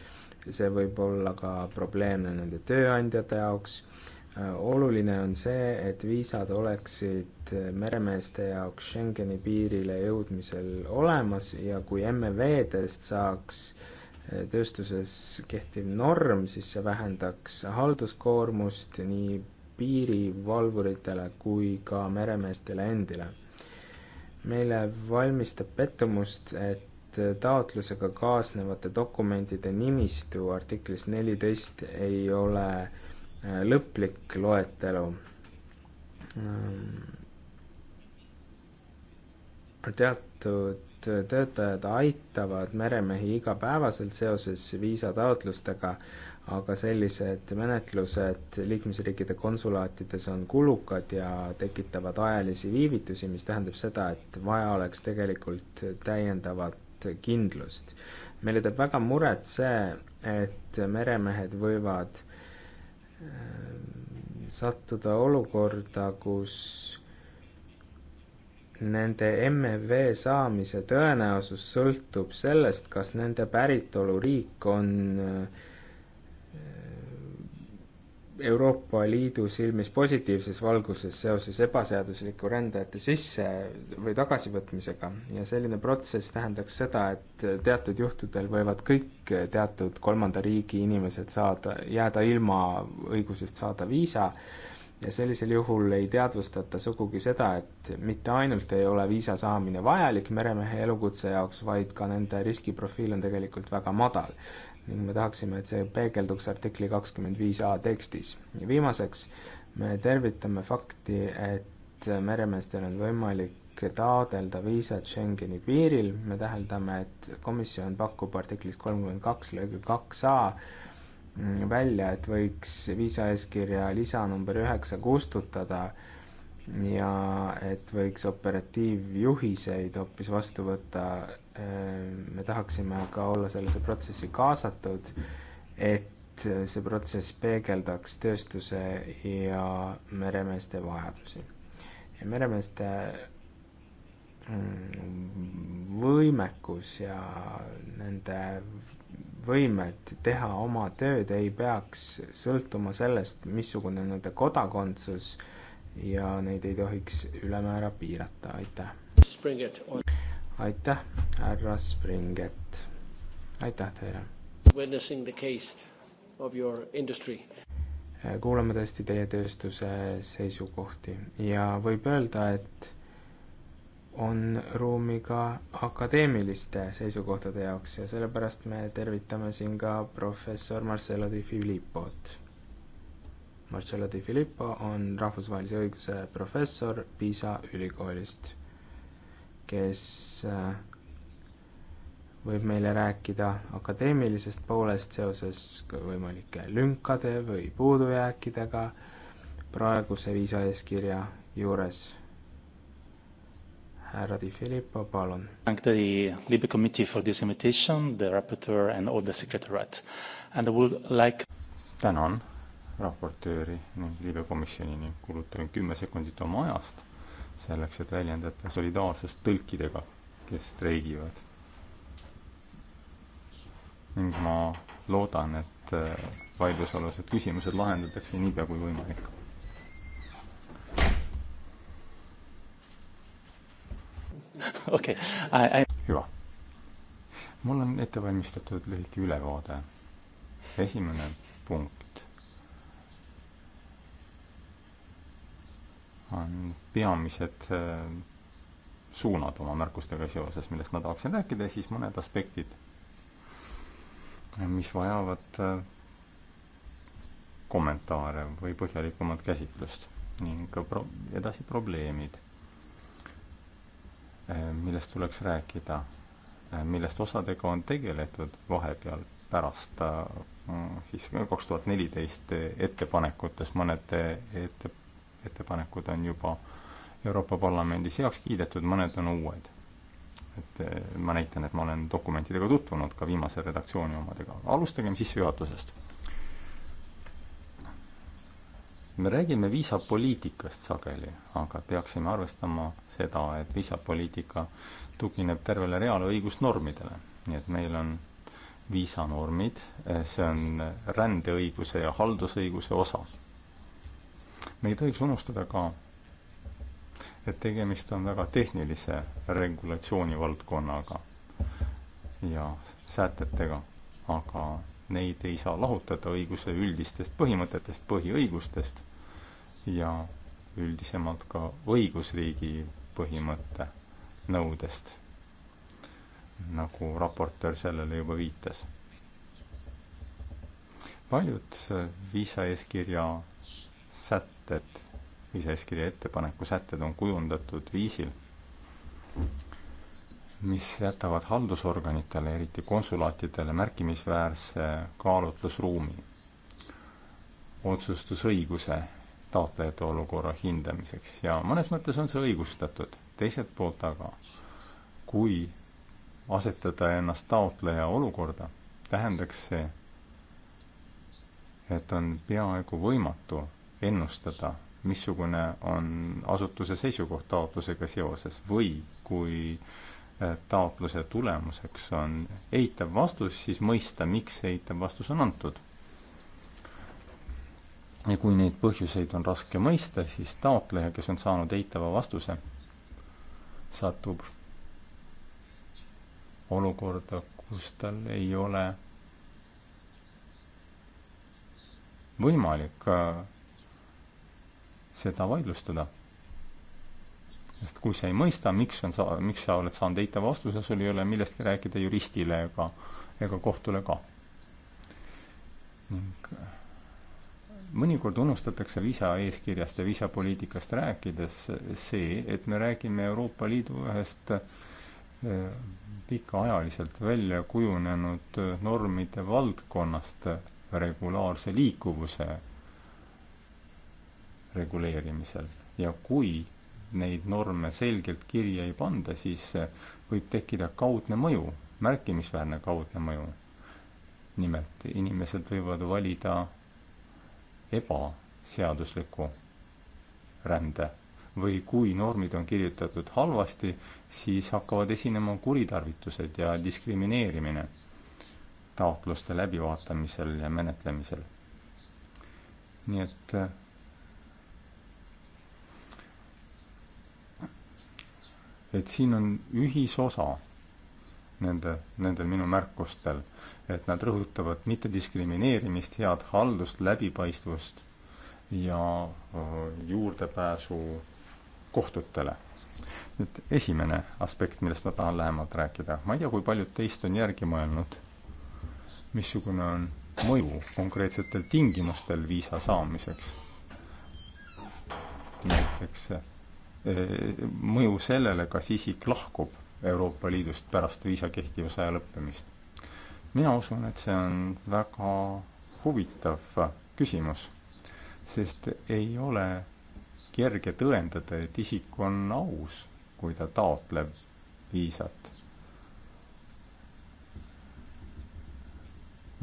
see võib olla ka probleemne nende tööandjate jaoks Äh, oluline on see, et viisad oleksid meremeeste jaoks Schengeni piirile jõudmisel olemas ja kui MEV-dest saaks äh, tööstuses kehtiv norm, siis see vähendaks halduskoormust nii piirivalvuritele kui ka meremeestele endile. meile valmistab pettumust, et taotlusega kaasnevate dokumentide nimistu artiklis neliteist ei ole Äh, lõplik loetelu. Ähm, teatud töötajad aitavad meremehi igapäevaselt seoses viisataotlustega, aga sellised menetlused liikmesriikide konsulaatides on kulukad ja tekitavad ajalisi viivitusi, mis tähendab seda, et vaja oleks tegelikult täiendavat kindlust. meile teeb väga muret see, et meremehed võivad sattuda olukorda, kus nende MEV saamise tõenäosus sõltub sellest, kas nende päritoluriik on äh, Euroopa Liidu silmis positiivses valguses seoses ebaseadusliku rändajate sisse või tagasivõtmisega ja selline protsess tähendaks seda, et teatud juhtudel võivad kõik teatud kolmanda riigi inimesed saada, jääda ilma õigusest saada viisa ja sellisel juhul ei teadvustata sugugi seda, et mitte ainult ei ole viisa saamine vajalik meremehe elukutse jaoks, vaid ka nende riskiprofiil on tegelikult väga madal ning me tahaksime, et see peegelduks artikli kakskümmend viis A tekstis. ja viimaseks, me tervitame fakti, et meremeestel on võimalik taodelda viisat Schengeni piiril, me täheldame, et komisjon pakub artiklis kolmkümmend kaks lõige kaks A välja, et võiks viisaeeskirja lisa number üheksa kustutada ja et võiks operatiivjuhiseid hoopis vastu võtta Äh, me tahaksime ka olla sellesse protsessi kaasatud, et äh, see protsess peegeldaks tööstuse ja meremeeste vajadusi. ja meremeeste mm, võimekus ja nende võimed teha oma tööd ei peaks sõltuma sellest, missugune on nende kodakondsus ja neid ei tohiks ülemäära piirata, aitäh aitäh, härra Springet. aitäh teile. Witnessing the case of your industry eh, kuulame tõesti teie tööstuse seisukohti ja võib öelda, et on ruumi ka akadeemiliste seisukohtade jaoks ja sellepärast me tervitame siin ka professor Marcello Di Filippot. Marcello Di Filippo on rahvusvahelise õiguse professor Piisa ülikoolist kes äh, võib meile rääkida akadeemilisest poolest seoses võimalike lünkade või puudujääkidega praeguse viisaeeskirja juures. härra Di Filippo, palun. Thank the Libe committee for this invitation, the raporteur and all the secretariat and I would like. tänan raportööri ning Libe komisjoni ning kulutan kümme sekundit oma ajast selleks, et väljendada solidaarsust tõlkidega, kes streigivad. ning ma loodan, et äh, vaidlusalused küsimused lahendatakse niipea kui võimalik. okei okay. I, I.... hüva. mul on ette valmistatud lühike ülevaade. esimene punkt on peamised äh, suunad oma märkustega seoses, millest ma tahaksin rääkida ja siis mõned aspektid, mis vajavad äh, kommentaare või põhjalikumat käsitlust ning ka pro-, edasi probleemid, äh, millest tuleks rääkida, millest osadega on tegeletud vahepeal pärast siis kaks tuhat neliteist ettepanekutes mõned ette, ettepanekud on juba Euroopa Parlamendis heaks kiidetud, mõned on uued. et eh, ma näitan, et ma olen dokumentidega tutvunud, ka viimase redaktsiooni omadega. alustagem sissejuhatusest. me räägime viisapoliitikast sageli, aga peaksime arvestama seda, et viisapoliitika tugineb tervele reale õigusnormidele. nii et meil on viisanormid, eh, see on rändeõiguse ja haldusõiguse osa me ei tohiks unustada ka, et tegemist on väga tehnilise regulatsiooni valdkonnaga ja sätetega, aga neid ei saa lahutada õiguse üldistest põhimõtetest, põhiõigustest ja üldisemalt ka õigusriigi põhimõtte nõudest, nagu raportöör sellele juba viitas. paljud viisa eeskirja sätted, lisaeeskirja ettepaneku sätted on kujundatud viisil, mis jätavad haldusorganitele, eriti konsulaatidele, märkimisväärse kaalutlusruumi otsustusõiguse taotlejate olukorra hindamiseks ja mõnes mõttes on see õigustatud. teiselt poolt aga, kui asetada ennast taotleja olukorda, tähendaks see, et on peaaegu võimatu ennustada, missugune on asutuse seisukoht taotlusega seoses või kui eh, taotluse tulemuseks on eitav vastus, siis mõista, miks see eitav vastus on antud. ja kui neid põhjuseid on raske mõista, siis taotleja, kes on saanud eitava vastuse, satub olukorda, kus tal ei ole võimalik äh, seda vaidlustada. sest kui sa ei mõista, miks on sa, miks sa oled saanud eitava vastuse, sul ei ole millestki rääkida juristile ega, ega kohtule ka. ning äh, mõnikord unustatakse visa eeskirjast ja visapoliitikast rääkides see, et me räägime Euroopa Liidu ühest äh, pikaajaliselt välja kujunenud äh, normide valdkonnast regulaarse liikuvuse reguleerimisel ja kui neid norme selgelt kirja ei panda, siis võib tekkida kaudne mõju, märkimisväärne kaudne mõju. nimelt inimesed võivad valida ebaseadusliku rände või kui normid on kirjutatud halvasti, siis hakkavad esinema kuritarvitused ja diskrimineerimine taotluste läbivaatamisel ja menetlemisel. nii et et siin on ühisosa nende, nendel minu märkustel, et nad rõhutavad mittediskrimineerimist, head haldust, läbipaistvust ja juurdepääsu kohtutele. nüüd esimene aspekt, millest ma tahan lähemalt rääkida, ma ei tea, kui paljud teist on järgi mõelnud, missugune on mõju konkreetsetel tingimustel viisa saamiseks. näiteks Äh, mõju sellele, kas isik lahkub Euroopa Liidust pärast viisa kehtivusaja lõppemist? mina usun, et see on väga huvitav küsimus, sest ei ole kerge tõendada, et isik on aus, kui ta taotleb viisat.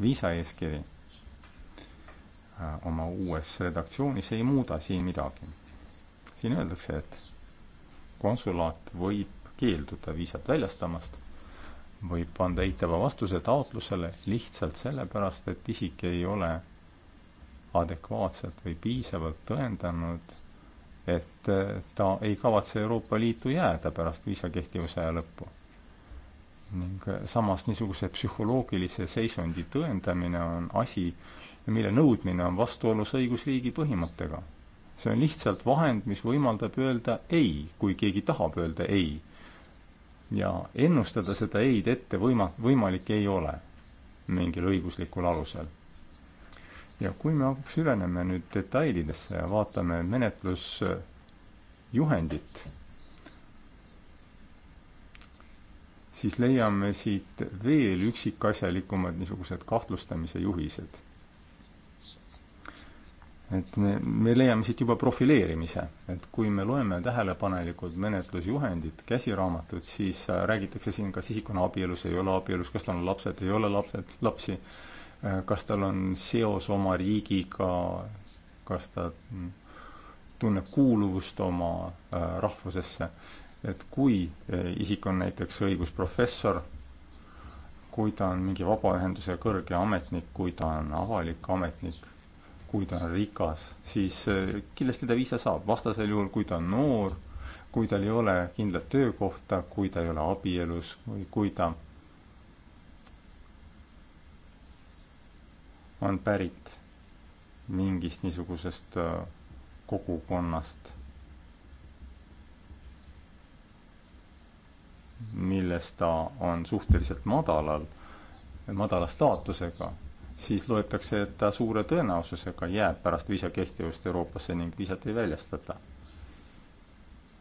viisaeeskiri äh, oma uues redaktsioonis ei muuda siin midagi siin öeldakse, et konsulaat võib keelduda viisat väljastamast, võib anda eitava vastuse taotlusele lihtsalt sellepärast, et isik ei ole adekvaatselt või piisavalt tõendanud, et eh, ta ei kavatse Euroopa Liitu jääda pärast viisa kehtivusaja lõppu. ning eh, samas niisuguse psühholoogilise seisundi tõendamine on asi, mille nõudmine on vastuolus õigusriigi põhimõttega see on lihtsalt vahend, mis võimaldab öelda ei, kui keegi tahab öelda ei. ja ennustada seda ei-d ette võima-, võimalik ei ole mingil õiguslikul alusel. ja kui me süveneme nüüd detailidesse ja vaatame menetlusjuhendit, siis leiame siit veel üksikasjalikumad niisugused kahtlustamise juhised et me, me leiame siit juba profileerimise, et kui me loeme tähelepanelikult menetlusjuhendit, käsiraamatut, siis äh, räägitakse siin, kas isik on abielus, ei ole abielus, kas tal on lapsed, ei ole lapsed, lapsi, äh, kas tal on seos oma riigiga, kas ta mm, tunneb kuuluvust oma äh, rahvusesse, et kui isik on näiteks õigusprofessor, kui ta on mingi vabaühenduse kõrge ametnik, kui ta on avalik ametnik kui ta on rikas, siis eh, kindlasti ta viisa saab, vastasel juhul, kui ta on noor, kui tal ei ole kindlat töökohta, kui ta ei ole abielus või kui ta on pärit mingist niisugusest eh, kogukonnast, milles ta on suhteliselt madalal, madala staatusega siis loetakse, et ta suure tõenäosusega jääb pärast viisa kehtivust Euroopasse ning viisat ei väljastata.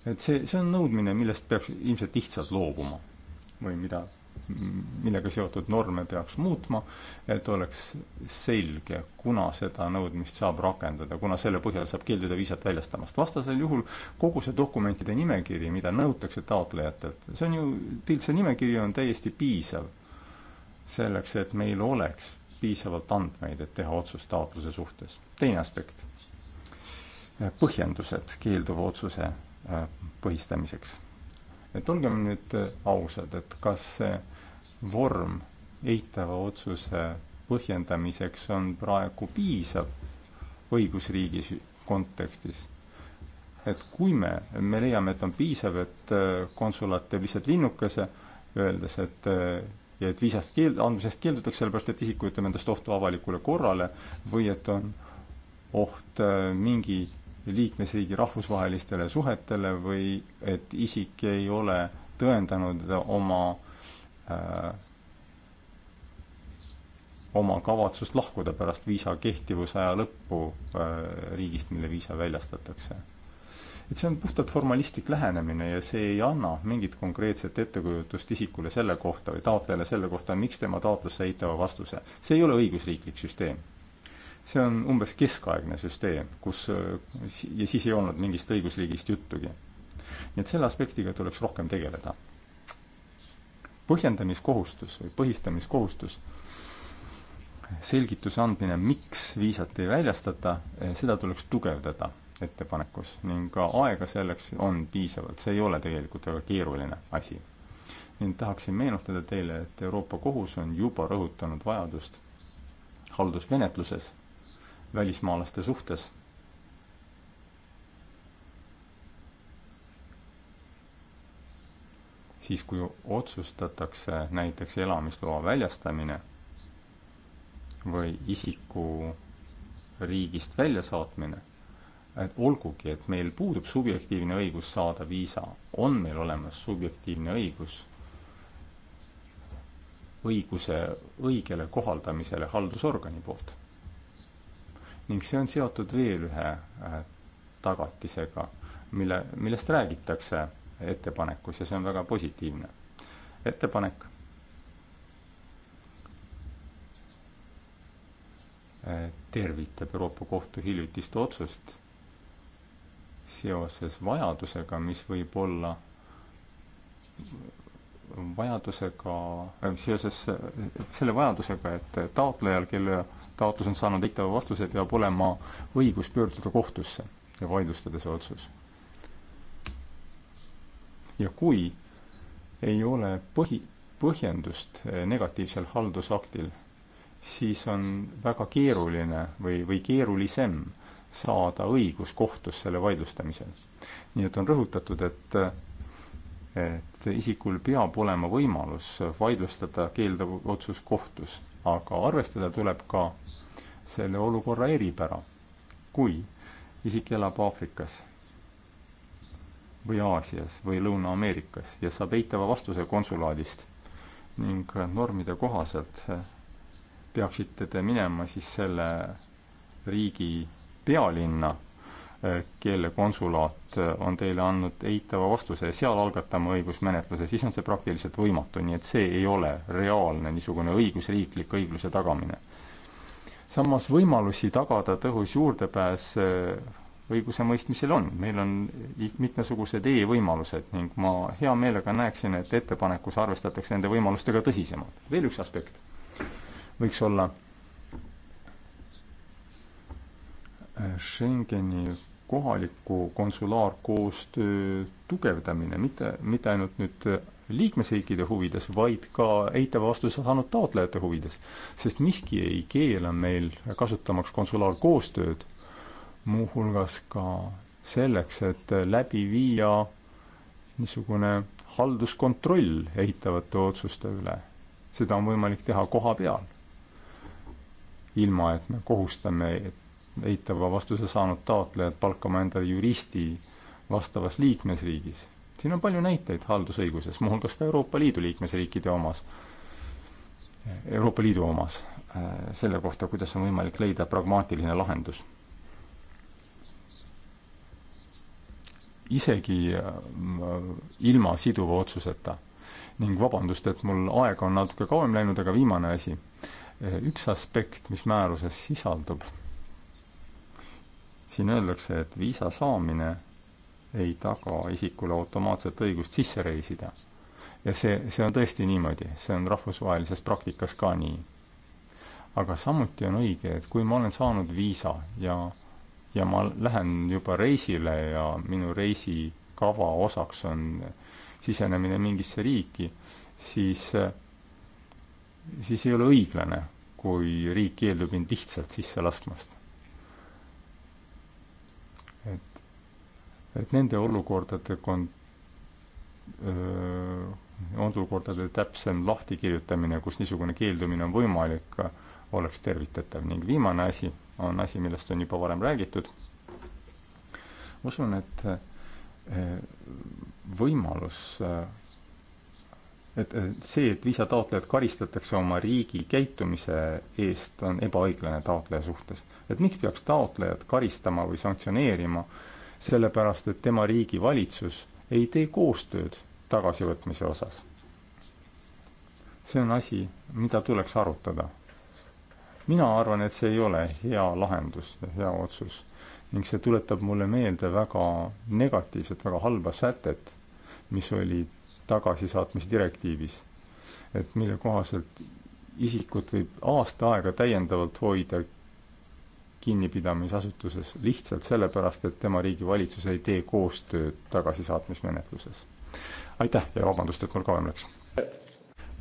et see, see on nõudmine, millest peaks ilmselt lihtsalt loobuma või mida, millega seotud norme peaks muutma, et oleks selge, kuna seda nõudmist saab rakendada, kuna selle põhjal saab keelduda viisat väljastamast. vastasel juhul kogu see dokumentide nimekiri, mida nõutakse taotlejatelt, see on ju, see nimekiri on täiesti piisav selleks, et meil oleks piisavalt andmeid, et teha otsus taotluse suhtes. teine aspekt, põhjendused keelduva otsuse äh, põhistamiseks. et olgem nüüd äh, ausad, et kas see vorm eitava otsuse põhjendamiseks on praegu piisav õigusriigis kontekstis? et kui me, me leiame, et on piisav, et äh, konsulaat teeb lihtsalt linnukese, öeldes, et ja et viisast keeld-, andmisest keeldutakse sellepärast, et isik kujutab endast ohtu avalikule korrale või et on oht äh, mingi liikmesriigi rahvusvahelistele suhetele või et isik ei ole tõendanud oma äh, oma kavatsust lahkuda pärast viisa kehtivusaja lõppu äh, riigist, mille viisa väljastatakse et see on puhtalt formalistlik lähenemine ja see ei anna mingit konkreetset ettekujutust isikule selle kohta või taotlejale selle kohta, miks tema taotlus sai eitava vastuse. see ei ole õigusriiklik süsteem. see on umbes keskaegne süsteem, kus ja siis ei olnud mingist õigusriigist juttugi. nii et selle aspektiga tuleks rohkem tegeleda. põhjendamiskohustus või põhistamiskohustus selgituse andmine, miks viisat ei väljastata, seda tuleks tugevdada ettepanekus ning ka aega selleks on piisavalt, see ei ole tegelikult väga keeruline asi. ning tahaksin meenutada teile, et Euroopa Kohus on juba rõhutanud vajadust haldusmenetluses välismaalaste suhtes siis, kui otsustatakse näiteks elamisloa väljastamine või isiku riigist väljasaatmine et olgugi, et meil puudub subjektiivne õigus saada viisa, on meil olemas subjektiivne õigus õiguse õigele kohaldamisele haldusorgani poolt. ning see on seotud veel ühe äh, tagatisega, mille, millest räägitakse ettepanekus ja see on väga positiivne. ettepanek äh, tervitab Euroopa Kohtu hiljutist otsust seoses vajadusega, mis võib olla vajadusega, äh, seoses selle vajadusega, et taotlejal, kelle taotlus on saanud eitava vastuse, peab olema õigus pöörduda kohtusse ja vaidlustada see otsus. ja kui ei ole põhi, põhjendust negatiivsel haldusaktil, siis on väga keeruline või, või keerulisem saada õigus kohtus selle vaidlustamisel. nii et on rõhutatud, et, et isikul peab olema võimalus vaidlustada keeldav otsus kohtus, aga arvestada tuleb ka selle olukorra eripära. kui isik elab Aafrikas või Aasias või Lõuna-Ameerikas ja saab eitava vastuse konsulaadist ning normide kohaselt peaksite te minema siis selle riigi pealinna, kelle konsulaat on teile andnud eitava vastuse ja seal algatama õigusmenetluse, siis on see praktiliselt võimatu, nii et see ei ole reaalne niisugune õigusriiklik õigluse tagamine. samas võimalusi tagada tõhus juurdepääs eh, õigusemõistmisel on, meil on mitmesugused e-võimalused ning ma hea meelega näeksin, et ettepanekus arvestatakse nende võimalustega tõsisemalt. veel üks aspekt võiks olla Schengeni kohaliku konsulaarkoostöö tugevdamine, mitte, mitte ainult nüüd liikmesriikide huvides, vaid ka eitava vastuse saanud taotlejate huvides. sest miski ei keela meil kasutamaks konsulaarkoostööd, muuhulgas ka selleks, et läbi viia niisugune halduskontroll eitavate otsuste üle. seda on võimalik teha koha peal ilma et me kohustame eitava vastuse saanud taotlejad palkama endale juristi vastavas liikmesriigis. siin on palju näiteid haldusõiguses, muuhulgas ka Euroopa Liidu liikmesriikide omas, Euroopa Liidu omas, äh, selle kohta, kuidas on võimalik leida pragmaatiline lahendus. isegi äh, ilma siduva otsuseta ning vabandust, et mul aega on natuke kauem läinud, aga viimane asi üks aspekt, mis määruses sisaldub, siin öeldakse, et viisa saamine ei taga isikule automaatset õigust sisse reisida. ja see, see on tõesti niimoodi, see on rahvusvahelises praktikas ka nii. aga samuti on õige, et kui ma olen saanud viisa ja, ja ma lähen juba reisile ja minu reisikava osaks on sisenemine mingisse riiki, siis siis ei ole õiglane, kui riik keeldub mind lihtsalt sisse laskmast. et, et nende olukordade kon-, olukordade täpsem lahtikirjutamine, kus niisugune keeldumine on võimalik, oleks tervitatav ning viimane asi on asi, millest on juba varem räägitud. usun, et võimalus et see, et viisataotlejad karistatakse oma riigi käitumise eest, on ebaõiglane taotleja suhtes. et miks peaks taotlejat karistama või sanktsioneerima, sellepärast et tema riigi valitsus ei tee koostööd tagasivõtmise osas. see on asi, mida tuleks arutada. mina arvan, et see ei ole hea lahendus ja hea otsus ning see tuletab mulle meelde väga negatiivset, väga halba sätet mis oli tagasisaatmise direktiivis, et mille kohaselt isikut võib aasta aega täiendavalt hoida kinnipidamisasutuses lihtsalt sellepärast, et tema riigi valitsus ei tee koostööd tagasisaatmismenetluses. aitäh ja vabandust, et mul kauem läks.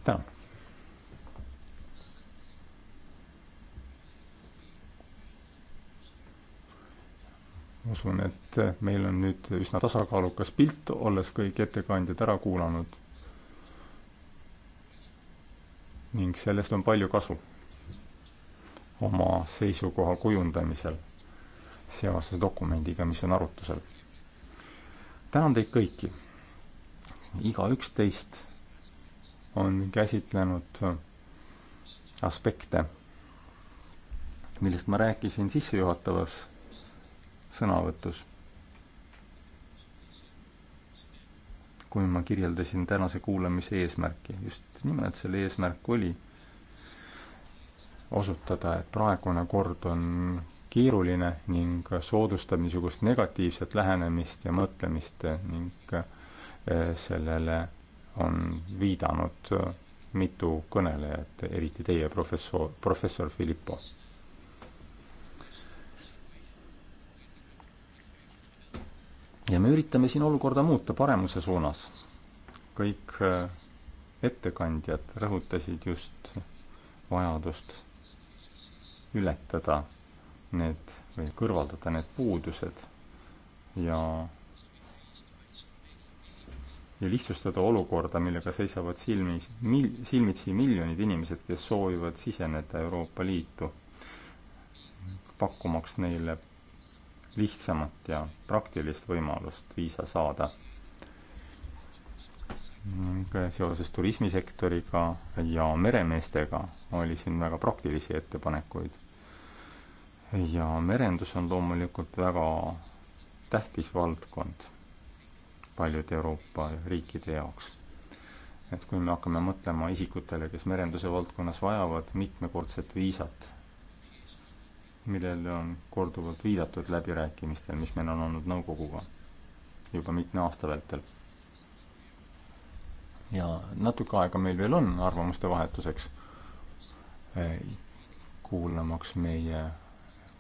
tänan usun, et meil on nüüd üsna tasakaalukas pilt, olles kõik ettekandjad ära kuulanud. ning sellest on palju kasu oma seisukoha kujundamisel seoses dokumendiga, mis on arutusel. tänan teid kõiki. igaüks teist on käsitlenud aspekte, millest ma rääkisin sissejuhatavas sõnavõtus. kui ma kirjeldasin tänase kuulamise eesmärki, just nimelt selle eesmärk oli osutada, et praegune kord on keeruline ning soodustab niisugust negatiivset lähenemist ja mõtlemist ning eh, sellele on viidanud mitu kõnelejat, eriti teie, professor, professor Filippo ja me üritame siin olukorda muuta paremuse suunas. kõik äh, ettekandjad rõhutasid just vajadust ületada need või kõrvaldada need puudused ja ja lihtsustada olukorda, millega seisavad silmis, mil-, silmitsi miljonid inimesed, kes soovivad siseneda Euroopa Liitu, pakkumaks neile lihtsamat ja praktilist võimalust viisa saada. ning seoses turismisektoriga ja meremeestega oli siin väga praktilisi ettepanekuid. ja merendus on loomulikult väga tähtis valdkond paljude Euroopa riikide jaoks. et kui me hakkame mõtlema isikutele, kes merenduse valdkonnas vajavad mitmekordset viisat, millele on korduvalt viidatud läbirääkimistel, mis meil on olnud nõukoguga juba mitme aasta vältel. ja natuke aega meil veel on arvamuste vahetuseks, eh, kuulamaks meie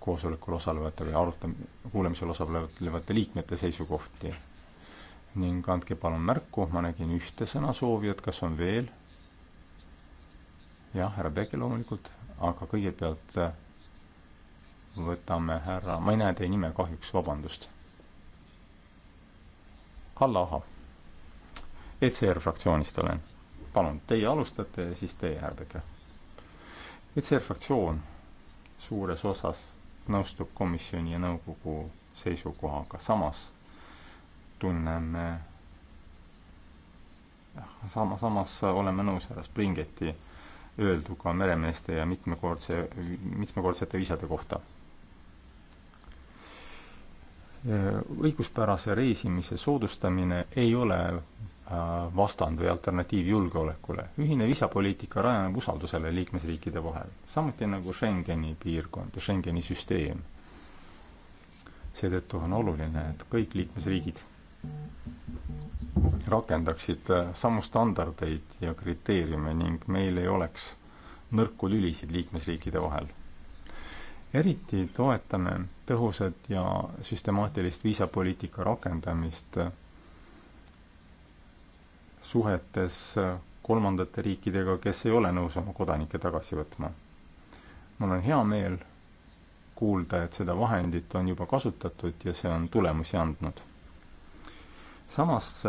koosolekul osalevate või arutam-, kuulamisel osalevate liikmete seisukohti. ning andke palun märku, ma nägin ühte sõnasoovijat, kas on veel? jah, härra Peke loomulikult, aga kõigepealt eh, võtame härra, ma ei näe teie nime kahjuks, vabandust. Halla Aho, ECR fraktsioonist olen. palun, teie alustate ja siis teie, härra Peker. ECR fraktsioon suures osas nõustub komisjoni ja nõukogu seisukohaga, samas tunneme sama, samas oleme nõus härra Springeti öelduga meremeeste ja mitmekordse, mitmekordsete viisade kohta. Äh, õiguspärase reisimise soodustamine ei ole äh, vastand või alternatiiv julgeolekule. ühine viisapoliitika rajaneb usaldusele liikmesriikide vahel, samuti nagu Schengeni piirkond ja Schengeni süsteem. seetõttu on oluline, et kõik liikmesriigid rakendaksid äh, samu standardeid ja kriteeriume ning meil ei oleks nõrku lülisid liikmesriikide vahel eriti toetame tõhusat ja süstemaatilist viisapoliitika rakendamist suhetes kolmandate riikidega, kes ei ole nõus oma kodanikke tagasi võtma. mul on hea meel kuulda, et seda vahendit on juba kasutatud ja see on tulemusi andnud. samas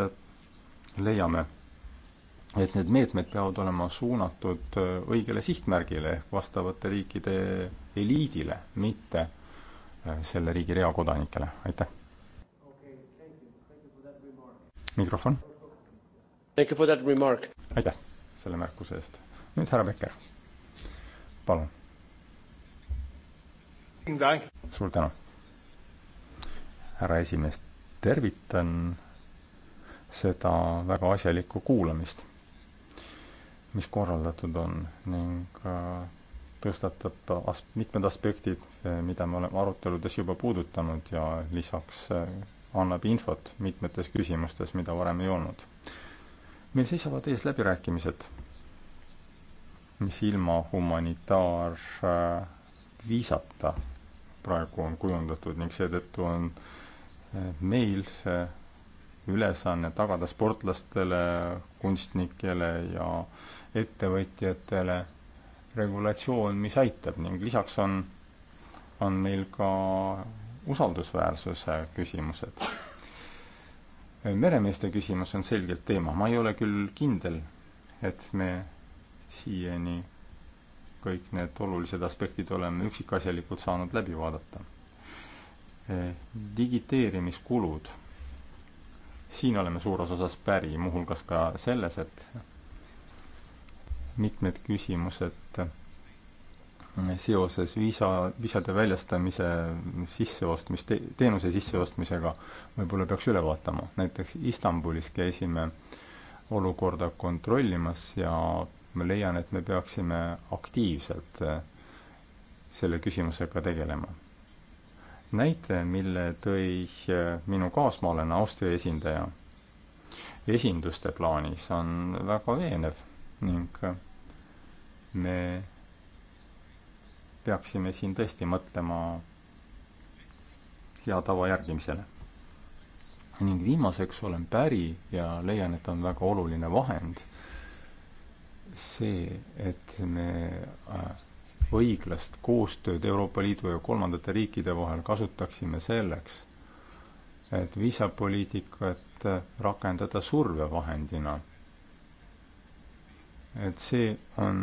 leiame, et need meetmed peavad olema suunatud õigele sihtmärgile ehk vastavate riikide eliidile, mitte äh, selle riigi reakodanikele, aitäh. mikrofon. aitäh selle märkuse eest. nüüd härra Becker, palun. suur tänu. härra esimees, tervitan seda väga asjalikku kuulamist, mis korraldatud on ning äh, tõstatab as-, mitmed aspektid, eh, mida me oleme aruteludes juba puudutanud ja lisaks eh, annab infot mitmetes küsimustes, mida varem ei olnud. meil seisavad ees läbirääkimised, mis ilma humanitaarviisata eh, praegu on kujundatud ning seetõttu on meil ülesanne tagada sportlastele, kunstnikele ja ettevõtjatele regulatsioon, mis aitab ning lisaks on, on meil ka usaldusväärsuse küsimused. meremeeste küsimus on selgelt teema, ma ei ole küll kindel, et me siiani kõik need olulised aspektid oleme üksikasjalikult saanud läbi vaadata. E, digiteerimiskulud, siin oleme suures osas päri, muuhulgas ka selles, et mitmed küsimused seoses viisa, viisade väljastamise sisseostmist, teenuse sisseostmisega võib-olla peaks üle vaatama. näiteks Istanbulis käisime olukorda kontrollimas ja ma leian, et me peaksime aktiivselt selle küsimusega tegelema. näite, mille tõi minu kaasmaalane, Austria esindaja, esinduste plaanis on väga veenev ning mm me peaksime siin tõesti mõtlema hea tava järgimisele. ning viimaseks olen päri ja leian, et on väga oluline vahend see, et me äh, õiglast koostööd Euroopa Liidu ja kolmandate riikide vahel kasutaksime selleks, et viisapoliitikat rakendada survevahendina et see on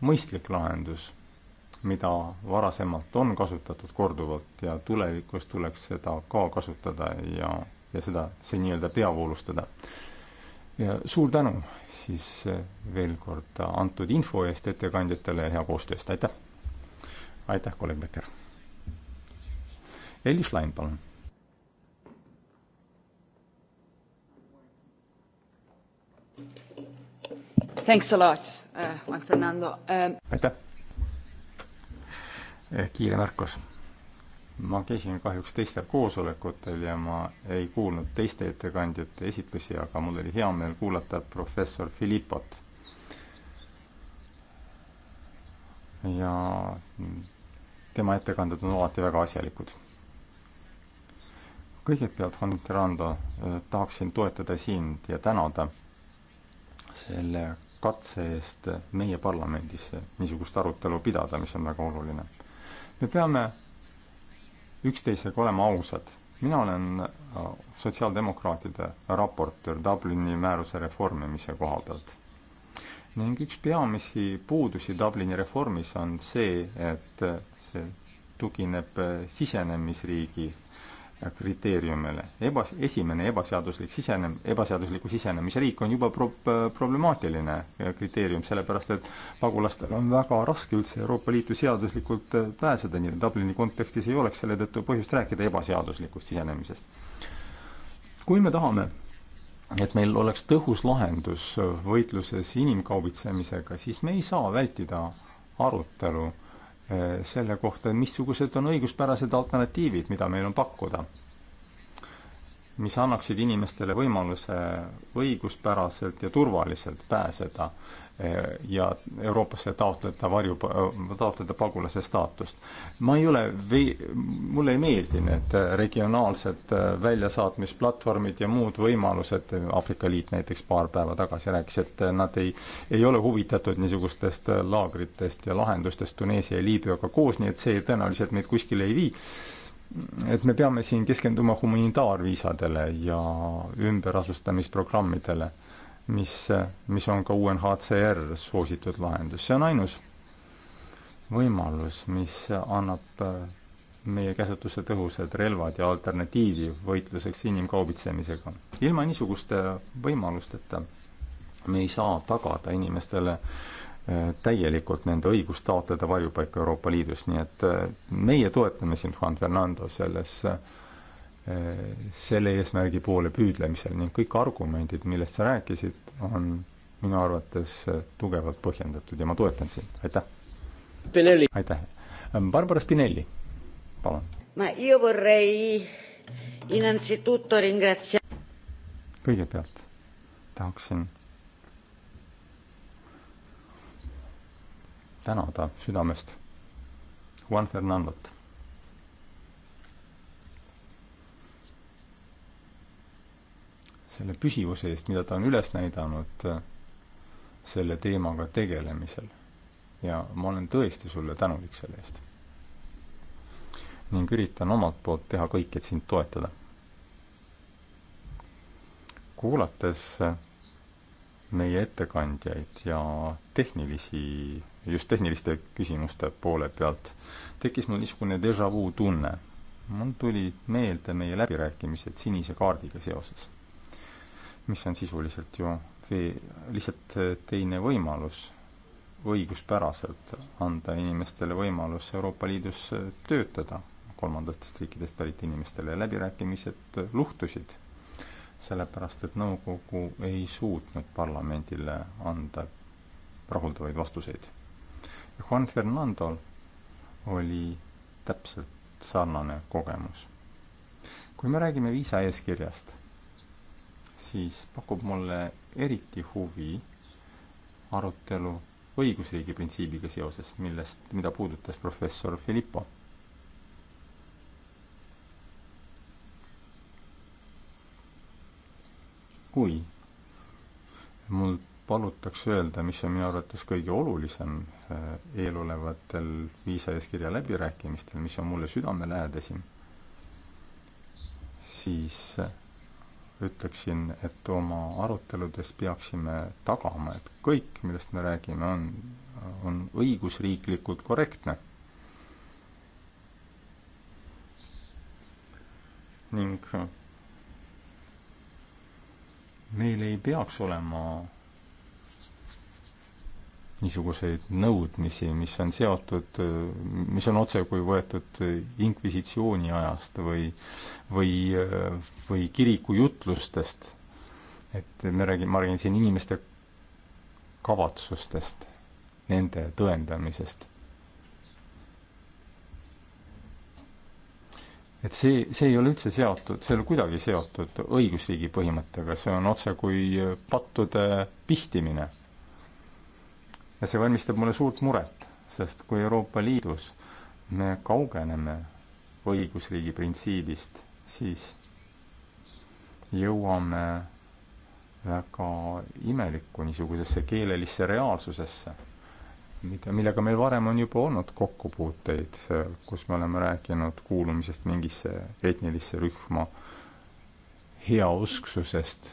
mõistlik lahendus, mida varasemalt on kasutatud korduvalt ja tulevikus tuleks seda ka kasutada ja, ja seda, see nii-öelda peavoolustada. ja suur tänu siis veel kord antud info eest ettekandjatele ja hea koostöö eest, aitäh! aitäh, kolleeg Becker! Elis Lain, palun Thanks a lot uh,, Juan Fernando um.... aitäh. Eh, kiire märkus. ma käisin kahjuks teistel koosolekutel ja ma ei kuulnud teiste ettekandjate esitlusi, aga mul oli hea meel kuulata professor Philippot. ja tema ettekanded on alati väga asjalikud kõigepealt, Juan Grando, eh, tahaksin toetada sind ja tänada selle katse eest meie parlamendis niisugust arutelu pidada, mis on väga oluline. me peame üksteisega olema ausad. mina olen äh, sotsiaaldemokraatide raportöör Dublini määruse reformimise koha pealt. ning üks peamisi puudusi Dublini reformis on see, et see tugineb sisenemisriigi äh, kriteeriumile. Eba, esimene ebaseaduslik sisenem-, ebaseadusliku sisenemisriik on juba pro-, problemaatiline kriteerium, sellepärast et pagulastel on väga raske üldse Euroopa Liitu seaduslikult äh, pääseda, nii et Dublini kontekstis ei oleks selle tõttu põhjust rääkida ebaseaduslikust sisenemisest. kui me tahame, et meil oleks tõhus lahendus äh, võitluses inimkaubitsemisega, siis me ei saa vältida arutelu äh, Äh, selle kohta, missugused on õiguspärased alternatiivid, mida meil on pakkuda, mis annaksid inimestele võimaluse õiguspäraselt ja turvaliselt pääseda ja Euroopasse taotleda varju, taotleda pagulase staatust. ma ei ole vei-, mulle ei meeldi need regionaalsed väljasaatmisplatvormid ja muud võimalused, Aafrika Liit näiteks paar päeva tagasi rääkis, et nad ei, ei ole huvitatud niisugustest laagritest ja lahendustest Tuneesia ja Liibüaga koos, nii et see tõenäoliselt meid kuskile ei vii et me peame siin keskenduma humanitaarviisadele ja ümberasustamisprogrammidele mis, mis on ka UNHCR soositud lahendus, see on ainus võimalus, mis annab äh, meie käsutusse tõhusad relvad ja alternatiivi võitluseks inimkaubitsemisega. ilma niisuguste võimalusteta me ei saa tagada inimestele äh, täielikult nende õigust taotleda varjupaika Euroopa Liidus, nii et äh, meie toetame sind, Juan Fernando, selles äh, selle eesmärgi poole püüdlemisel ning kõik argumendid, millest sa rääkisid, on minu arvates tugevalt põhjendatud ja ma toetan sind, aitäh. aitäh. Barbara Spinelli, palun. kõigepealt tahaksin tänada südamest Juan Fernandot selle püsivuse eest, mida ta on üles näidanud äh, selle teemaga tegelemisel. ja ma olen tõesti sulle tänulik selle eest. ning üritan omalt poolt teha kõik, et sind toetada. kuulates äh, meie ettekandjaid ja tehnilisi, just tehniliste küsimuste poole pealt, tekkis mul niisugune déjà vu tunne. mul tulid meelde meie läbirääkimised sinise kaardiga seoses mis on sisuliselt ju lihtsalt äh, teine võimalus õiguspäraselt anda inimestele võimalus Euroopa Liidus äh, töötada, kolmandatest riikidest pärit inimestele, läbirääkimised äh, luhtusid. sellepärast, et nõukogu ei suutnud parlamendile anda rahuldavaid vastuseid. Juan Fernandol oli täpselt sarnane kogemus. kui me räägime viisaeeskirjast siis pakub mulle eriti huvi arutelu õigusriigi printsiibiga seoses, millest, mida puudutas professor Filippo. kui mul palutakse öelda, mis on minu arvates kõige olulisem eh, eelolevatel viisaeeskirja läbirääkimistel, mis on mulle südamelähedasim, siis eh, ütleksin, et oma aruteludes peaksime tagama, et kõik, millest me räägime, on, on õigusriiklikult korrektne. ning meil ei peaks olema niisuguseid nõudmisi, mis on seotud, mis on otsekui võetud inkvisitsiooni ajast või, või, või kirikujutlustest. et me räägime, ma räägin siin inimeste kavatsustest, nende tõendamisest. et see, see ei ole üldse seotud, see ei ole kuidagi seotud õigusriigi põhimõttega, see on otsekui pattude pihtimine ja see valmistab mulle suurt muret, sest kui Euroopa Liidus me kaugeneme õigusriigi printsiibist, siis jõuame väga imelikku niisugusesse keelelisse reaalsusesse, mida, millega meil varem on juba olnud kokkupuuteid, kus me oleme rääkinud kuulumisest mingisse etnilisse rühma, heausksusest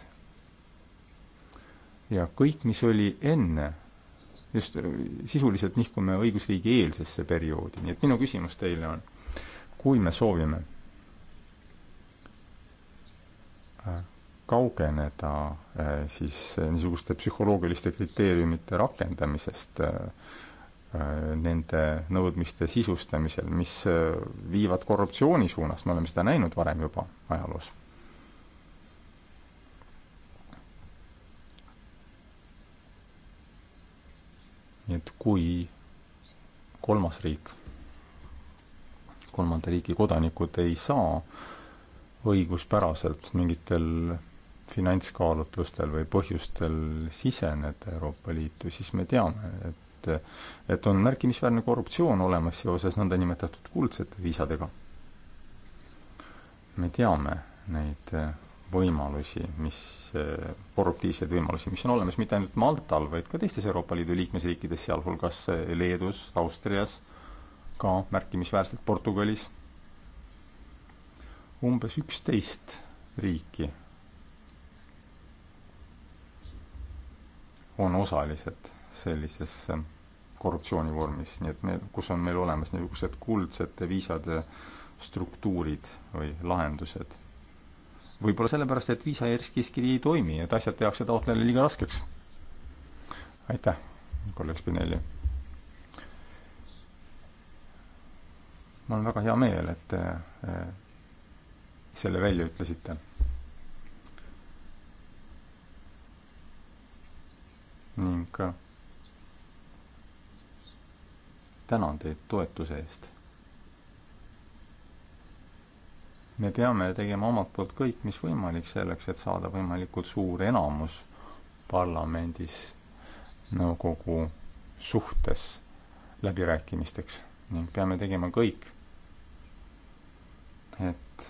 ja kõik, mis oli enne just äh, sisuliselt nihkume õigusriigi eelsesse perioodi, nii et minu küsimus teile on, kui me soovime äh, kaugeneda äh, siis niisuguste psühholoogiliste kriteeriumite rakendamisest nende nõudmiste sisustamisel, mis viivad korruptsiooni suunas, me oleme seda näinud varem juba ajaloos nii et kui kolmas riik, kolmanda riigi kodanikud ei saa õiguspäraselt mingitel finantskaalutlustel või põhjustel siseneda Euroopa Liitu, siis me teame, et, et on märkimisväärne korruptsioon olemas seoses nõndanimetatud kuldsete viisadega. me teame neid võimalusi, mis, eh, korruptiivseid võimalusi, mis on olemas mitte ainult Maltal, vaid ka teistes Euroopa Liidu liikmesriikides, sealhulgas eh, Leedus, Austrias, ka märkimisväärselt Portugalis. umbes üksteist riiki on osalised sellises eh, korruptsioonivormis, nii et me, kus on meil olemas niisugused kuldsete viisade struktuurid või lahendused võib-olla sellepärast, et viisa eeskiri ei toimi, et asjad tehakse taotlejale liiga raskeks. aitäh, kolleeg Spinelli. mul on väga hea meel, et te eh, selle välja ütlesite. ning tänan teid toetuse eest me peame tegema omalt poolt kõik, mis võimalik selleks, et saada võimalikult suur enamus parlamendis nõukogu suhtes läbirääkimisteks ning peame tegema kõik, et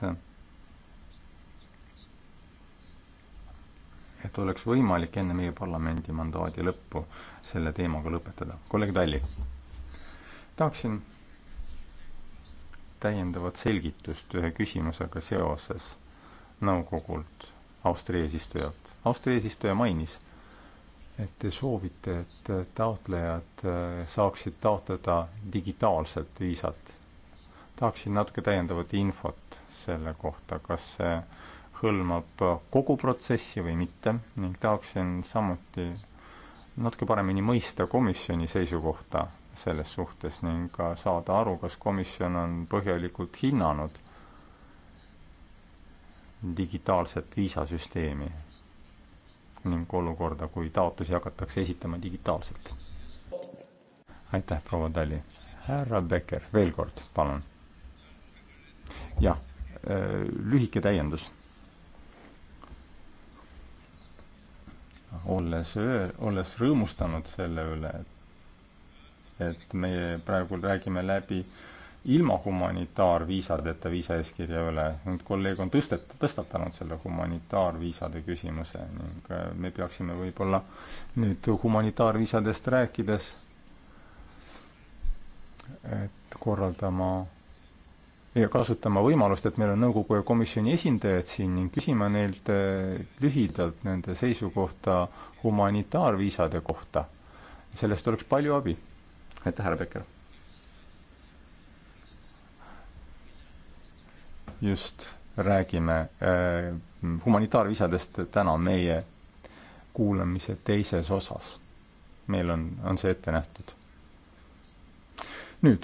et oleks võimalik enne meie parlamendi mandaadi lõppu selle teemaga lõpetada. kolleeg Talli, tahaksin täiendavat selgitust ühe küsimusega seoses nõukogult, Austria eesistujalt. Austria eesistuja mainis, et te soovite, et taotlejad eh, saaksid taotleda digitaalselt viisat. tahaksin natuke täiendavat infot selle kohta, kas see hõlmab kogu protsessi või mitte ning tahaksin samuti natuke paremini mõista komisjoni seisukohta selles suhtes ning ka saada aru, kas komisjon on põhjalikult hinnanud digitaalset viisasüsteemi ning olukorda, kui taotlusi hakatakse esitama digitaalselt. aitäh, proua Tali. härra Becker, veel kord, palun. jah, äh, lühike täiendus. olles, olles rõõmustanud selle üle, et et meie praegu räägime läbi ilma humanitaarviisadeta viisaeeskirja üle, nüüd kolleeg on tõstet-, tõstatanud selle humanitaarviisade küsimuse ning äh, me peaksime võib-olla nüüd humanitaarviisadest rääkides et korraldama ja kasutama võimalust, et meil on nõukogu ja komisjoni esindajad siin ning küsima neilt äh, lühidalt nende seisukohta humanitaarviisade kohta. sellest oleks palju abi aitäh, härra Peker. just, räägime äh, humanitaarvisadest täna meie kuulamise teises osas. meil on, on see ette nähtud. nüüd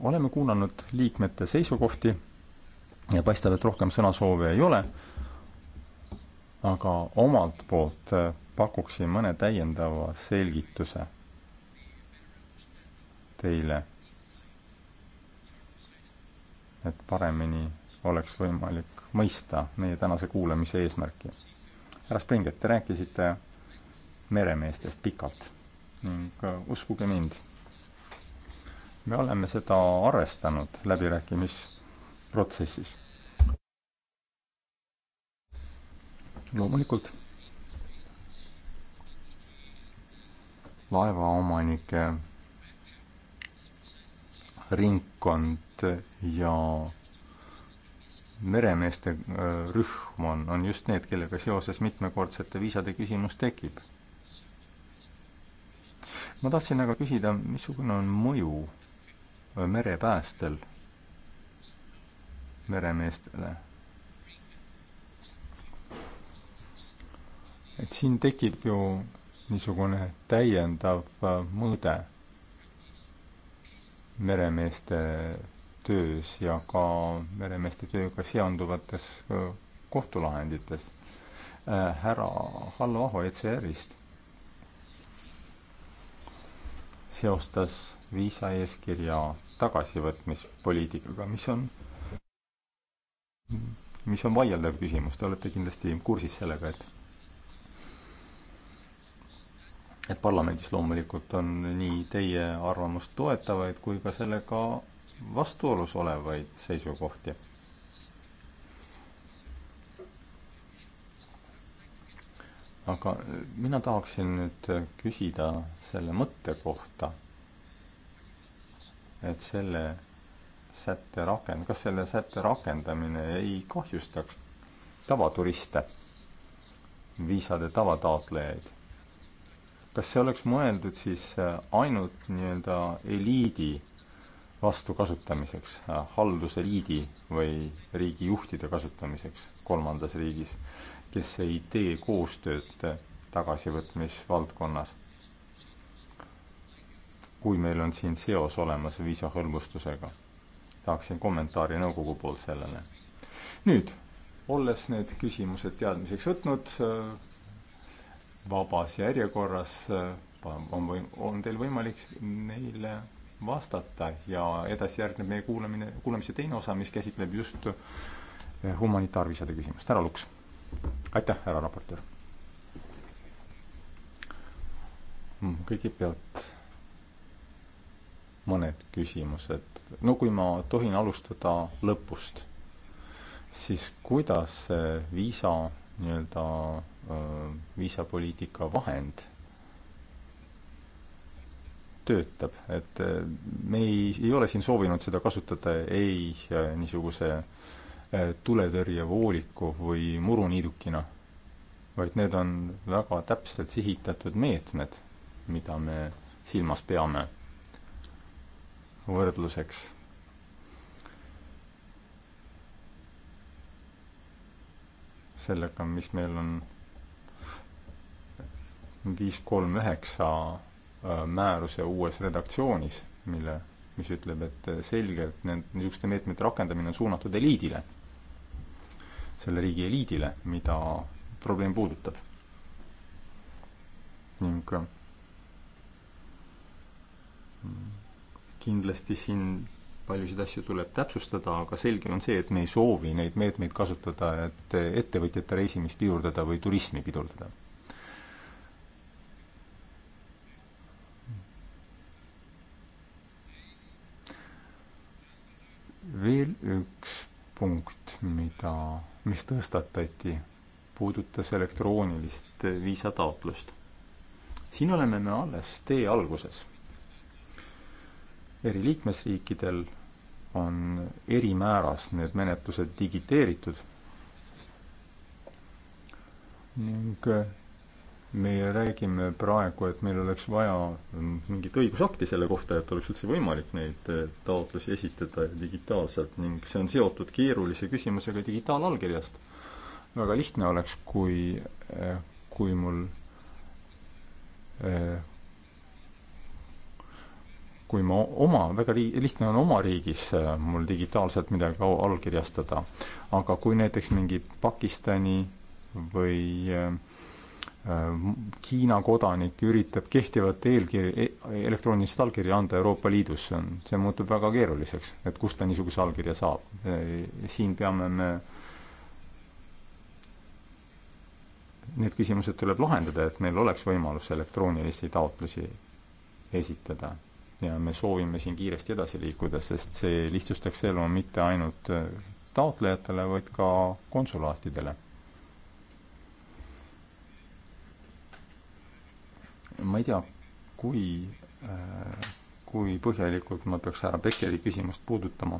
oleme kuulanud liikmete seisukohti ja paistab, et rohkem sõnasoove ei ole. aga omalt poolt äh, pakuksin mõne täiendava selgituse teile, et paremini oleks võimalik mõista meie tänase kuulamise eesmärki. härra Springer, te rääkisite meremeestest pikalt ning äh, uskuge mind, me oleme seda arvestanud läbirääkimisprotsessis. loomulikult laevaomanike ringkond ja meremeeste äh, rühm on, on just need, kellega seoses mitmekordsete viisade küsimus tekib. ma tahtsin aga küsida, missugune on mõju äh, merepäästel meremeestele? et siin tekib ju niisugune täiendav äh, mõõde meremeeste töös ja ka meremeeste tööga seonduvates äh, kohtulahendites. Äh, härra Hallo Aho ECR-ist seostas viisaeeskirja tagasivõtmispoliitikaga, mis on, mis on vaieldav küsimus, te olete kindlasti kursis sellega, et et parlamendis loomulikult on nii teie arvamust toetavaid kui ka sellega vastuolus olevaid seisukohti. aga mina tahaksin nüüd küsida selle mõtte kohta, et selle sätte rakend-, kas selle sätte rakendamine ei kahjustaks tavaturiste, viisade tavataotlejaid kas see oleks mõeldud siis äh, ainult nii-öelda eliidi vastukasutamiseks, äh, halduseliidi või riigijuhtide kasutamiseks kolmandas riigis, kes ei tee koostööd äh, tagasivõtmisvaldkonnas? kui meil on siin seos olemas viisahõlmustusega. tahaksin kommentaari nõukogu poolt sellele. nüüd, olles need küsimused teadmiseks võtnud, vabas järjekorras on või on teil võimalik neile vastata ja edasi järgneb meie kuulamine, kuulamise teine osa, mis käsitleb just eh, humanitaarviisade küsimust. härra Luks. aitäh, härra raportöör. Hmm, kõigepealt mõned küsimused. no kui ma tohin alustada lõpust, siis kuidas viisa nii-öelda Äh, viisapoliitika vahend töötab, et äh, me ei, ei ole siin soovinud seda kasutada ei äh, niisuguse tuletõrjevooliku või muruniidukina, vaid need on väga täpselt sihitatud meetmed, mida me silmas peame võrdluseks sellega, mis meil on viis kolm üheksa äh, määruse uues redaktsioonis, mille, mis ütleb, et äh, selgelt need, niisuguste meetmete rakendamine on suunatud eliidile, selle riigi eliidile, mida probleem puudutab. ning äh, kindlasti siin paljusid asju tuleb täpsustada, aga selge on see, et me ei soovi neid meetmeid kasutada, et ettevõtjate reisimist pidurdada või turismi pidurdada. veel üks punkt, mida, mis tõstatati, puudutas elektroonilist viisataotlust. siin oleme me alles tee alguses. eri liikmesriikidel on erimääras need menetlused digiteeritud ning meie räägime praegu, et meil oleks vaja mingit õigusakti selle kohta, et oleks üldse võimalik neid eh, taotlusi esitada digitaalselt ning see on seotud keerulise küsimusega digitaalallkirjast. väga lihtne oleks, kui, eh, kui mul, eh, kui ma oma, väga lihtne on oma riigis mul digitaalselt midagi allkirjastada, aga kui näiteks mingi Pakistani või äh, Hiina äh, kodanik üritab kehtivat eelkirja, e, elektroonilist allkirja anda Euroopa Liidus, see on, see muutub väga keeruliseks, et kust ta niisuguse allkirja saab. Äh, siin peame me, need küsimused tuleb lahendada, et meil oleks võimalus elektroonilisi taotlusi esitada. ja me soovime siin kiiresti edasi liikuda, sest see lihtsustaks elu mitte ainult äh, taotlejatele, vaid ka konsulaatidele ma ei tea, kui, äh, kui põhjalikult ma peaks härra Beckeri küsimust puudutama,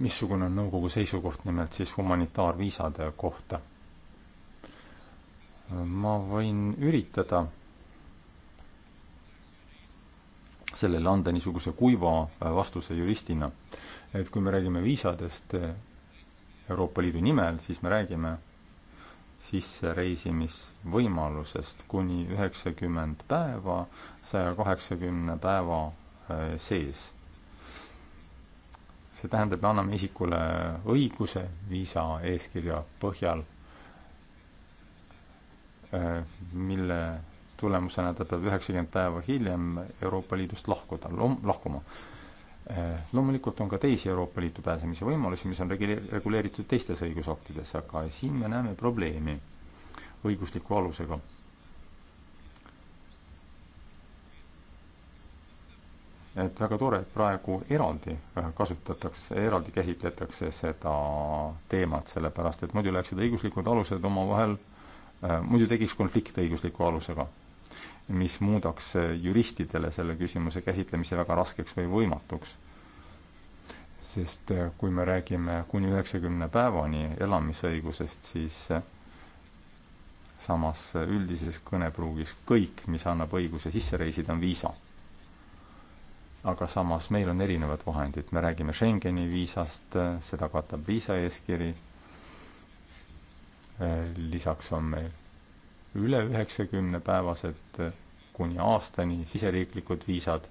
missugune on nõukogu seisukoht nimelt siis humanitaarviisade kohta? ma võin üritada sellele anda niisuguse kuiva äh, vastuse juristina. et kui me räägime viisadest äh, Euroopa Liidu nimel, siis me räägime sissereisimisvõimalusest kuni üheksakümmend päeva saja kaheksakümne päeva äh, sees. see tähendab, me anname isikule õiguse viisa eeskirja põhjal, äh, mille tulemusena ta peab üheksakümmend päeva hiljem Euroopa Liidust lahkuda, lahkuma Äh, loomulikult on ka teisi Euroopa Liitu pääsemise võimalusi, mis on reguleeritud teistes õigusaktides, aga siin me näeme probleemi õigusliku alusega. et väga tore, et praegu eraldi äh, kasutatakse, eraldi käsitletakse seda teemat, sellepärast et muidu läheksid õiguslikud alused omavahel, äh, muidu tekiks konflikt õigusliku alusega mis muudaks juristidele selle küsimuse käsitlemise väga raskeks või võimatuks. sest äh, kui me räägime kuni üheksakümne päevani elamisõigusest, siis äh, samas äh, üldises kõnepruugis kõik, mis annab õiguse sisse reisida, on viisa. aga samas meil on erinevad vahendid, me räägime Schengeni viisast, seda katab viisa eeskiri, lisaks on meil üle üheksakümnepäevased eh, kuni aastani siseriiklikud viisad.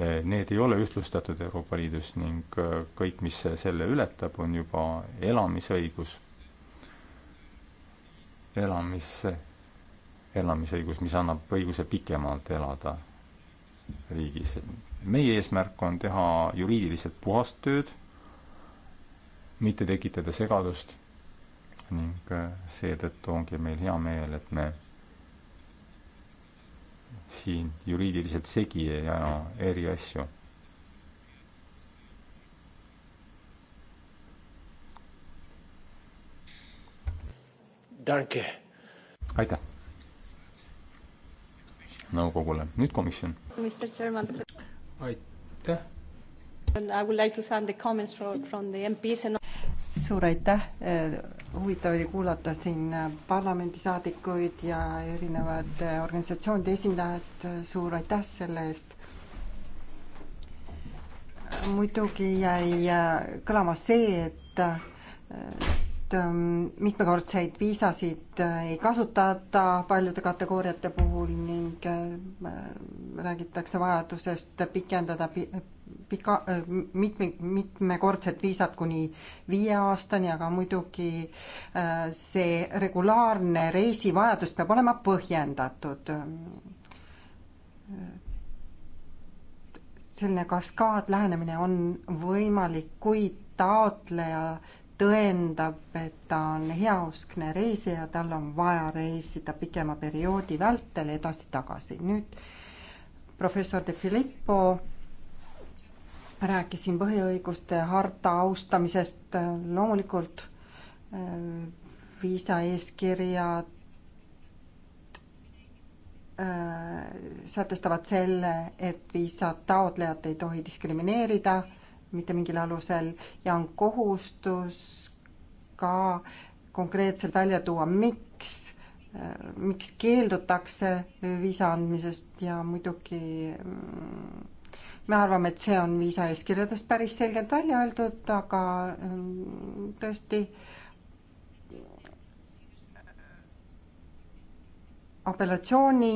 Eh, need ei ole ühtlustatud Euroopa Liidus ning eh, kõik, mis selle ületab, on juba elamisõigus. elamis, elamisõigus, mis annab õiguse pikemalt elada riigis. meie eesmärk on teha juriidiliselt puhast tööd, mitte tekitada segadust ning äh, seetõttu ongi meil hea meel, et me siin juriidiliselt segi ei aja eri asju. aitäh nõukogule, nüüd komisjon. aitäh. I would like to send the comments from, from the MPs and suur aitäh, äh, huvitav oli kuulata siin äh, parlamendisaadikuid ja erinevate äh, organisatsioonide esindajad, suur aitäh selle eest. muidugi jäi kõlama see, et et ähm, mitmekordseid viisasid ei kasutata paljude kategooriate puhul ning räägitakse vajadusest pikendada pika, äh, mitme, mitmekordset viisat kuni viie aastani, aga muidugi äh, see regulaarne reisivajadus peab olema põhjendatud. selline kaskaad lähenemine on võimalik, kui taotleja tõendab, et ta on heauskne reisija, tal on vaja reisida pikema perioodi vältel edasi-tagasi. nüüd professor De Filippo rääkisin põhiõiguste harta austamisest, loomulikult äh, viisaeeskirjad äh, sätestavad selle, et viisa taotlejat ei tohi diskrimineerida mitte mingil alusel ja on kohustus ka konkreetselt välja tuua, miks, äh, miks keeldutakse viisa andmisest ja muidugi mm, me arvame, et see on viisaeeskirjadest päris selgelt välja öeldud, aga mm, tõesti apellatsiooni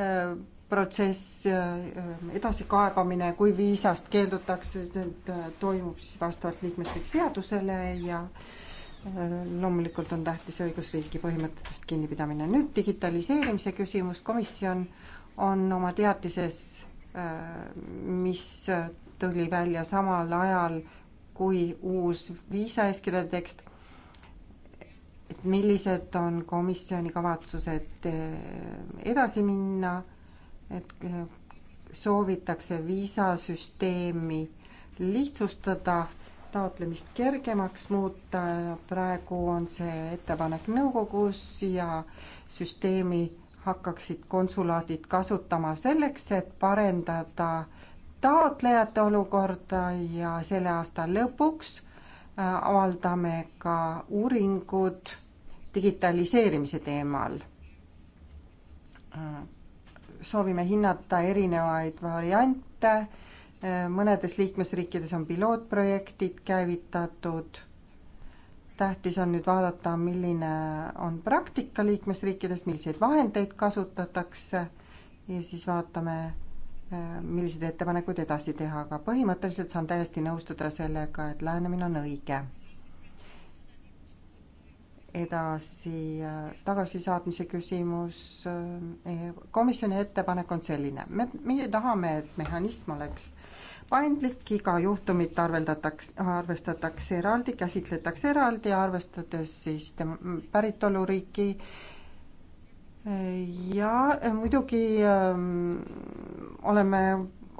äh, protsess, äh, äh, edasikaebamine, kui viisast keeldutakse, see toimub siis vastavalt liikmesriigi seadusele ja loomulikult on tähtis õigusriigi põhimõtetest kinnipidamine. nüüd digitaliseerimise küsimus, komisjon on oma teatises Äh, mis tuli välja samal ajal kui uus viisaeeskirja tekst. et millised on komisjoni kavatsused äh, edasi minna, et äh, soovitakse viisasüsteemi lihtsustada, taotlemist kergemaks muuta, praegu on see ettepanek nõukogus ja süsteemi hakkaksid konsulaadid kasutama selleks, et parendada taotlejate olukorda ja selle aasta lõpuks äh, avaldame ka uuringud digitaliseerimise teemal. Äh, soovime hinnata erinevaid variante, äh, mõnedes liikmesriikides on pilootprojektid käivitatud tähtis on nüüd vaadata, milline on praktika liikmesriikides, milliseid vahendeid kasutatakse ja siis vaatame, milliseid ettepanekuid edasi teha, aga põhimõtteliselt saan täiesti nõustuda sellega, et lähenemine on õige. edasi tagasisaatmise küsimus. komisjoni ettepanek on selline, me, meie tahame, et mehhanism oleks paindlik, iga juhtumit arveldatakse, arvestatakse eraldi, käsitletakse eraldi, arvestades siis tema päritoluriiki ja muidugi öö, ähm, oleme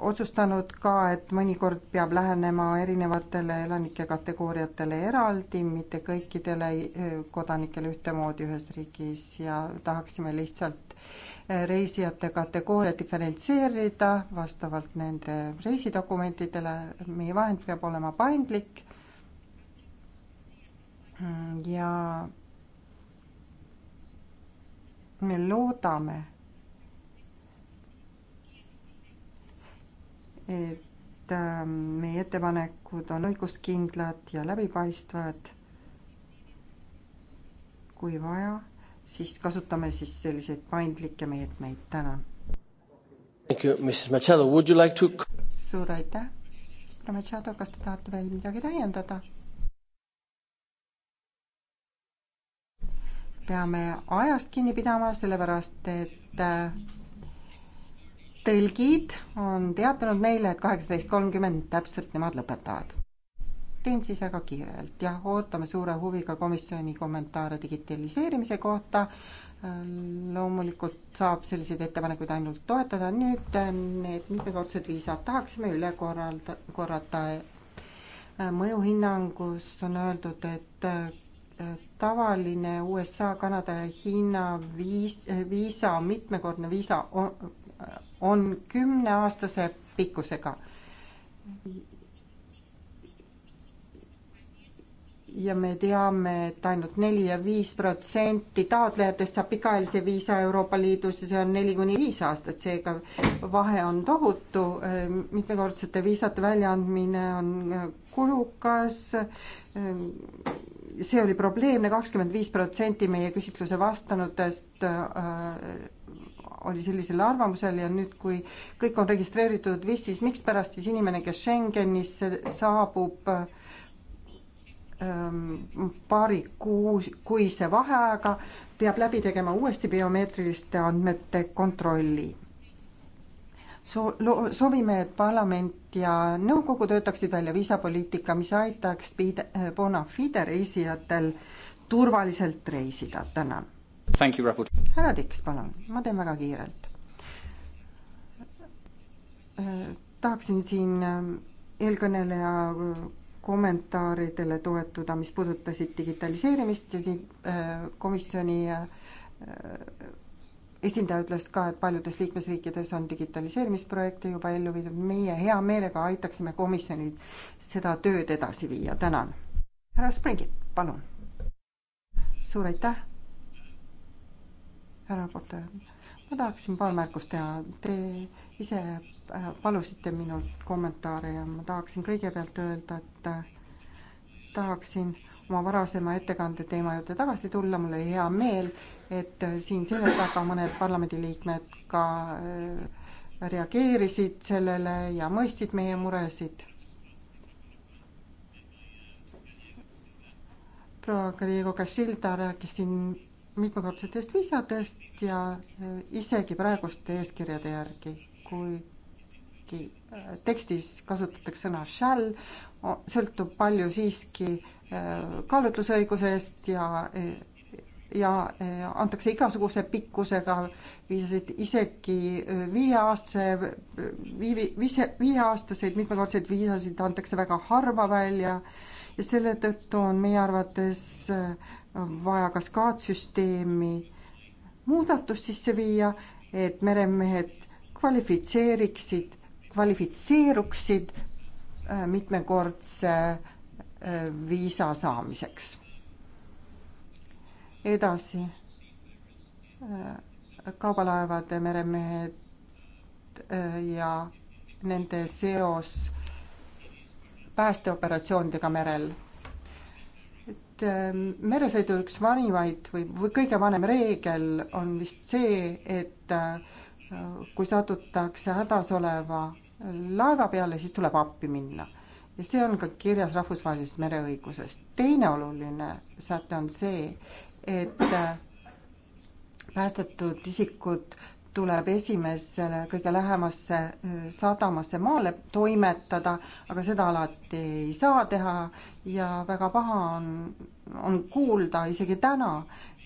otsustanud ka, et mõnikord peab lähenema erinevatele elanike kategooriatele eraldi, mitte kõikidele äh, kodanikele ühtemoodi ühes riigis ja tahaksime lihtsalt reisijate kategooria diferentseerida vastavalt nende reisidokumentidele, meie vahend peab olema paindlik ja me loodame, et ähm, meie ettepanekud on õiguskindlad ja läbipaistvad. kui vaja siis kasutame siis selliseid paindlikke meetmeid, tänan. Like to... suur aitäh. härra Machado, kas te tahate veel midagi täiendada? peame ajast kinni pidama, sellepärast et äh, tõlgid on teatanud meile, et kaheksateist kolmkümmend täpselt nemad lõpetavad teen siis väga kiirelt, jah, ootame suure huviga komisjoni kommentaare digitaliseerimise kohta, loomulikult saab selliseid ettepanekuid ainult toetada, nüüd äh, need mitmekordsed viisad tahaksime üle korralda, korrata. Äh, mõjuhinnangus on öeldud, et äh, tavaline USA, Kanada ja Hiina viis, viisa, mitmekordne viisa on, on kümneaastase pikkusega ja me teame, et ainult neli ja viis protsenti taotlejatest saab pikaajalise viisa Euroopa Liidus ja see on neli kuni viis aastat, seega vahe on tohutu, mitmekordsete viisade väljaandmine on kulukas, see oli probleemne, kakskümmend viis protsenti meie küsitluse vastanutest äh, oli sellisel arvamusel ja nüüd, kui kõik on registreeritud VIS-is, mikspärast siis inimene, kes Schengenisse saabub äh, Ehm, paari kuus, kuise vaheajaga peab läbi tegema uuesti biomeetriliste andmete kontrolli. So-, lo-, soovime, et parlament ja nõukogu töötaksid välja viisapoliitika, mis aitaks pide-, bona fide reisijatel turvaliselt reisida, tänan. härra Tiks, palun, ma teen väga kiirelt. Äh, tahaksin siin äh, eelkõneleja kommentaaridele toetuda, mis puudutasid digitaliseerimist ja siin äh, komisjoni äh, esindaja ütles ka, et paljudes liikmesriikides on digitaliseerimisprojekte juba ellu viidud, meie hea meelega aitaksime komisjonil seda tööd edasi viia, tänan. härra Springit, palun. suur aitäh, härra raportöör. ma tahaksin paar märkust teha, te ise Äh, palusite minult kommentaare ja ma tahaksin kõigepealt öelda, et äh, tahaksin oma varasema ettekande teema juurde tagasi tulla, mul oli hea meel, et äh, siin selja taga mõned parlamendiliikmed ka reageerisid sellele ja mõistsid meie muresid. proua Gallego Casilda rääkis siin mitmekordsetest viisadest ja isegi praeguste eeskirjade järgi, kui kuigi äh, tekstis kasutatakse sõna shall, sõltub palju siiski äh, kaalutlusõigusest ja äh, ja antakse igasuguse pikkusega viisasid, isegi viieaastase, viie, viieaastaseid mitmekordseid viisasid antakse väga harva välja ja selle tõttu on meie arvates vaja ka skaatsüsteemi muudatus sisse viia, et meremehed kvalifitseeriksid kvalifitseeruksid äh, mitmekordse äh, viisa saamiseks. edasi, äh, kaubalaevade meremehed ja nende seos päästeoperatsioonidega merel. et meresõidu üks vanimaid või, või kõige vanem reegel on vist see, et kui satutakse hädas oleva laeva peale, siis tuleb appi minna. ja see on ka kirjas rahvusvahelises mereõiguses. teine oluline säte on see, et äh, päästetud isikud tuleb esimesele, kõige lähemasse äh, sadamasse maale toimetada, aga seda alati ei saa teha ja väga paha on, on kuulda isegi täna,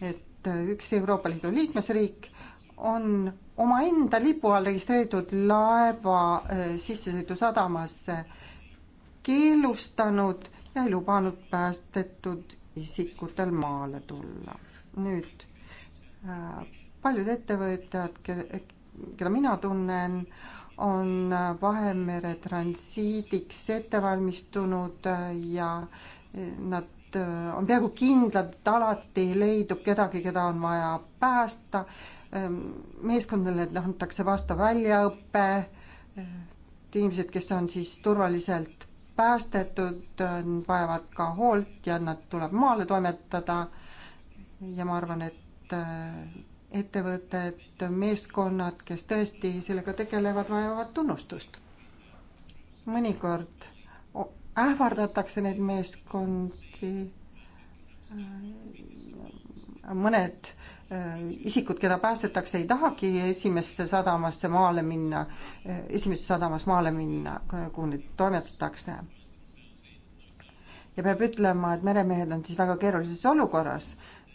et äh, üks Euroopa Liidu liikmesriik on omaenda lipu all registreeritud laeva äh, sissesõitu sadamasse äh, keelustanud ja ei lubanud päästetud isikutel maale tulla. nüüd äh, paljud ettevõtjad, keda mina tunnen, on Vahemere transiidiks ettevalmistunud ja nad on peaaegu kindlad, et alati leidub kedagi, keda on vaja päästa Ehm, meeskondadele noh, antakse vastav väljaõpe, et inimesed, kes on siis turvaliselt päästetud, vajavad ka hoolt ja nad tuleb maale toimetada. ja ma arvan, et eh, ettevõtted, meeskonnad, kes tõesti sellega tegelevad, vajavad tunnustust. mõnikord ähvardatakse neid meeskondi, äh, mõned Äh, isikud, keda päästetakse, ei tahagi esimesse sadamasse maale minna, äh, esimesse sadamas maale minna, kuhu neid toimetatakse. ja peab ütlema, et meremehed on siis väga keerulises olukorras.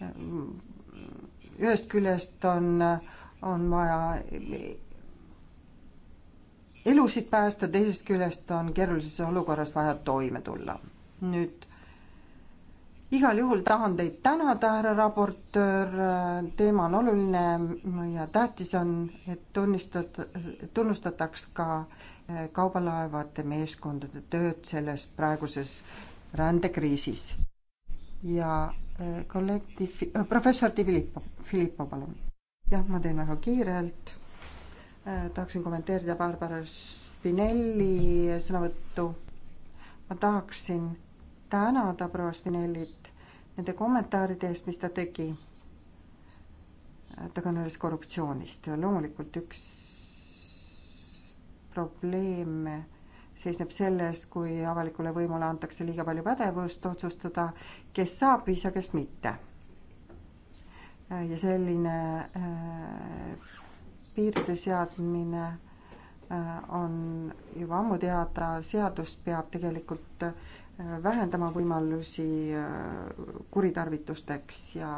Äh, ühest küljest on, on vaja elusid päästa, teisest küljest on keerulises olukorras vaja toime tulla. nüüd igal juhul tahan teid tänada, härra raportöör, teema on oluline ja tähtis on, et tunnistat-, tunnustataks ka eh, kaubalaevade meeskondade tööd selles praeguses rändekriisis. ja eh, kolleeg Di-, eh, professor Di Filippo, Filippo, palun. jah, ma teen väga kiirelt. tahaksin kommenteerida Barbara Spinelli sõnavõttu. ma tahaksin tänada proua Spinellit nende kommentaaride eest, mis ta tegi. ta kõneles korruptsioonist ja loomulikult üks probleem seisneb selles, kui avalikule võimule antakse liiga palju pädevust otsustada, kes saab viisa, kes mitte. ja selline äh, piiride seadmine äh, on juba ammu teada, seadus peab tegelikult äh, vähendama võimalusi äh, kuritarvitusteks ja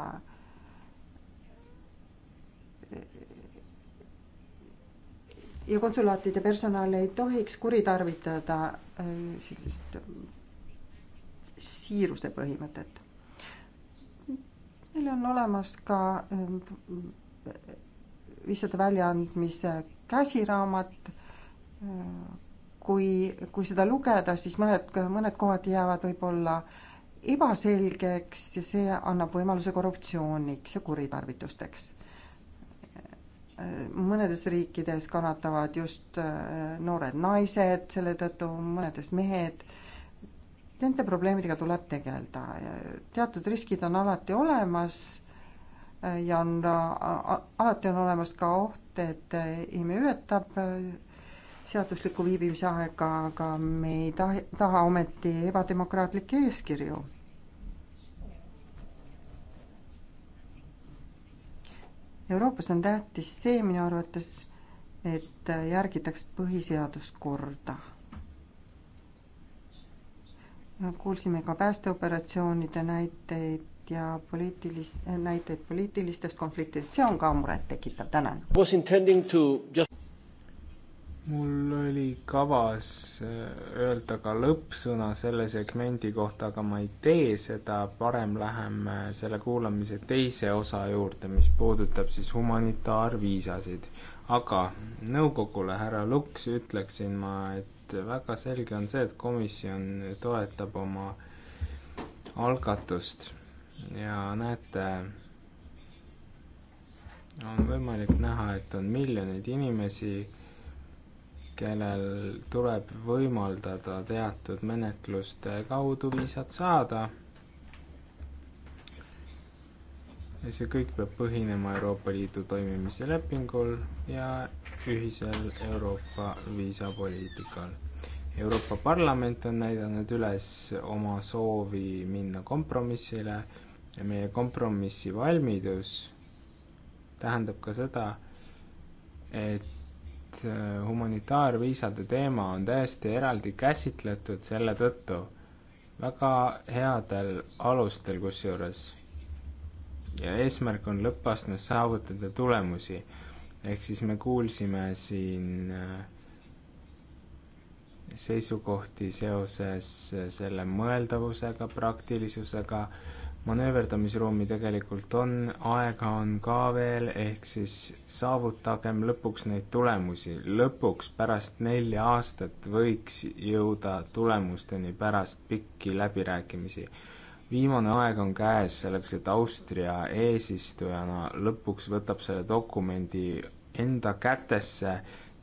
ja konsulaatide personali ei tohiks kuritarvitada äh, sellist äh, siiruse põhimõtet. meil on olemas ka viisade väljaandmise käsiraamat kui, kui seda lugeda, siis mõned, mõned kohad jäävad võib-olla ebaselgeks ja see annab võimaluse korruptsiooniks ja kuritarvitusteks. mõnedes riikides kannatavad just äh, noored naised selle tõttu, mõnedes mehed. Nende probleemidega tuleb tegeleda, teatud riskid on alati olemas äh, ja on, alati on olemas ka oht, et äh, inimene ületab seaduslikku viibimise aega, aga me ei taha, taha ometi ebademokraatlikke eeskirju. Euroopas on tähtis see minu arvates, et järgitaks põhiseaduskorda. kuulsime ka päästeoperatsioonide näiteid ja poliitilis-, näiteid poliitilistest konfliktidest, see on ka murettekitav, tänan. Just mul oli kavas äh, öelda ka lõppsõna selle segmendi kohta, aga ma ei tee seda, parem läheme äh, selle kuulamise teise osa juurde, mis puudutab siis humanitaarviisasid. aga nõukogule, härra Luks, ütleksin ma, et väga selge on see, et komisjon toetab oma algatust ja näete, on võimalik näha, et on miljoneid inimesi, kellel tuleb võimaldada teatud menetluste kaudu viisat saada. ja see kõik peab põhinema Euroopa Liidu toimimise lepingul ja ühisel Euroopa viisapoliitikal. Euroopa Parlament on näidanud üles oma soovi minna kompromissile ja meie kompromissivalmidus tähendab ka seda, et et äh, humanitaarviisade teema on täiesti eraldi käsitletud selle tõttu, väga headel alustel kusjuures. ja eesmärk on lõppastmes saavutada tulemusi. ehk siis me kuulsime siin äh, seisukohti seoses äh, selle mõeldavusega, praktilisusega äh,, manööverdamisruumi tegelikult on, aega on ka veel, ehk siis saavutagem lõpuks neid tulemusi. lõpuks pärast nelja aastat võiks jõuda tulemusteni pärast pikki läbirääkimisi. viimane aeg on käes selleks, et Austria eesistujana lõpuks võtab selle dokumendi enda kätesse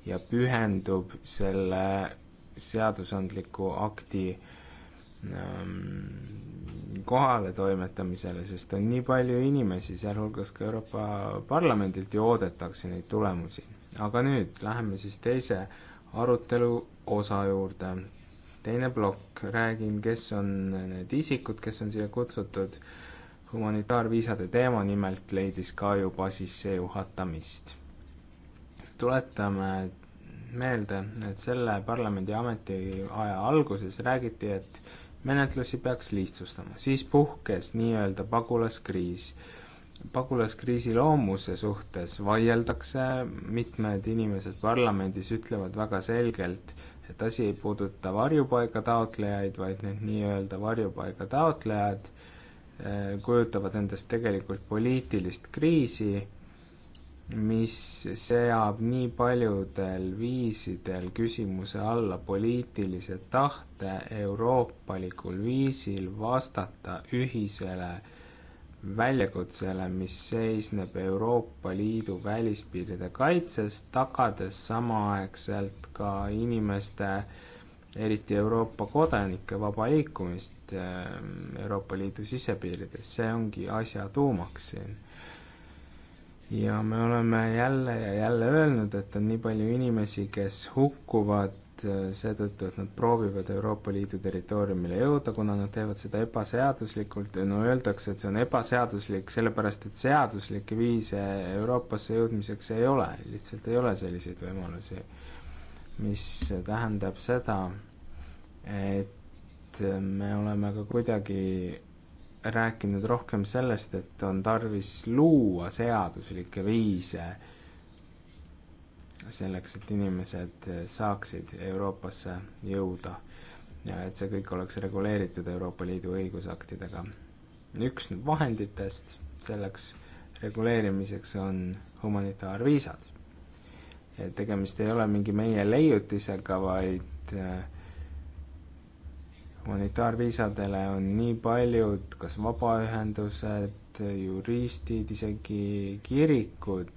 ja pühendub selle seadusandliku akti ähm, kohaletoimetamisele, sest on nii palju inimesi, sealhulgas ka Euroopa Parlamendilt ju oodatakse neid tulemusi. aga nüüd läheme siis teise arutelu osa juurde. teine plokk, räägin, kes on need isikud, kes on siia kutsutud, humanitaarviisade teema nimelt leidis ka juba sisse juhatamist. tuletame meelde, et selle parlamendi ametiaja alguses räägiti, et menetlusi peaks lihtsustama, siis puhkes nii-öelda pagulaskriis. pagulaskriisi loomuse suhtes vaieldakse, mitmed inimesed parlamendis ütlevad väga selgelt, et asi ei puuduta varjupaiga taotlejaid, vaid need nii-öelda varjupaiga taotlejad eh, kujutavad endast tegelikult poliitilist kriisi mis seab nii paljudel viisidel küsimuse alla poliitilise tahte euroopalikul viisil vastata ühisele väljakutsele, mis seisneb Euroopa Liidu välispiiride kaitses, tagades samaaegselt ka inimeste, eriti Euroopa kodanike vaba liikumist ehm, Euroopa Liidu sisepiirides, see ongi asja tuumaks siin ja me oleme jälle ja jälle öelnud, et on nii palju inimesi, kes hukkuvad äh, seetõttu, et nad proovivad Euroopa Liidu territooriumile jõuda, kuna nad teevad seda ebaseaduslikult ja no öeldakse, et see on ebaseaduslik, sellepärast et seaduslikke viise Euroopasse jõudmiseks ei ole, lihtsalt ei ole selliseid võimalusi. mis tähendab seda, et me oleme ka kuidagi rääkinud rohkem sellest, et on tarvis luua seaduslikke viise selleks, et inimesed saaksid Euroopasse jõuda ja et see kõik oleks reguleeritud Euroopa Liidu õigusaktidega. üks vahenditest selleks reguleerimiseks on humanitaarviisad. tegemist ei ole mingi meie leiutisega, vaid äh, humanitaarviisadele on nii paljud, kas vabaühendused, juristid, isegi kirikud,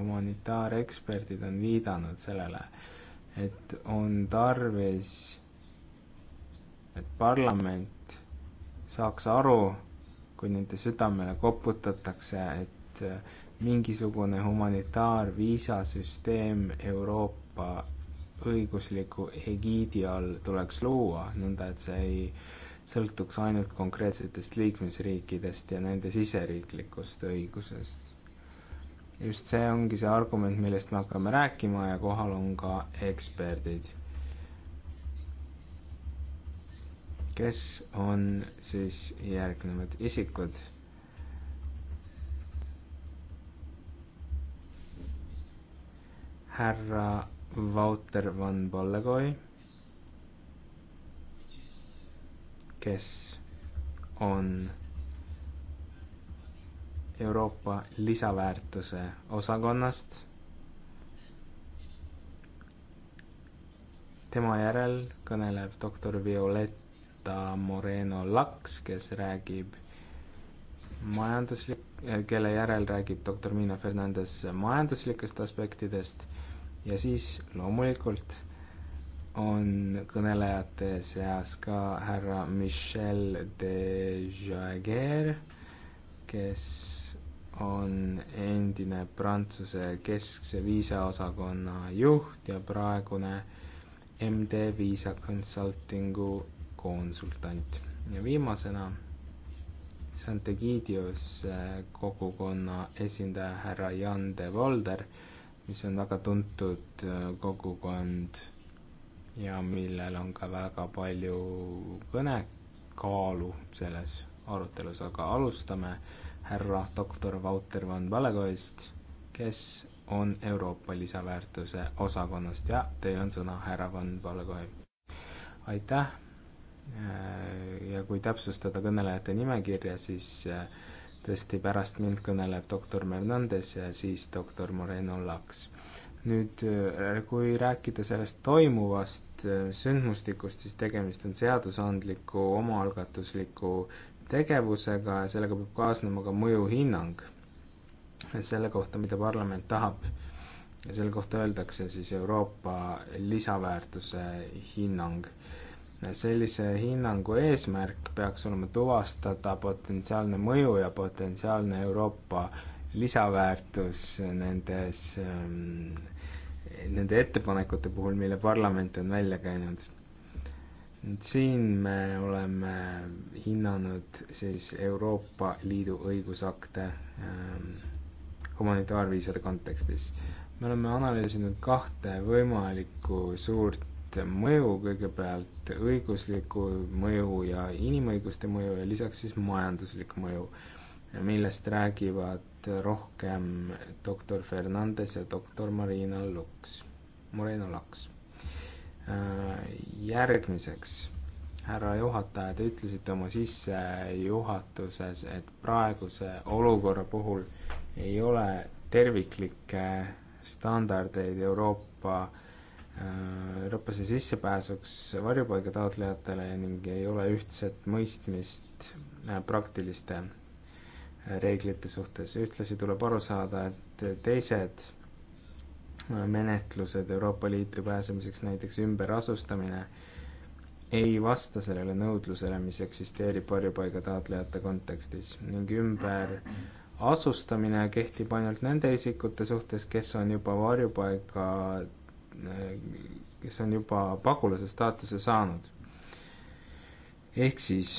humanitaareksperdid on viidanud sellele, et on tarvis, et parlament saaks aru, kui nende südamele koputatakse, et mingisugune humanitaarviisasüsteem Euroopa õigusliku egiidi all tuleks luua, nõnda et see ei sõltuks ainult konkreetsetest liikmesriikidest ja nende siseriiklikust õigusest. just see ongi see argument, millest me hakkame rääkima ja kohal on ka eksperdid, kes on siis järgnevad isikud härra Wouter van Ballegoi, kes on Euroopa lisaväärtuse osakonnast. tema järel kõneleb doktor Violetta Moreno Laks, kes räägib majanduslik, kelle järel räägib doktor Miina Fernandes majanduslikest aspektidest ja siis loomulikult on kõnelejate seas ka härra Michel de Jager, kes on endine Prantsuse keskse viisaosakonna juht ja praegune MD Visa Consultingu konsultant. ja viimasena Sante Gidios eh, kogukonna esindaja härra Jan de Volder mis on väga tuntud äh, kogukond ja millel on ka väga palju kõnekaalu selles arutelus, aga alustame härra doktor Wouter van Valegoist, kes on Euroopa lisaväärtuse osakonnast ja teil on sõna, härra van Valgoi. aitäh äh, ja kui täpsustada kõnelejate nimekirja, siis äh, tõesti pärast mind kõneleb doktor Fernandes ja siis doktor Moreno Laks. nüüd, äh, kui rääkida sellest toimuvast äh, sündmustikust, siis tegemist on seadusandliku omaalgatusliku tegevusega ja sellega peab kaasnema ka mõjuhinnang selle kohta, mida parlament tahab. ja selle kohta öeldakse siis Euroopa lisaväärtuse hinnang sellise hinnangu eesmärk peaks olema tuvastada potentsiaalne mõju ja potentsiaalne Euroopa lisaväärtus nendes, ähm, nende ettepanekute puhul, mille parlament on välja käinud. siin me oleme hinnanud siis Euroopa Liidu õigusakte ähm, humanitaarviisade kontekstis. me oleme analüüsinud kahte võimalikku suurt mõju kõigepealt, õigusliku mõju ja inimõiguste mõju ja lisaks siis majanduslik mõju, millest räägivad rohkem doktor Fernandes ja doktor Marina Luks, Moreno Laks. järgmiseks, härra juhataja, te ütlesite oma sissejuhatuses, et praeguse olukorra puhul ei ole terviklikke standardeid Euroopa äh, Euroopasse sissepääsuks varjupaiga taotlejatele ning ei ole ühtset mõistmist äh, praktiliste äh, reeglite suhtes. ühtlasi tuleb aru saada, et teised äh, menetlused Euroopa Liitu pääsemiseks, näiteks ümberasustamine, ei vasta sellele nõudlusele, mis eksisteerib varjupaiga taotlejate kontekstis ning ümberasustamine kehtib ainult nende isikute suhtes, kes on juba varjupaiga Äh, kes on juba pagulase staatuse saanud. ehk siis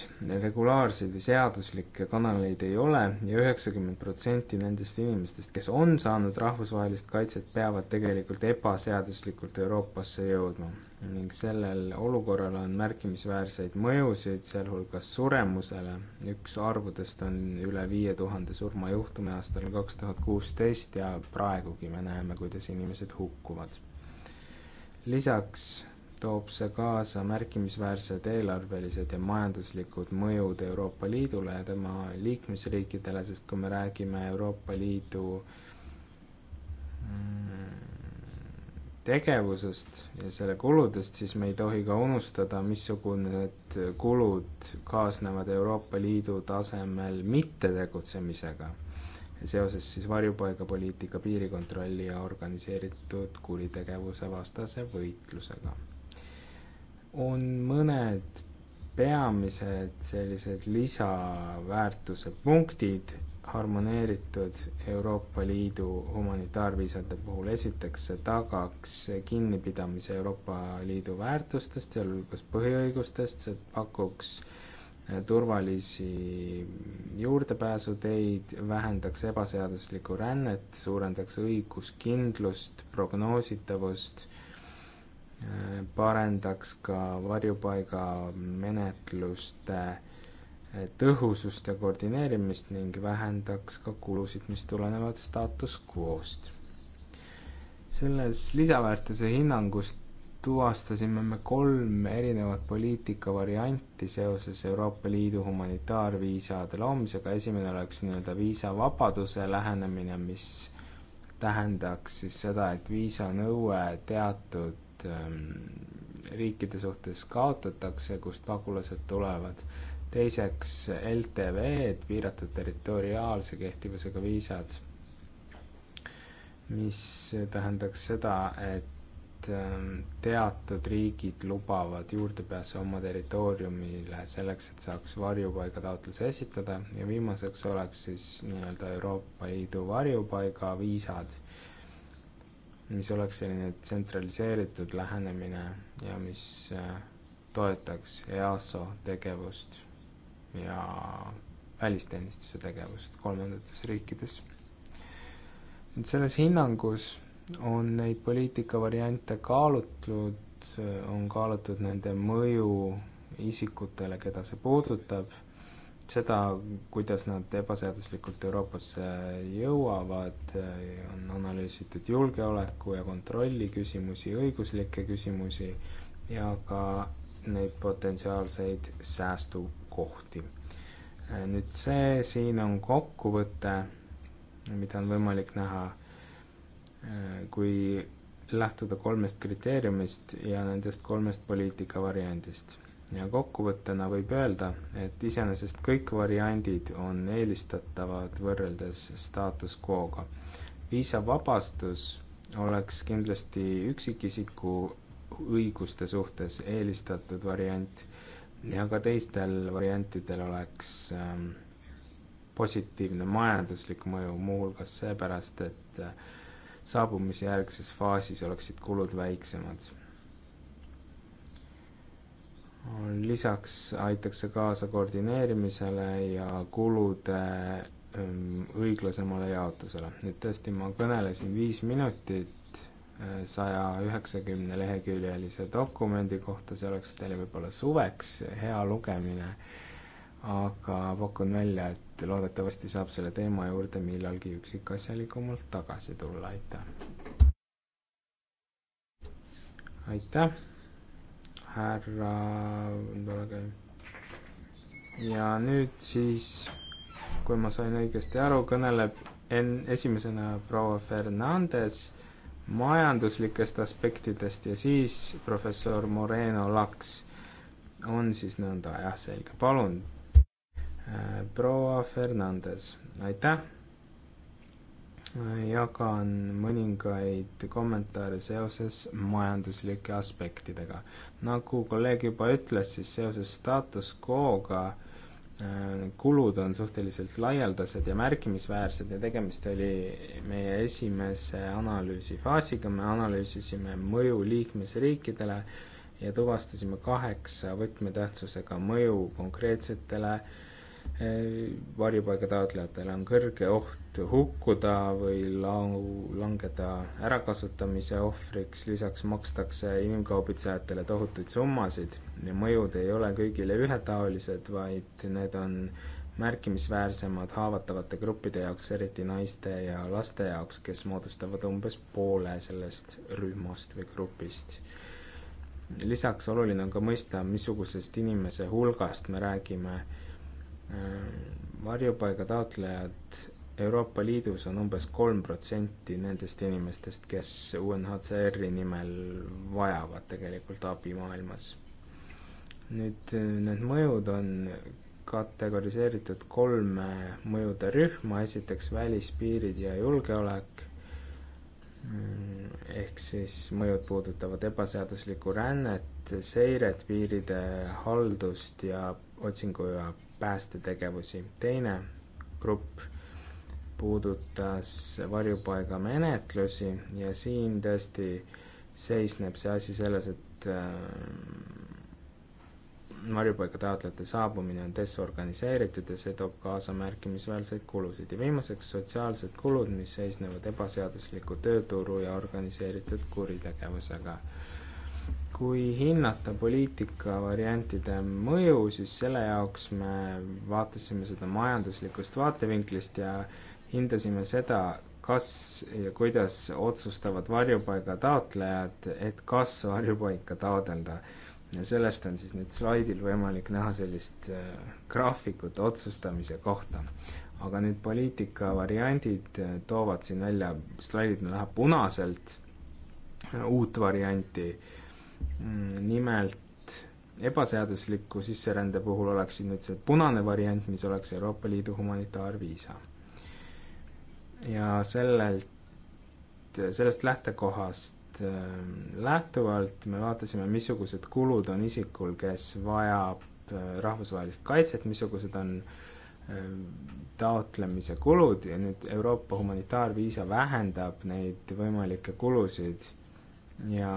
regulaarseid või seaduslikke kanaleid ei ole ja üheksakümmend protsenti nendest inimestest, kes on saanud rahvusvahelist kaitset, peavad tegelikult ebaseaduslikult Euroopasse jõudma ning sellel olukorral on märkimisväärseid mõjusid, sealhulgas suremusele. üks arvudest on üle viie tuhande surmajuhtumi aastal kaks tuhat kuusteist ja praegugi me näeme, kuidas inimesed hukkuvad lisaks toob see kaasa märkimisväärsed eelarvelised ja majanduslikud mõjud Euroopa Liidule ja tema liikmesriikidele, sest kui me räägime Euroopa Liidu mm, tegevusest ja selle kuludest, siis me ei tohi ka unustada, missugused kulud kaasnevad Euroopa Liidu tasemel mittetegutsemisega seoses siis varjupaigapoliitika, piirikontrolli ja organiseeritud kuritegevuse vastase võitlusega. on mõned peamised sellised lisaväärtuse punktid harmoneeritud Euroopa Liidu humanitaarviisade puhul, esiteks see tagaks kinnipidamise Euroopa Liidu väärtustest, sealhulgas põhiõigustest, see pakuks äh, turvalisi juurdepääsuteid, vähendaks ebaseaduslikku rännet, suurendaks õiguskindlust, prognoositavust, parendaks ka varjupaigamenetluste tõhusust ja koordineerimist ning vähendaks ka kulusid, mis tulenevad staatus quo'st. selles lisaväärtuse hinnangus tuvastasime me kolm erinevat poliitikavarianti seoses Euroopa Liidu humanitaarviisade loomisega, esimene oleks nii-öelda viisavabaduse lähenemine, mis tähendaks siis seda, et viisanõue teatud ähm, riikide suhtes kaotatakse, kust pagulased tulevad. teiseks LTV-d, piiratud territoriaalse kehtivusega viisad, mis tähendaks seda, et Ähm, teatud riigid lubavad juurdepääsu oma territooriumile selleks, et saaks varjupaigataotluse esitada ja viimaseks oleks siis nii-öelda Euroopa Liidu varjupaigaviisad, mis oleks selline tsentraliseeritud lähenemine ja mis äh, toetaks EASO tegevust ja välisteenistuse tegevust kolmandates riikides. nüüd selles hinnangus on neid poliitikavariante kaalutud, on kaalutud nende mõju isikutele, keda see puudutab, seda, kuidas nad ebaseaduslikult Euroopasse jõuavad, on analüüsitud julgeoleku ja kontrolli küsimusi, õiguslikke küsimusi ja ka neid potentsiaalseid säästukohti. nüüd see siin on kokkuvõte, mida on võimalik näha Äh, kui lähtuda kolmest kriteeriumist ja nendest kolmest poliitika variandist. ja kokkuvõttena võib öelda, et iseenesest kõik variandid on eelistatavad võrreldes staatus quo'ga. viisavabastus oleks kindlasti üksikisiku õiguste suhtes eelistatud variant ja ka teistel variantidel oleks ähm, positiivne majanduslik mõju, muuhulgas seepärast, et äh, saabumisjärgses faasis oleksid kulud väiksemad. lisaks aitaks see kaasa koordineerimisele ja kulude ähm, õiglasemale jaotusele. nüüd tõesti, ma kõnelesin viis minutit äh, saja üheksakümne leheküljelise dokumendi kohta, see oleks teile võib-olla suveks hea lugemine, aga pakun välja, et et loodetavasti saab selle teema juurde millalgi üksikasjalikumalt tagasi tulla, aitäh! aitäh, härra, olge. ja nüüd siis, kui ma sain õigesti aru, kõneleb en-, esimesena proua Fernandes majanduslikest aspektidest ja siis professor Moreno Laks on siis nõnda, jah, selge, palun proua Fernandes, aitäh! jagan mõningaid kommentaare seoses majanduslike aspektidega. nagu kolleeg juba ütles, siis seoses status quo'ga äh, kulud on suhteliselt laialdased ja märkimisväärsed ja tegemist oli meie esimese analüüsifaasiga, me analüüsisime mõju liikmesriikidele ja tuvastasime kaheksa võtmetähtsusega mõju konkreetsetele äh, varjupaiga taotlejatel on kõrge oht hukkuda või lau-, langeda ärakasutamise ohvriks, lisaks makstakse inimkaubitsejatele tohutuid summasid ja mõjud ei ole kõigile ühetaolised, vaid need on märkimisväärsemad haavatavate gruppide jaoks, eriti naiste ja laste jaoks, kes moodustavad umbes poole sellest rühmast või grupist lisaks oluline on ka mõista, missugusest inimese hulgast me räägime varjupaiga taotlejad Euroopa Liidus on umbes kolm protsenti nendest inimestest, kes UNHCR-i nimel vajavad tegelikult abi maailmas. nüüd need mõjud on kategoriseeritud kolme mõjude rühma, esiteks välispiirid ja julgeolek, ehk siis mõjud puudutavad ebaseaduslikku rännet, seiret, piiride haldust ja otsingu- ja päästetegevusi. teine grupp puudutas varjupaigamenetlusi ja siin tõesti seisneb see asi selles, et äh, varjupaiga taotlejate saabumine on desorganiseeritud ja see toob kaasa märkimisväärseid kulusid. ja viimaseks sotsiaalsed kulud, mis seisnevad ebaseadusliku tööturu ja organiseeritud kuritegevusega kui hinnata poliitika variantide mõju, siis selle jaoks me vaatasime seda majanduslikust vaatevinklist ja hindasime seda, kas ja kuidas otsustavad varjupaiga taotlejad, et kas varjupaika taotleda. ja sellest on siis nüüd slaidil võimalik näha sellist äh, graafikut otsustamise kohta. aga nüüd poliitika variandid äh, toovad siin välja, slaidid läheb punaselt, äh, uut varianti Mm, nimelt ebaseadusliku sisserände puhul oleks siin nüüd see punane variant, mis oleks Euroopa Liidu humanitaarviisa. ja sellelt, sellest lähtekohast ähm, lähtuvalt me vaatasime, missugused kulud on isikul, kes vajab äh, rahvusvahelist kaitset, missugused on ähm, taotlemise kulud ja nüüd Euroopa humanitaarviisa vähendab neid võimalikke kulusid ja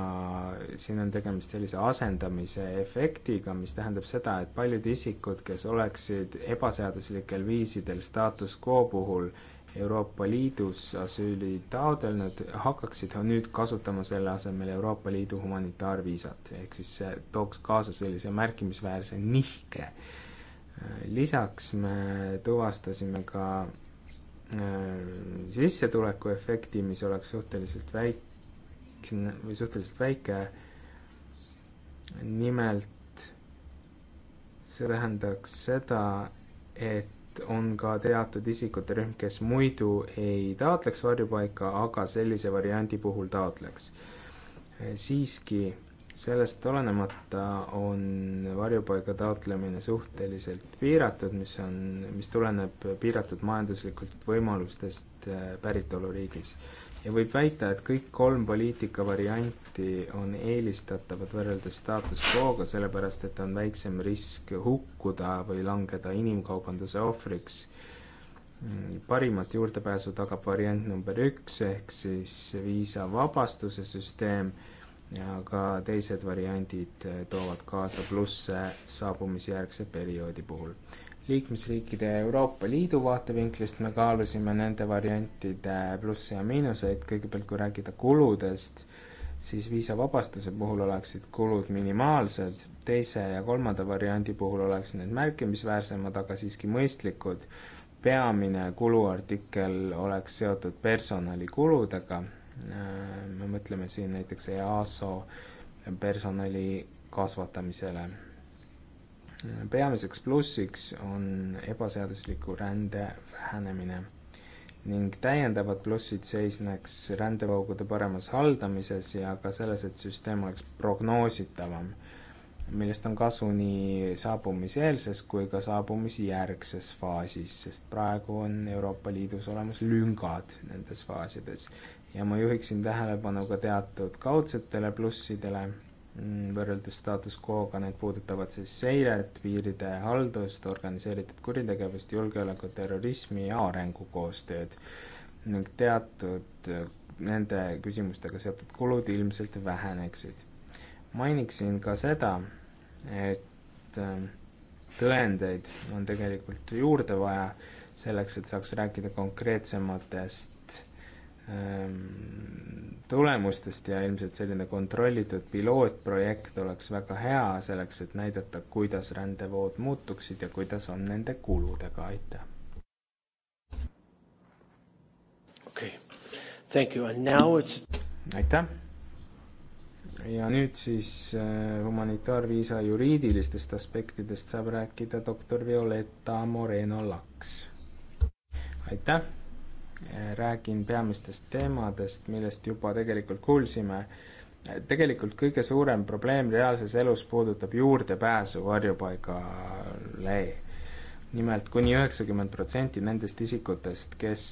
siin on tegemist sellise asendamise efektiga, mis tähendab seda, et paljud isikud, kes oleksid ebaseaduslikel viisidel staatus quo puhul Euroopa Liidus asüüli taotlenud, hakkaksid nüüd kasutama selle asemel Euroopa Liidu humanitaarviisat, ehk siis see tooks kaasa sellise märkimisväärse nihke. lisaks me tuvastasime ka äh, sissetulekuefekti, mis oleks suhteliselt väike, või suhteliselt väike. nimelt see tähendaks seda, et on ka teatud isikute rühm, kes muidu ei taotleks varjupaika, aga sellise variandi puhul taotleks. siiski sellest olenemata on varjupaiga taotlemine suhteliselt piiratud, mis on, mis tuleneb piiratud majanduslikult võimalustest äh, päritoluriigis ja võib väita, et kõik kolm poliitikavarianti on eelistatavad võrreldes status quo'ga, sellepärast et on väiksem risk hukkuda või langeda inimkaubanduse ohvriks. Mm, parimat juurdepääsu tagab variant number üks ehk siis viisavabastuse süsteem ja ka teised variandid toovad kaasa plusse saabumisjärgse perioodi puhul liikmesriikide ja Euroopa Liidu vaatevinklist me kaalusime nende variantide plusse ja miinuseid, kõigepealt kui rääkida kuludest, siis viisavabastuse puhul oleksid kulud minimaalsed, teise ja kolmanda variandi puhul oleks need märkimisväärsemad, aga siiski mõistlikud. peamine kuluartikkel oleks seotud personalikuludega, äh, me mõtleme siin näiteks EASO personali kasvatamisele peamiseks plussiks on ebaseadusliku rände vähenemine ning täiendavad plussid seisneks rändevoogude paremas haldamises ja ka selles, et süsteem oleks prognoositavam, millest on kasu nii saabumiseelses kui ka saabumisjärgses faasis, sest praegu on Euroopa Liidus olemas lüngad nendes faasides. ja ma juhiksin tähelepanu ka teatud kaudsetele plussidele, Mm, võrreldes status quo'ga, need puudutavad siis seiret, piiride haldust, organiseeritud kuritegevust, julgeolekut, terrorismi ja arengukoostööd ning teatud äh, nende küsimustega seotud kulud ilmselt väheneksid. mainiksin ka seda, et äh, tõendeid on tegelikult juurde vaja selleks, et saaks rääkida konkreetsematest Ehm, tulemustest ja ilmselt selline kontrollitud pilootprojekt oleks väga hea selleks, et näidata, kuidas rändevood muutuksid ja kuidas on nende kuludega, aitäh. okei okay., thank you and now it's. aitäh. ja nüüd siis äh, humanitaarviisa juriidilistest aspektidest saab rääkida doktor Violeta Moreno Laks. aitäh räägin peamistest teemadest, millest juba tegelikult kuulsime. tegelikult kõige suurem probleem reaalses elus puudutab juurdepääsu varjupaigale. nimelt kuni üheksakümmend protsenti nendest isikutest, kes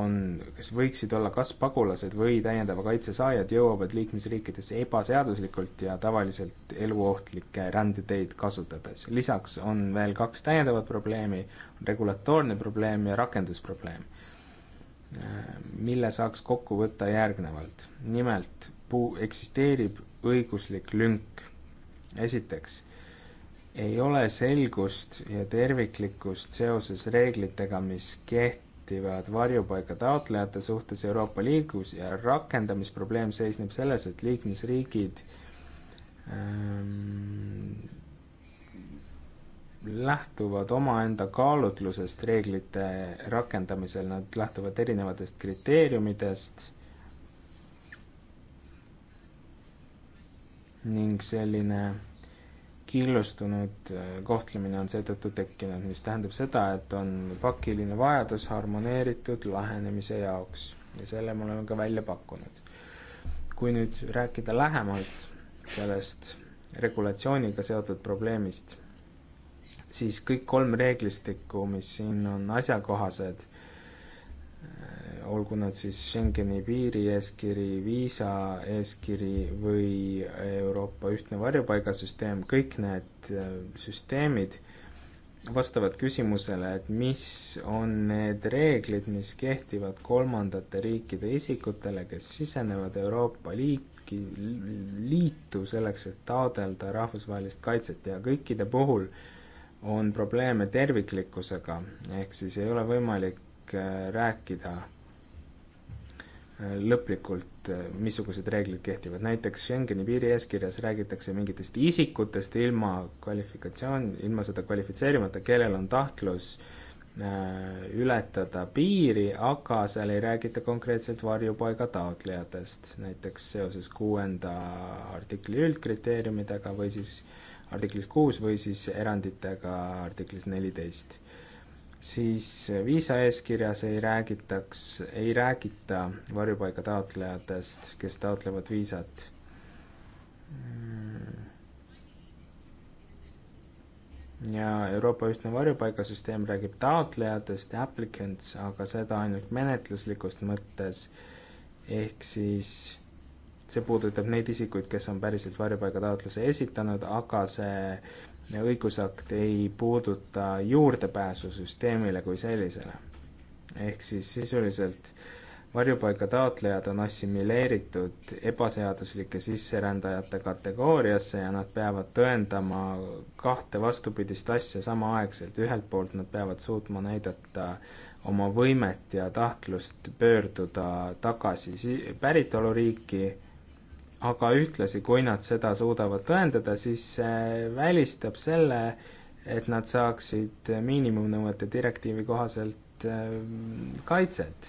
on, kes võiksid olla kas pagulased või täiendava kaitse saajad, jõuavad liikmesriikidesse ebaseaduslikult ja tavaliselt eluohtlikke rändeteid kasutades. lisaks on veel kaks täiendavat probleemi, regulatoorne probleem ja rakendusprobleem mille saaks kokku võtta järgnevalt. nimelt, puu-, eksisteerib õiguslik lünk. esiteks, ei ole selgust ja terviklikkust seoses reeglitega, mis kehtivad varjupaiga taotlejate suhtes Euroopa Liidus ja rakendamisprobleem seisneb selles, et liikmesriigid ähm, lähtuvad omaenda kaalutlusest reeglite rakendamisel, nad lähtuvad erinevatest kriteeriumidest ning selline killustunud äh, kohtlemine on seetõttu tekkinud, mis tähendab seda, et on pakiline vajadus harmoneeritud lähenemise jaoks ja selle me oleme ka välja pakkunud. kui nüüd rääkida lähemalt sellest regulatsiooniga seotud probleemist siis kõik kolm reeglistikku, mis siin on asjakohased, äh, olgu nad siis Schengeni piirieeskiri, viisa eeskiri või Euroopa ühtne varjupaigasüsteem, kõik need äh, süsteemid vastavad küsimusele, et mis on need reeglid, mis kehtivad kolmandate riikide isikutele, kes sisenevad Euroopa liiki, liitu selleks, et taodelda rahvusvahelist kaitset ja kõikide puhul äh, on probleeme terviklikkusega, ehk siis ei ole võimalik äh, rääkida äh, lõplikult, äh, missugused reeglid kehtivad, näiteks Schengeni piirieeskirjas räägitakse mingitest isikutest ilma kvalifikatsioon, ilma seda kvalifitseerimata, kellel on tahtlus ületada piiri, aga seal ei räägita konkreetselt varjupaiga taotlejatest, näiteks seoses kuuenda artikli üldkriteeriumidega või siis äh, artiklis kuus või siis eranditega artiklis neliteist. siis äh, viisaeeskirjas ei räägitaks, ei räägita varjupaiga taotlejatest, kes taotlevad viisat mm. ja Euroopa ühtne varjupaigasüsteem räägib taotlejatest, applicants, aga seda ainult menetluslikust mõttes, ehk siis see puudutab neid isikuid, kes on päriselt varjupaigataotluse esitanud, aga see õigusakt ei puuduta juurdepääsu süsteemile kui sellisele. ehk siis sisuliselt varjupaiga taotlejad on assimileeritud ebaseaduslike sisserändajate kategooriasse ja nad peavad tõendama kahte vastupidist asja samaaegselt, ühelt poolt nad peavad suutma näidata oma võimet ja tahtlust pöörduda tagasi si-, päritoluriiki aga ühtlasi, kui nad seda suudavad tõendada, siis see välistab selle, et nad saaksid miinimumnõuete direktiivi kohaselt äh, kaitset.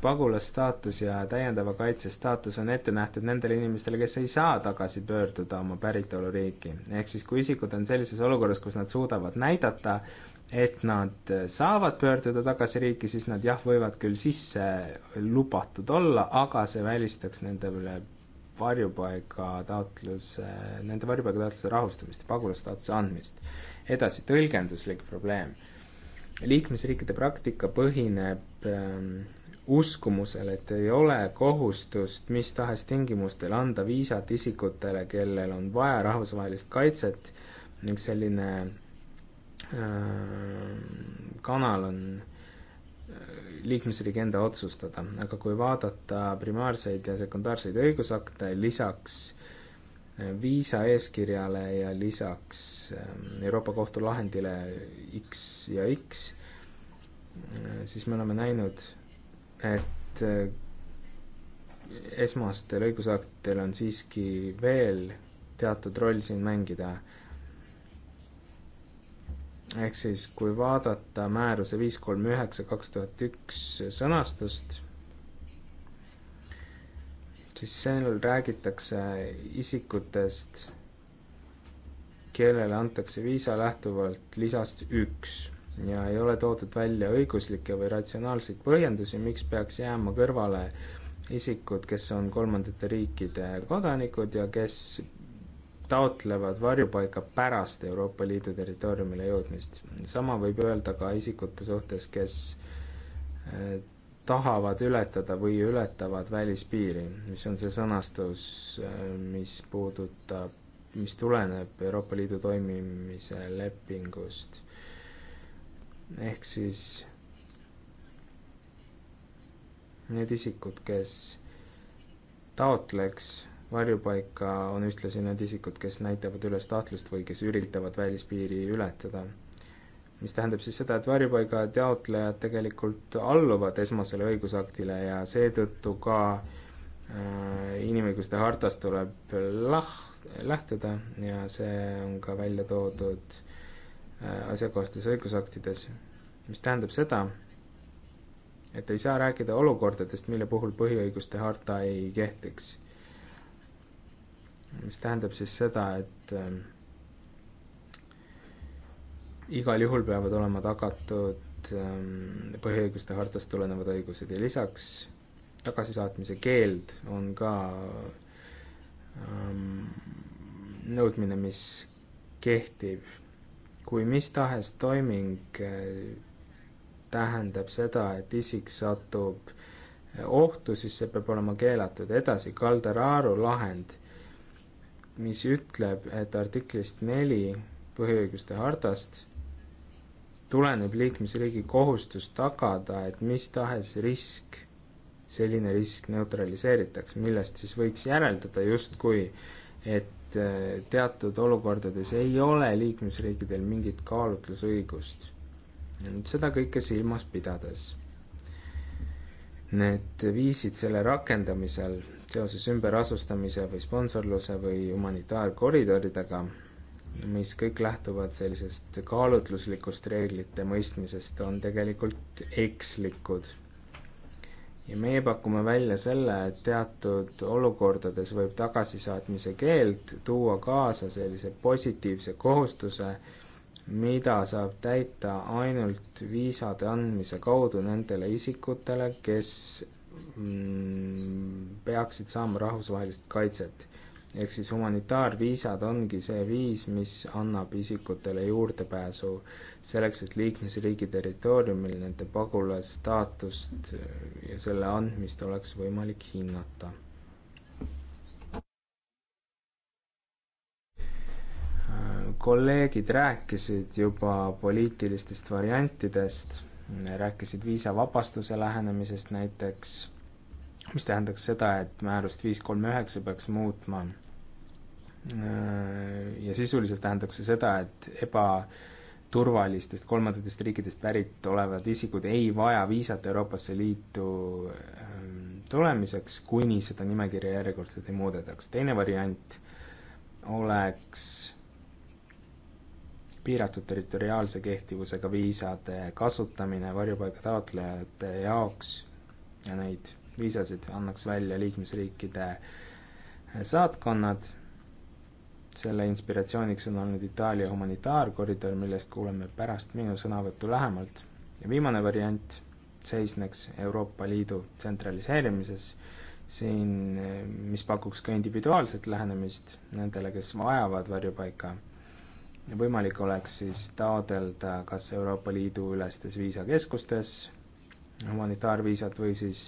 pagulasstaatus ja täiendava kaitse staatus on ette nähtud nendele inimestele, kes ei saa tagasi pöörduda oma päritoluriiki. ehk siis, kui isikud on sellises olukorras, kus nad suudavad näidata, et nad saavad pöörduda tagasi riiki, siis nad jah, võivad küll sisse lubatud olla, aga see välistaks nende üle varjupaiga taotluse, nende varjupaiga taotluse rahustamist ja pagulasstaatuse andmist. edasi, tõlgenduslik probleem. liikmesriikide praktika põhineb ähm, uskumusel, et ei ole kohustust mis tahes tingimustel anda viisat isikutele, kellel on vaja rahvusvahelist kaitset ning selline äh, kanal on äh, liikmesriigi enda otsustada, aga kui vaadata primaarseid ja sekundaarseid õigusakte lisaks äh, viisa eeskirjale ja lisaks äh, Euroopa Kohtu lahendile X ja X, äh, siis me oleme näinud, et esmastel õigusaktidel on siiski veel teatud roll siin mängida ehk siis kui vaadata määruse viis kolm üheksa kaks tuhat üks sõnastust, siis seal räägitakse isikutest, kellele antakse viisa lähtuvalt lisast üks ja ei ole toodud välja õiguslikke või ratsionaalseid põhjendusi, miks peaks jääma kõrvale isikud, kes on kolmandate riikide kodanikud ja kes taotlevad varjupaika pärast Euroopa Liidu territooriumile jõudmist. sama võib öelda ka isikute suhtes, kes eh, tahavad ületada või ületavad välispiiri, mis on see sõnastus, eh, mis puudutab, mis tuleneb Euroopa Liidu toimimise lepingust. ehk siis need isikud, kes taotleks varjupaika on ühtlasi need isikud, kes näitavad üles tahtlust või kes üritavad välispiiri ületada. mis tähendab siis seda, et varjupaiga taotlejad tegelikult alluvad esmasele õigusaktile ja seetõttu ka äh, inimõiguste hartast tuleb lah-, lähtuda ja see on ka välja toodud äh, asjakohastes õigusaktides, mis tähendab seda, et ei saa rääkida olukordadest, mille puhul põhiõiguste harta ei kehtiks mis tähendab siis seda, et ähm, igal juhul peavad olema tagatud ähm, põhiõiguste hartast tulenevad õigused ja lisaks tagasisaatmise keeld on ka ähm, nõudmine, mis kehtib. kui mis tahes toiming äh, tähendab seda, et isik satub äh, ohtu, siis see peab olema keelatud. edasi, Calderaru lahend mis ütleb, et artiklist neli põhiõiguste hartast tuleneb liikmesriigi kohustus tagada, et mis tahes risk, selline risk neutraliseeritakse, millest siis võiks järeldada justkui, et äh, teatud olukordades ei ole liikmesriikidel mingit kaalutlusõigust. nüüd seda kõike silmas pidades need viisid selle rakendamisel seoses ümberasustamise või sponsorluse või humanitaarkoridoridega, mis kõik lähtuvad sellisest kaalutluslikust reeglite mõistmisest, on tegelikult ekslikud. ja meie pakume välja selle, et teatud olukordades võib tagasisaatmise keeld tuua kaasa sellise positiivse kohustuse mida saab täita ainult viisade andmise kaudu nendele isikutele, kes mm, peaksid saama rahvusvahelist kaitset. ehk siis humanitaarviisad ongi see viis, mis annab isikutele juurdepääsu selleks, et liikmesriigi territooriumil nende pagulasstaatust ja selle andmist oleks võimalik hinnata kolleegid rääkisid juba poliitilistest variantidest, rääkisid viisavabastuse lähenemisest näiteks, mis tähendaks seda, et määrust viis kolm üheksa peaks muutma. ja sisuliselt tähendaks see seda, et ebaturvalistest kolmandatest riikidest pärit olevad isikud ei vaja viisat Euroopasse Liitu ehm, tulemiseks, kuni seda nimekirja järjekordselt ei muudetaks. teine variant oleks piiratud territoriaalse kehtivusega viisade kasutamine varjupaiga taotlejate jaoks ja neid viisasid annaks välja liikmesriikide saatkonnad. selle inspiratsiooniks on olnud Itaalia humanitaarkoridor, millest kuuleme pärast minu sõnavõttu lähemalt. ja viimane variant seisneks Euroopa Liidu tsentraliseerimises, siin, mis pakuks ka individuaalset lähenemist nendele, kes vajavad varjupaika võimalik oleks siis taodelda kas Euroopa Liidu ülestes viisakeskustes humanitaarviisat või siis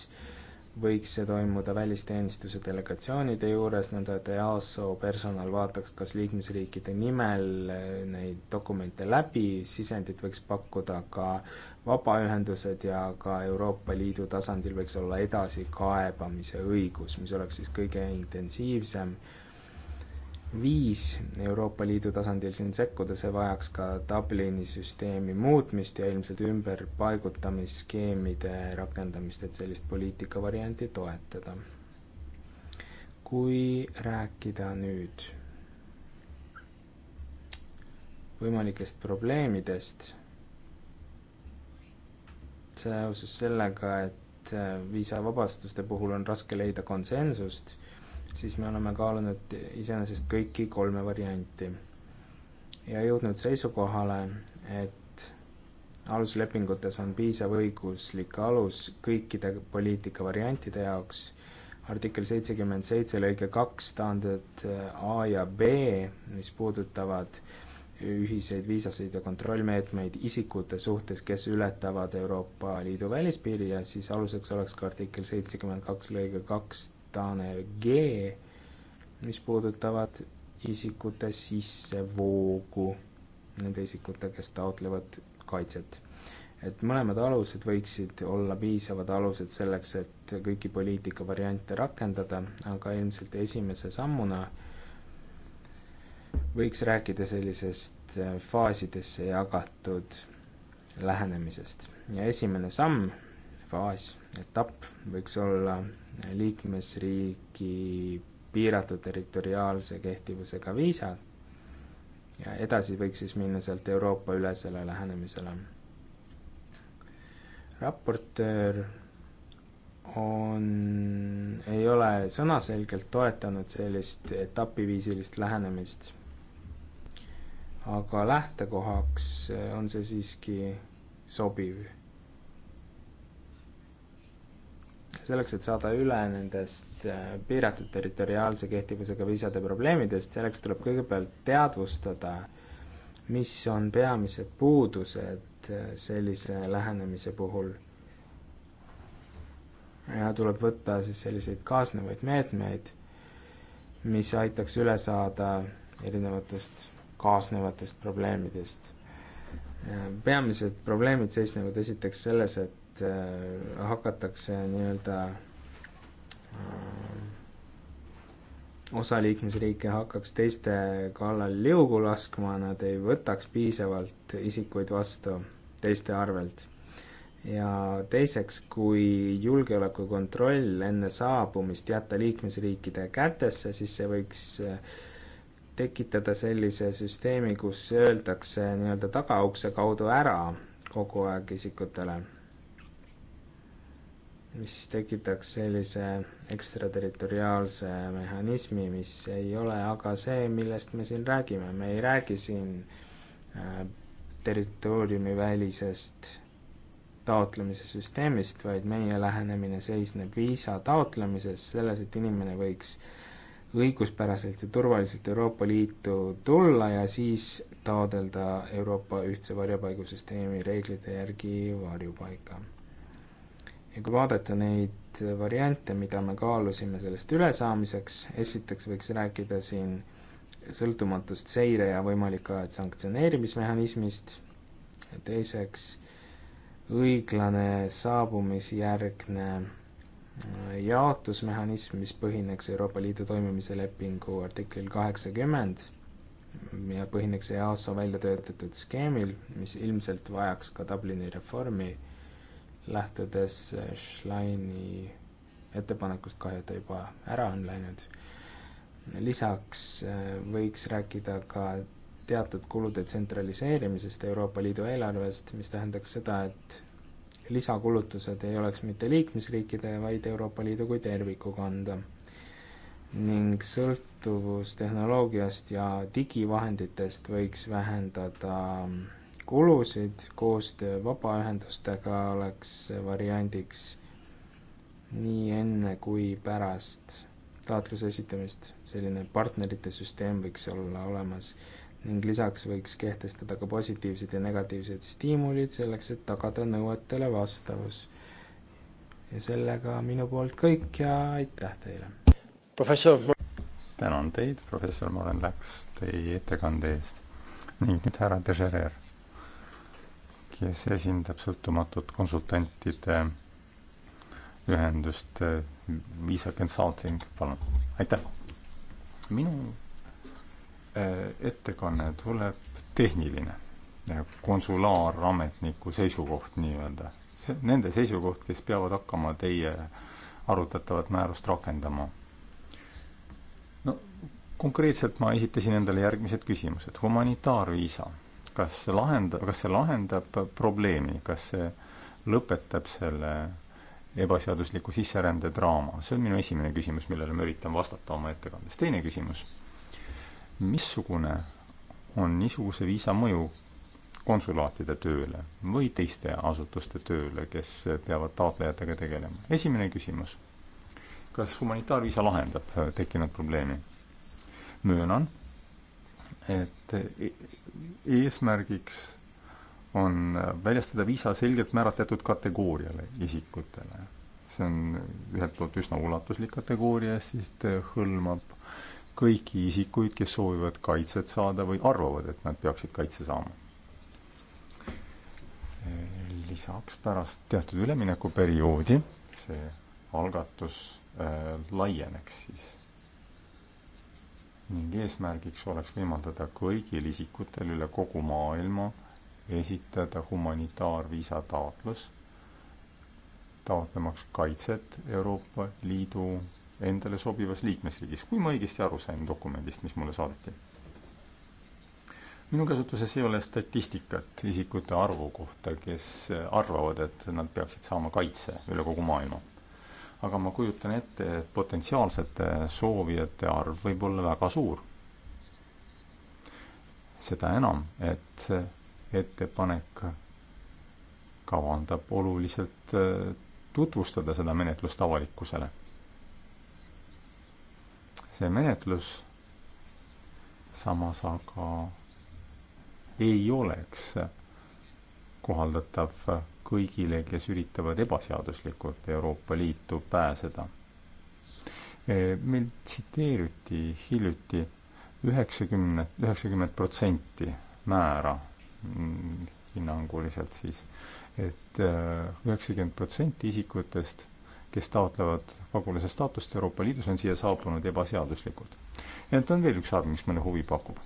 võiks see toimuda välisteenistuse delegatsioonide juures, nõnda et EASO personal vaataks, kas liikmesriikide nimel neid dokumente läbi, sisendit võiks pakkuda ka vabaühendused ja ka Euroopa Liidu tasandil võiks olla edasikaebamise õigus, mis oleks siis kõige intensiivsem äh, viis Euroopa Liidu tasandil siin sekkuda, see vajaks ka Dublini süsteemi muutmist ja ilmselt ümberpaigutamisskeemide rakendamist, et sellist poliitikavarianti toetada. kui rääkida nüüd võimalikest probleemidest seoses sellega, et viisavabastuste puhul on raske leida konsensust siis me oleme kaalunud iseenesest kõiki kolme varianti ja jõudnud seisukohale, et aluslepingutes on piisav õiguslik alus kõikide poliitikavariantide jaoks. artikkel seitsekümmend seitse lõige kaks taanded äh, A ja B, mis puudutavad ühiseid viisasid ja kontrollmeetmeid isikute suhtes, kes ületavad Euroopa Liidu välispiiri ja siis aluseks oleks ka artikkel seitsekümmend kaks lõige kaks Tanel G, mis puudutavad isikute sissevoogu, nende isikute, kes taotlevad kaitset. et mõlemad alused võiksid olla piisavad alused selleks, et kõiki poliitika variante rakendada, aga ilmselt esimese sammuna võiks rääkida sellisest äh, faasidesse jagatud lähenemisest ja esimene samm, faas, etapp võiks olla liikmesriigi piiratud territoriaalse kehtivusega viisad ja edasi võiks siis minna sealt Euroopa-ülesele lähenemisele. raportöör on, ei ole sõnaselgelt toetanud sellist etapiviisilist lähenemist, aga lähtekohaks on see siiski sobiv selleks, et saada üle nendest äh, piiratud territoriaalse kehtivusega viisade probleemidest, selleks tuleb kõigepealt teadvustada, mis on peamised puudused äh, sellise lähenemise puhul. ja tuleb võtta siis selliseid kaasnevaid meetmeid, mis aitaks üle saada erinevatest kaasnevatest probleemidest. Äh, peamised probleemid seisnevad esiteks selles, et et äh, hakatakse nii-öelda äh, osa liikmesriike hakkaks teiste kallal liugu laskma, nad ei võtaks piisavalt isikuid vastu teiste arvelt. ja teiseks, kui julgeolekukontroll enne saabumist jätta liikmesriikide kätesse, siis see võiks äh, tekitada sellise süsteemi, kus öeldakse nii-öelda tagaukse kaudu ära kogu aeg isikutele mis tekitaks sellise ekstraterritoriaalse mehhanismi, mis ei ole aga see, millest me siin räägime, me ei räägi siin äh, territooriumivälisest taotlemise süsteemist, vaid meie lähenemine seisneb viisa taotlemises, selles, et inimene võiks õiguspäraselt ja turvaliselt Euroopa Liitu tulla ja siis taodelda Euroopa ühtse varjupaigusüsteemi reeglite järgi varjupaika ja kui vaadata neid variante, mida me kaalusime sellest ülesaamiseks, esiteks võiks rääkida siin sõltumatust seire ja võimalik ajad sanktsioneerimismehhanismist, teiseks õiglane saabumisjärgne äh, jaotusmehhanism, mis põhineks Euroopa Liidu toimimise lepingu artiklil kaheksakümmend ja põhineks EASO välja töötatud skeemil, mis ilmselt vajaks ka Dublini reformi lähtudes Schleini ettepanekust, kahju, et ta juba ära on läinud. lisaks äh, võiks rääkida ka teatud kulude tsentraliseerimisest Euroopa Liidu eelarvest, mis tähendaks seda, et lisakulutused ei oleks mitte liikmesriikide, vaid Euroopa Liidu kui terviku kanda. ning sõltuvus tehnoloogiast ja digivahenditest võiks vähendada äh, kulusid, koostöö vabaühendustega oleks variandiks nii enne kui pärast taotluse esitamist. selline partnerite süsteem võiks olla olemas ning lisaks võiks kehtestada ka positiivsed ja negatiivsed stiimulid selleks, et tagada nõuetele vastavus. ja sellega minu poolt kõik ja aitäh teile! professor, tänan teid, professor Moren Läks, teie ettekande eest ning nüüd härra Degerer kes esindab sõltumatut konsultantide ühendust Visa Consulting, palun, aitäh. minu äh, ettekanne tuleb tehniline, konsulaarametniku seisukoht nii-öelda. see, nende seisukoht, kes peavad hakkama teie arutatavat määrust rakendama. no konkreetselt ma esitasin endale järgmised küsimused, humanitaarviisa kas lahendab, kas see lahendab probleemi, kas see lõpetab selle ebaseadusliku sisserände draama, see on minu esimene küsimus, millele ma üritan vastata oma ettekandes. teine küsimus, missugune on niisuguse viisa mõju konsulaatide tööle või teiste asutuste tööle, kes peavad taotlejatega tegelema? esimene küsimus, kas humanitaarviisa lahendab tekkinud probleemi? möönan, et eesmärgiks on väljastada viisa selgelt määratletud kategooriale isikutele. see on ühelt poolt üsna ulatuslik kategooria, sest hõlmab kõiki isikuid, kes soovivad kaitset saada või arvavad, et nad peaksid kaitse saama. lisaks pärast teatud üleminekuperioodi see algatus äh, laieneks siis ning eesmärgiks oleks võimaldada kõigil isikutel üle kogu maailma esitada humanitaarviisa taotlus, taotlemaks kaitset Euroopa Liidu endale sobivas liikmesriigis, kui ma õigesti aru sain dokumendist, mis mulle saadeti. minu käsutuses ei ole statistikat isikute arvu kohta, kes arvavad, et nad peaksid saama kaitse üle kogu maailma aga ma kujutan ette, et potentsiaalsete soovijate arv võib olla väga suur. seda enam, et ettepanek kavandab oluliselt eh, tutvustada seda menetlust avalikkusele. see menetlus samas aga ei oleks kohaldatav kõigile, kes üritavad ebaseaduslikult Euroopa Liitu pääseda. meil tsiteeriti hiljuti üheksakümne, üheksakümmend protsenti määra mm, hinnanguliselt siis, et äh, üheksakümmend protsenti isikutest, kes taotlevad pagulase staatust Euroopa Liidus, on siia saabunud ebaseaduslikult. ent on veel üks arv, mis mulle huvi pakub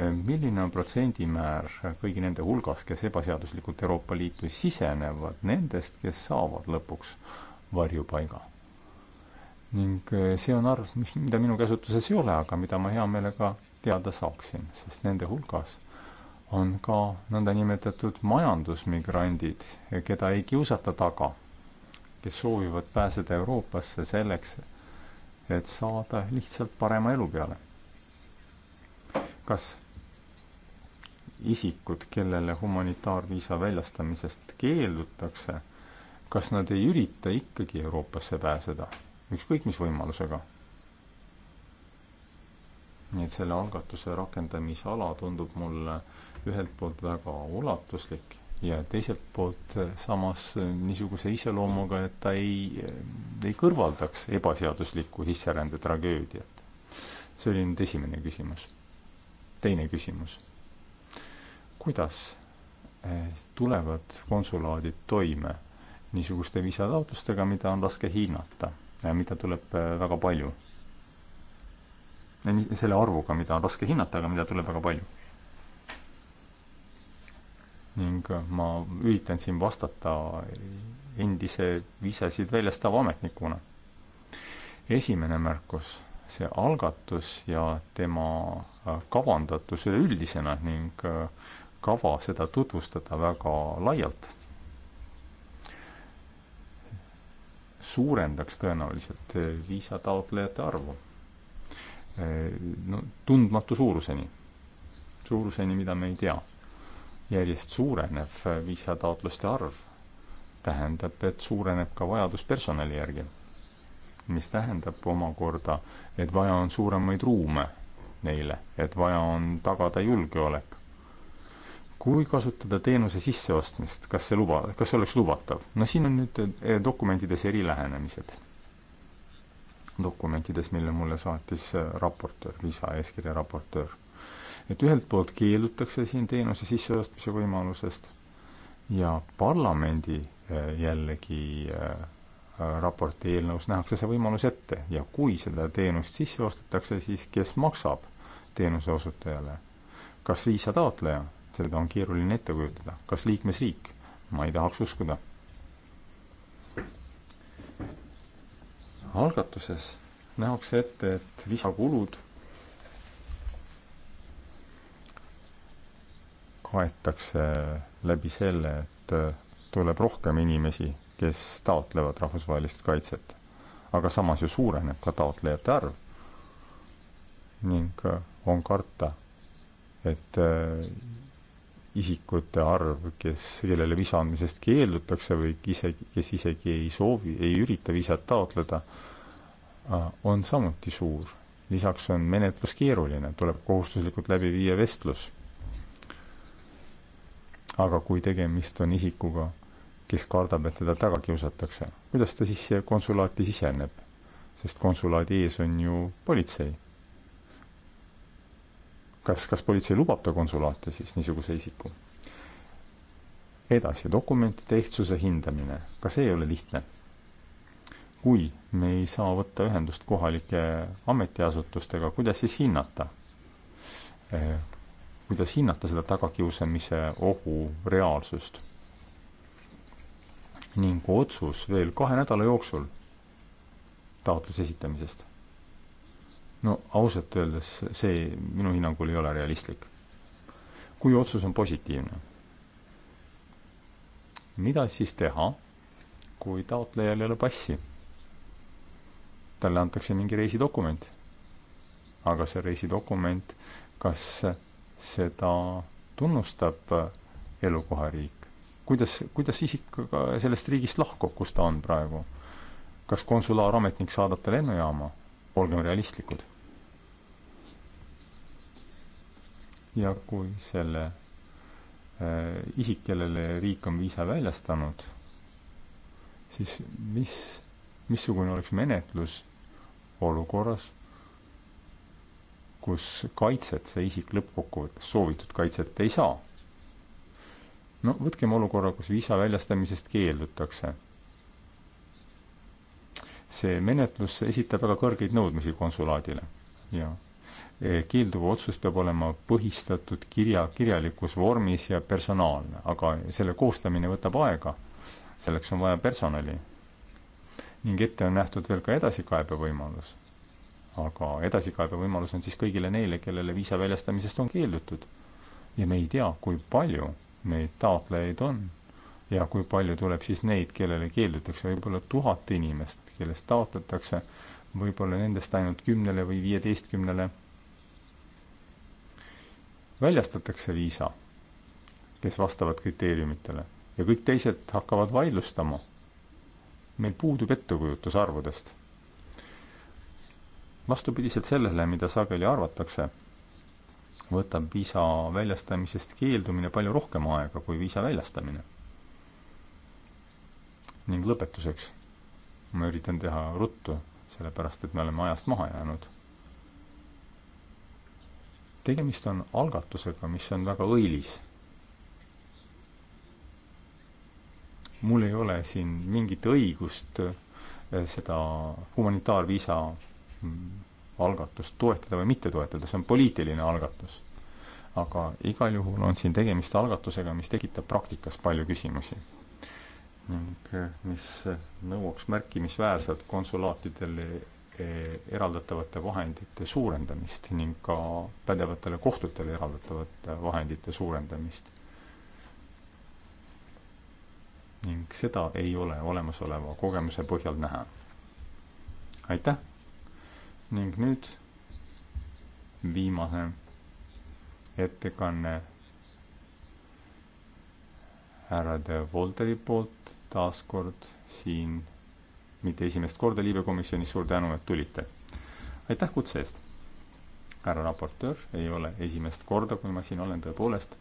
milline on protsendimäär kõigi nende hulgas, kes ebaseaduslikult Euroopa Liitu sisenevad, nendest, kes saavad lõpuks varjupaiga? ning eh, see on arv, mis, mida minu käsutuses ei ole, aga mida ma hea meelega teada saaksin, sest nende hulgas on ka nõndanimetatud majandusmigrandid, eh, keda ei kiusata taga, kes soovivad pääseda Euroopasse selleks, et saada lihtsalt parema elu peale kas isikud, kellele humanitaarviisa väljastamisest keeldutakse, kas nad ei ürita ikkagi Euroopasse pääseda, ükskõik mis võimalusega? nii et selle algatuse rakendamisala tundub mulle ühelt poolt väga ulatuslik ja teiselt poolt samas niisuguse iseloomuga, et ta ei, ei kõrvaldaks ebaseaduslikku sisserände tragöödiat. see oli nüüd esimene küsimus. teine küsimus kuidas eh, tulevad konsulaadid toime niisuguste viisataotlustega, mida on raske hinnata ja mida tuleb eh, väga palju. selle arvuga, mida on raske hinnata, aga mida tuleb väga palju. ning eh, ma üritan siin vastata endise viisasid väljastava ametnikuna. esimene märkus, see algatus ja tema kavandatus üleüldisena ning äh, kava seda tutvustada väga laialt, suurendaks tõenäoliselt viisataotlejate arvu no tundmatu suuruseni, suuruseni, mida me ei tea. järjest suurenev viisataotluste arv tähendab, et suureneb ka vajadus personali järgi, mis tähendab omakorda, et vaja on suuremaid ruume neile, et vaja on tagada julgeolek kui kasutada teenuse sisseostmist, kas see luba, kas see oleks lubatav? no siin on nüüd eh, dokumentides eri lähenemised. dokumentides, mille mulle saatis eh, raportöör, lisaeeskirja raportöör. et ühelt poolt keeldutakse siin teenuse sisseostmise võimalusest ja parlamendi eh, jällegi raporti eelnõus nähakse see võimalus ette ja kui seda teenust sisse ostetakse, siis kes maksab teenuse osutajale? kas viisa taotleja seda on keeruline ette kujutada. kas liikmesriik? ma ei tahaks uskuda. algatuses nähakse ette, et lisakulud kaetakse läbi selle, et tuleb rohkem inimesi, kes taotlevad rahvusvahelist kaitset. aga samas ju suureneb ka taotlejate arv ning on karta, et isikute arv, kes, kellele viisa andmisest keeldutakse või ise, kes isegi ei soovi, ei ürita viisat taotleda, on samuti suur. lisaks on menetlus keeruline, tuleb kohustuslikult läbi viia vestlus. aga kui tegemist on isikuga, kes kardab, et teda taga kiusatakse, kuidas ta siis konsulaati siseneb? sest konsulaadi ees on ju politsei kas, kas politsei lubab ta konsulaati siis niisuguse isiku? edasi, dokumentide ehtsuse hindamine, ka see ei ole lihtne. kui me ei saa võtta ühendust kohalike ametiasutustega, kuidas siis hinnata? Eh, kuidas hinnata seda tagakiusamise ohu reaalsust? ning otsus veel kahe nädala jooksul taotluse esitamisest no ausalt öeldes see minu hinnangul ei ole realistlik. kui otsus on positiivne, mida siis teha, kui taotlejal ei ole passi? talle antakse mingi reisidokument. aga see reisidokument, kas seda tunnustab elukohariik? kuidas, kuidas isik sellest riigist lahkub, kus ta on praegu? kas konsulaarametnik saadab ta lennujaama? olgem realistlikud. ja kui selle äh, isik, kellele riik on viisa väljastanud, siis mis, missugune oleks menetlus olukorras, kus kaitset see isik lõppkokkuvõttes, soovitud kaitset ei saa? no võtkem olukorra, kus viisa väljastamisest keeldutakse. see menetlus esitab väga kõrgeid nõudmisi konsulaadile ja keelduv otsus peab olema põhistatud kirja, kirjalikus vormis ja personaalne, aga selle koostamine võtab aega. selleks on vaja personali. ning ette on nähtud veel ka edasikaebevõimalus. aga edasikaebevõimalus on siis kõigile neile, kellele viisa väljastamisest on keeldutud. ja me ei tea, kui palju neid taotlejaid on ja kui palju tuleb siis neid, kellele keeldutakse, võib-olla tuhat inimest, kellest taotletakse, võib-olla nendest ainult kümnele või viieteistkümnele väljastatakse viisa, kes vastavad kriteeriumitele ja kõik teised hakkavad vaidlustama. meil puudub ettekujutus arvudest. vastupidiselt sellele, mida sageli arvatakse, võtab viisa väljastamisest keeldumine palju rohkem aega kui viisa väljastamine. ning lõpetuseks ma üritan teha ruttu, sellepärast et me oleme ajast maha jäänud tegemist on algatusega, mis on väga õilis. mul ei ole siin mingit õigust eh, seda humanitaarviisa mm, algatust toetada või mitte toetada, see on poliitiline algatus. aga igal juhul on siin tegemist algatusega, mis tekitab praktikas palju küsimusi ning eh, mis nõuaks märkimisväärselt konsulaatidel eraldatavate vahendite suurendamist ning ka pädevatele kohtutele eraldatavate vahendite suurendamist. ning seda ei ole olemasoleva kogemuse põhjal näha. aitäh ning nüüd viimane ettekanne härrade Volteri poolt taas kord siin mitte esimest korda Liibe komisjonis, suur tänu, et tulite. aitäh kutse eest. härra raportöör, ei ole esimest korda, kui ma siin olen, tõepoolest.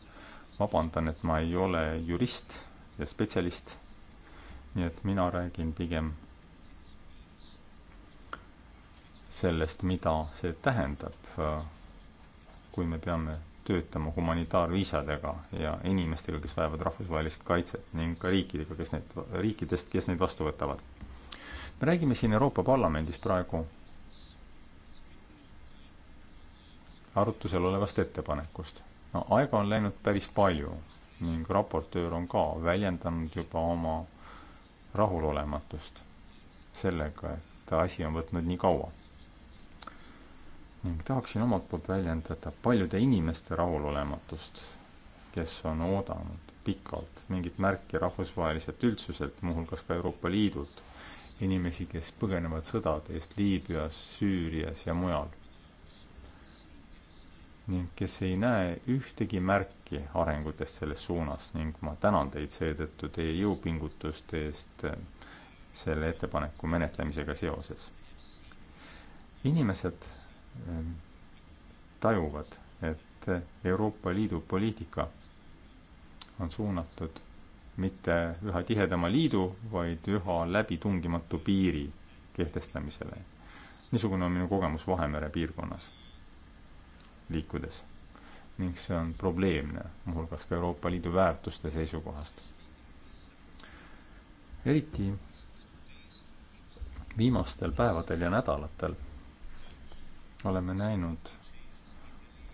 vabandan, et ma ei ole jurist ja spetsialist. nii et mina räägin pigem sellest, mida see tähendab, kui me peame töötama humanitaarviisadega ja inimestega, kes vajavad rahvusvahelist kaitset ning ka riikidega, kes neid, riikidest, kes neid vastu võtavad me räägime siin Euroopa Parlamendis praegu arutusel olevast ettepanekust. no aega on läinud päris palju ning raportöör on ka väljendanud juba oma rahulolematust sellega, et asi on võtnud nii kaua. ning tahaksin omalt poolt väljendada paljude inimeste rahulolematust, kes on oodanud pikalt mingit märki rahvusvaheliselt üldsuselt, muuhulgas ka Euroopa Liidult, inimesi, kes põgenevad sõdade eest Liibüas, Süürias ja mujal ning kes ei näe ühtegi märki arengutest selles suunas ning ma tänan teid seetõttu teie jõupingutuste eest eh, selle ettepaneku menetlemisega seoses. inimesed eh, tajuvad, et Euroopa Liidu poliitika on suunatud mitte üha tihedama liidu, vaid üha läbitungimatu piiri kehtestamisele. niisugune on minu kogemus Vahemere piirkonnas liikudes. ning see on probleemne, muuhulgas ka Euroopa Liidu väärtuste seisukohast. eriti viimastel päevadel ja nädalatel oleme näinud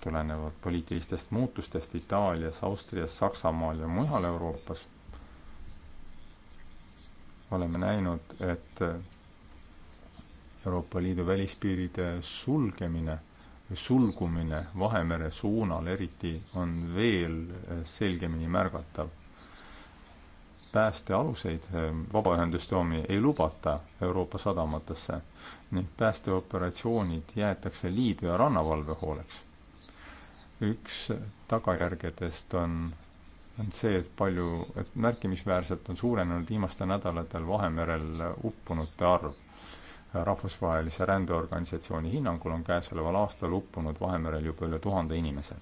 tulenevalt poliitilistest muutustest Itaalias, Austrias, Saksamaal ja mujal Euroopas oleme näinud, et Euroopa Liidu välispiiride sulgemine või sulgumine Vahemere suunal eriti on veel selgemini märgatav. päästealuseid eh, vabaühenduste omi ei lubata Euroopa sadamatesse ning päästeoperatsioonid jäetakse Liibüa rannavalve hooleks. üks tagajärgedest on on see, et palju, et märkimisväärselt on suurenenud viimastel nädalatel Vahemerel uppunute arv. rahvusvahelise rändeorganisatsiooni hinnangul on käesoleval aastal uppunud Vahemerel juba üle tuhande inimese.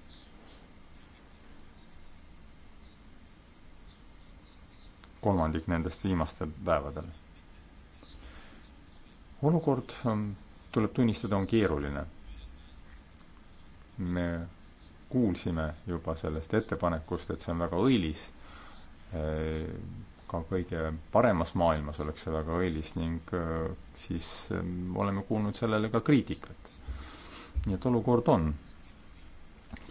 kolmandik nendest viimastel päevadel. olukord, ähm, tuleb tunnistada, on keeruline. me kuulsime juba sellest ettepanekust, et see on väga õilis, ka kõige paremas maailmas oleks see väga õilis ning äh, siis ähm, oleme kuulnud sellele ka kriitikat. nii et olukord on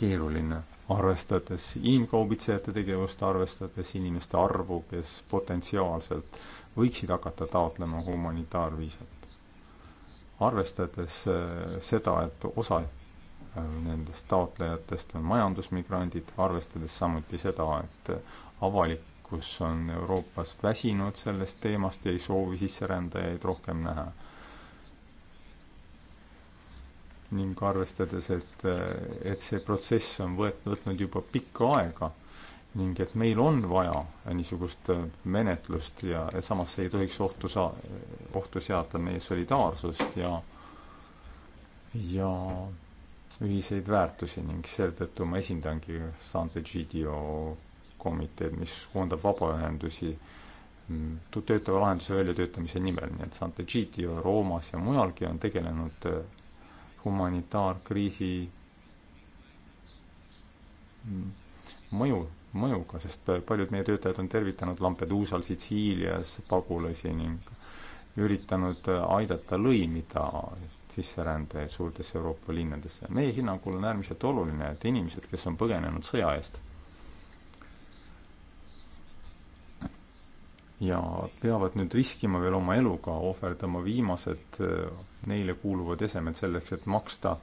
keeruline, arvestades inimkaubitsejate tegevust, arvestades inimeste arvu, kes potentsiaalselt võiksid hakata taotlema humanitaarviisat. arvestades äh, seda, et osa Äh, nendest taotlejatest on majandusmigrandid, arvestades samuti seda, et avalikkus on Euroopas väsinud sellest teemast ja ei soovi sisserändajaid rohkem näha. ning arvestades, et, et see protsess on võet-, võtnud juba pikka aega ning et meil on vaja niisugust menetlust ja, ja samas see ei tohiks ohtu saa-, ohtu seada meie solidaarsust ja ja ühiseid väärtusi ning seetõttu ma esindangi Sante Gidio komiteed, mis koondab vabaühendusi mm, töötava lahenduse väljatöötamise nimel, nii et Sante Gidio Roomas ja mujalgi on tegelenud äh, humanitaarkriisi mm, mõju, mõjuga, sest äh, paljud meie töötajad on tervitanud Lampeduusal, Sitsiilias pagulasi ning üritanud äh, aidata lõimida sisserände suurtesse Euroopa linnadesse. meie hinnangul on äärmiselt oluline, et inimesed, kes on põgenenud sõja eest ja peavad nüüd riskima veel oma eluga, ohverdama viimased eh, neile kuuluvad esemed selleks, et maksta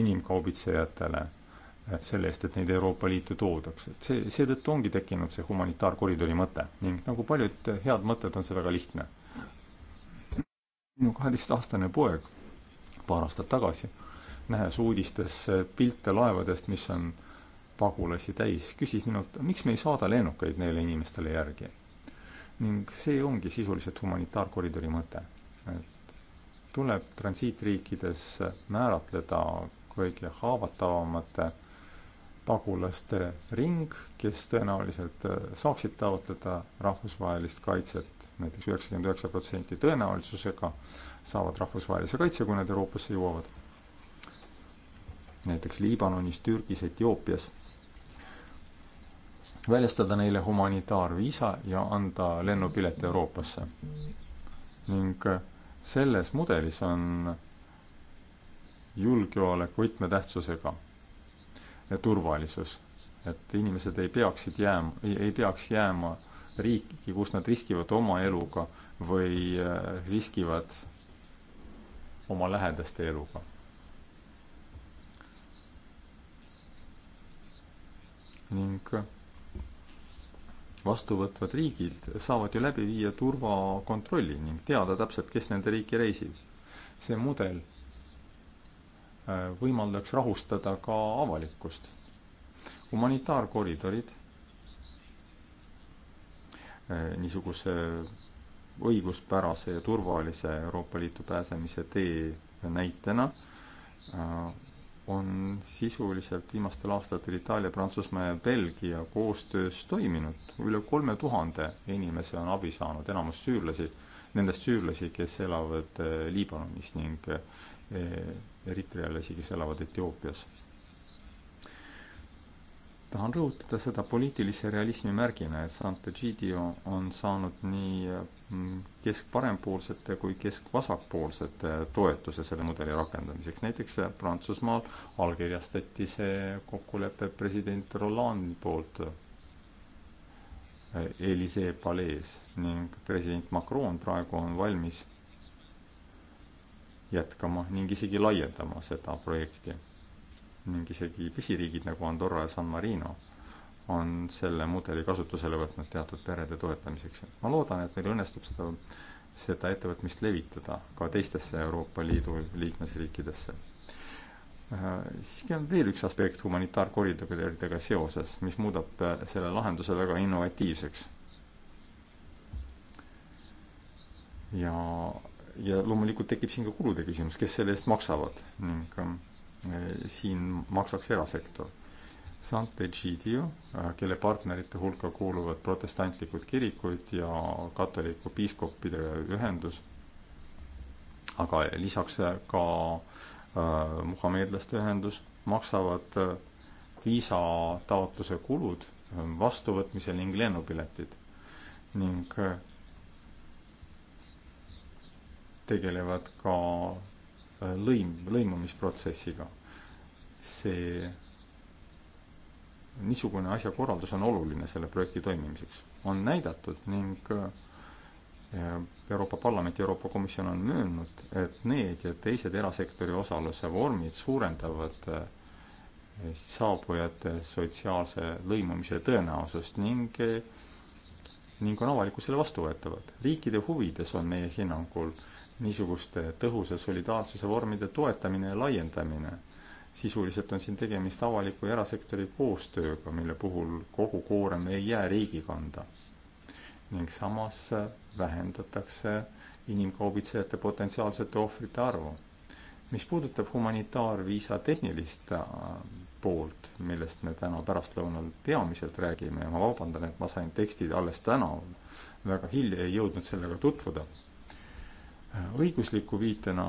inimkaubitsejatele eh, selle eest, et neid Euroopa Liitu toodaks. et see, seetõttu ongi tekkinud see humanitaarkoridori mõte ning nagu paljud eh, head mõtted, on see väga lihtne. minu kaheteistaastane poeg paar aastat tagasi, nähes uudistes pilte laevadest, mis on pagulasi täis, küsis minult, miks me ei saada lennukeid neile inimestele järgi. ning see ongi sisuliselt humanitaarkoridori mõte. et tuleb transiitriikides määratleda kõige haavatavamate pagulaste ring, kes tõenäoliselt äh, saaksid taotleda rahvusvahelist kaitset näiteks üheksakümmend üheksa protsenti tõenäosusega saavad rahvusvahelise kaitse, kui nad Euroopasse jõuavad. näiteks Liibanonis, Türgis, Etioopias. väljastada neile humanitaarviisa ja anda lennupilet Euroopasse. ning selles mudelis on julgeolek võtmetähtsusega ja turvalisus, et inimesed ei peaksid jääma, ei peaks jääma riiki, kus nad riskivad oma eluga või äh, riskivad oma lähedaste eluga. ning vastuvõtvad riigid saavad ju läbi viia turvakontrolli ning teada täpselt, kes nende riiki reisib. see mudel äh, võimaldaks rahustada ka avalikkust. humanitaarkoridorid äh, niisuguse õiguspärase ja turvalise Euroopa Liitu pääsemise tee näitena äh, on sisuliselt viimastel aastatel Itaalia, Prantsusmaa ja Belgia koostöös toiminud. üle kolme tuhande inimese on abi saanud, enamus süürlasi, nendest süürlasi, kes elavad äh, Liibanonis ning äh, eritrealasi, kes elavad Etioopias tahan rõhutada seda poliitilise realismi märgina, et Sant'Egidio on saanud nii mm, kesk-parempoolsete kui kesk-vasakpoolsete toetuse selle mudeli rakendamiseks. näiteks Prantsusmaal allkirjastati see kokkulepe president Rolandi poolt Elysee eh, palees ning president Macron praegu on valmis jätkama ning isegi laiendama seda projekti ning isegi pisiriigid nagu Andorra ja San Marino on selle mudeli kasutusele võtnud teatud perede toetamiseks. ma loodan, et meil õnnestub seda, seda ettevõtmist levitada ka teistesse Euroopa Liidu liikmesriikidesse. Äh, siiski on veel üks aspekt humanitaarkoridoridega seoses, mis muudab äh, selle lahenduse väga innovatiivseks. ja, ja loomulikult tekib siin ka kulude küsimus, kes selle eest maksavad ning ähm, Eh, siin maksaks erasektor. Sant'Egidio, eh, kelle partnerite hulka kuuluvad protestantlikud kirikud ja katoliku piiskopide ühendus, aga lisaks eh, ka äh, muhameedlaste ühendus, maksavad äh, viisataotluse kulud äh, vastuvõtmisel ning lennupiletid ning tegelevad ka Äh, lõim, lõimumisprotsessiga. see, niisugune asjakorraldus on oluline selle projekti toimimiseks. on näidatud ning äh, Euroopa Parlament ja Euroopa Komisjon on möönnud, et need ja teised erasektori osaluse vormid suurendavad äh, saabujate sotsiaalse lõimumise tõenäosust ning ning on avalikkusele vastuvõetavad. riikide huvides on meie hinnangul äh, niisuguste tõhusa solidaarsuse vormide toetamine ja laiendamine. sisuliselt on siin tegemist avaliku ja erasektori koostööga, mille puhul kogu koorem ei jää riigi kanda. ning samas vähendatakse inimkaubitsejate potentsiaalsete ohvrite arvu. mis puudutab humanitaarviisa tehnilist äh, poolt, millest me täna pärastlõunal peamiselt räägime ja ma vabandan, et ma sain tekstid alles täna, väga hilja ei jõudnud sellega tutvuda õigusliku viitena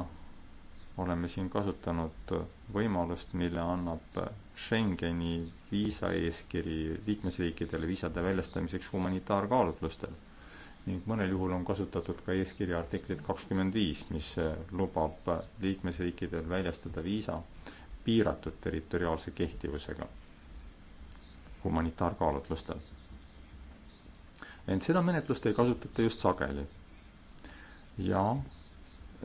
oleme siin kasutanud võimalust, mille annab Schengeni viisaeeskiri liikmesriikidele viisade väljastamiseks humanitaarkaalutlustel. ning mõnel juhul on kasutatud ka eeskirja artiklit kakskümmend viis, mis lubab liikmesriikidel väljastada viisa piiratud territoriaalse kehtivusega humanitaarkaalutlustel. ent seda menetlust ei kasutata just sageli ja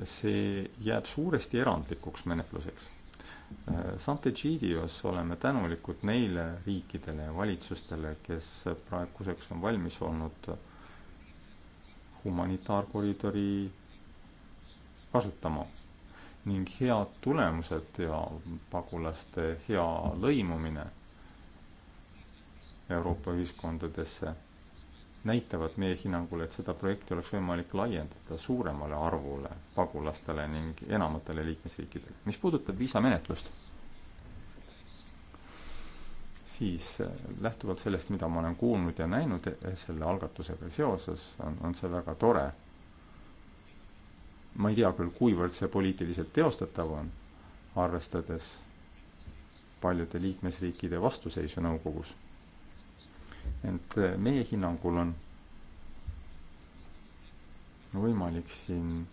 see jääb suuresti erandlikuks menetluseks. Santegidios oleme tänulikud neile riikidele ja valitsustele, kes praeguseks on valmis olnud humanitaarkoridori kasutama ning head tulemused ja pagulaste hea lõimumine Euroopa ühiskondadesse näitavad meie hinnangul, et seda projekti oleks võimalik laiendada suuremale arvule pagulastele ning enamatele liikmesriikidele. mis puudutab viisamenetlust, siis eh, lähtuvalt sellest, mida ma olen kuulnud ja näinud eh, selle algatusega seoses, on, on see väga tore. ma ei tea küll, kuivõrd see poliitiliselt teostatav on, arvestades paljude liikmesriikide vastuseisu nõukogus ent äh, meie hinnangul on võimalik siin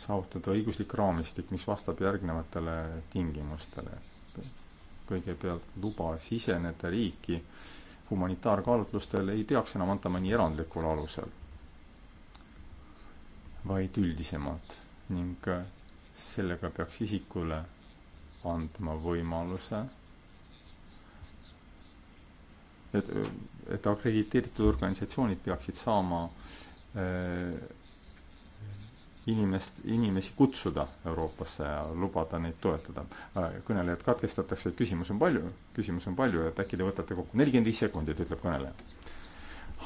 saavutada õiguslik raamistik, mis vastab järgnevatele tingimustele. kõigepealt luba siseneda riiki humanitaarkaalutlustel ei peaks enam antama nii erandlikul alusel, vaid üldisemalt ning äh, sellega peaks isikule andma võimaluse et, et akrediteeritud organisatsioonid peaksid saama äh, inimest, inimesi kutsuda Euroopasse ja lubada neid toetada äh,. kõnelejad katkestatakse, küsimus on palju, küsimus on palju, et äkki te võtate kokku, nelikümmend viis sekundit, ütleb kõneleja.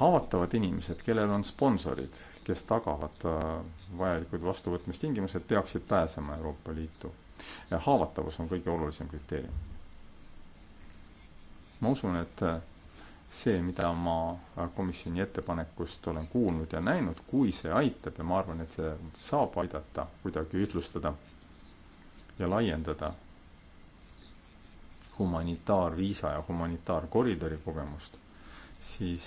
haavatavad inimesed, kellel on sponsorid, kes tagavad äh, vajalikud vastuvõtmistingimused, peaksid pääsema Euroopa Liitu. haavatavus on kõige olulisem kriteerium. ma usun, et eh, see, mida ma komisjoni ettepanekust olen kuulnud ja näinud, kui see aitab ja ma arvan, et see saab aidata kuidagi ühtlustada ja laiendada humanitaarviisa ja humanitaarkoridori kogemust, siis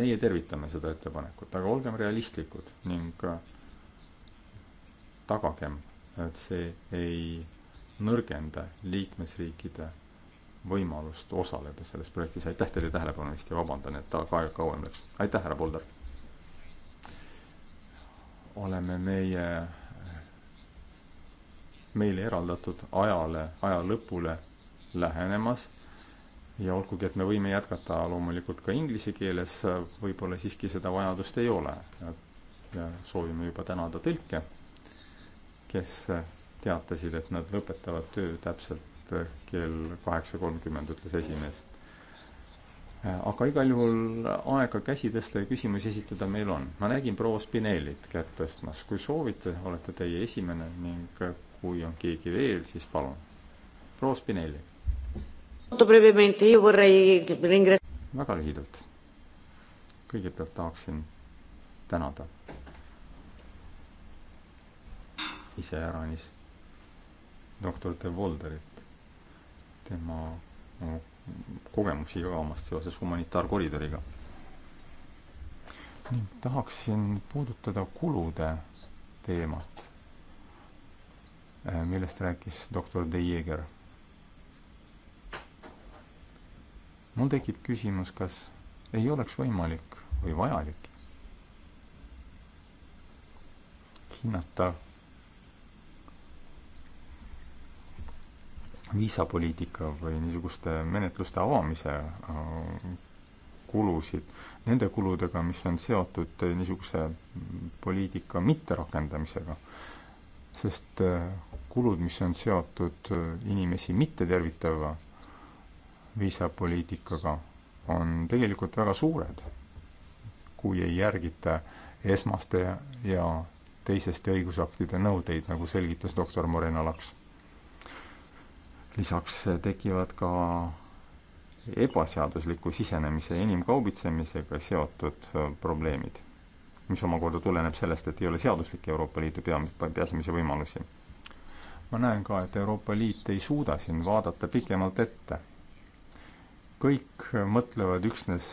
meie tervitame seda ettepanekut, aga olgem realistlikud ning tagagem, et see ei nõrgenda liikmesriikide võimalust osaleda selles projektis. aitäh teile tähelepanu eest ja vabandan, et aeg aega kauem läks. aitäh, härra Polder. oleme meie, meile eraldatud ajale, aja lõpule lähenemas ja olgugi, et me võime jätkata loomulikult ka inglise keeles, võib-olla siiski seda vajadust ei ole. soovime juba tänada tõlke, kes teatasid, et nad lõpetavad töö täpselt et eh, kell kaheksa kolmkümmend, ütles esimees. Eh, aga igal juhul aega käsi tõsta ja küsimusi esitada meil on. ma nägin proua Spinelit kätt tõstmas, kui soovite, olete teie esimene ning eh, kui on keegi veel, siis palun. proua Spinelli. väga lühidalt. kõigepealt tahaksin tänada iseäranis doktor De Volderit tema kogemusi jagamast seoses humanitaarkoridoriga. ning tahaksin puudutada kulude teemat, eh, millest rääkis doktor De Jeeger. mul tekib küsimus, kas ei oleks võimalik või vajalik hinnata viisapoliitika või niisuguste menetluste avamise äh, kulusid nende kuludega, mis on seotud niisuguse poliitika mitterakendamisega. sest äh, kulud, mis on seotud äh, inimesi mittetervitava viisapoliitikaga, on tegelikult väga suured, kui ei järgita esmaste ja teiseste õigusaktide nõudeid, nagu selgitas doktor Morena Laks lisaks tekivad ka ebaseadusliku sisenemise ja inimkaubitsemisega seotud äh, probleemid, mis omakorda tuleneb sellest, et ei ole seaduslikke Euroopa Liidu pea, pääsemise võimalusi. ma näen ka, et Euroopa Liit ei suuda siin vaadata pikemalt ette. kõik mõtlevad üksnes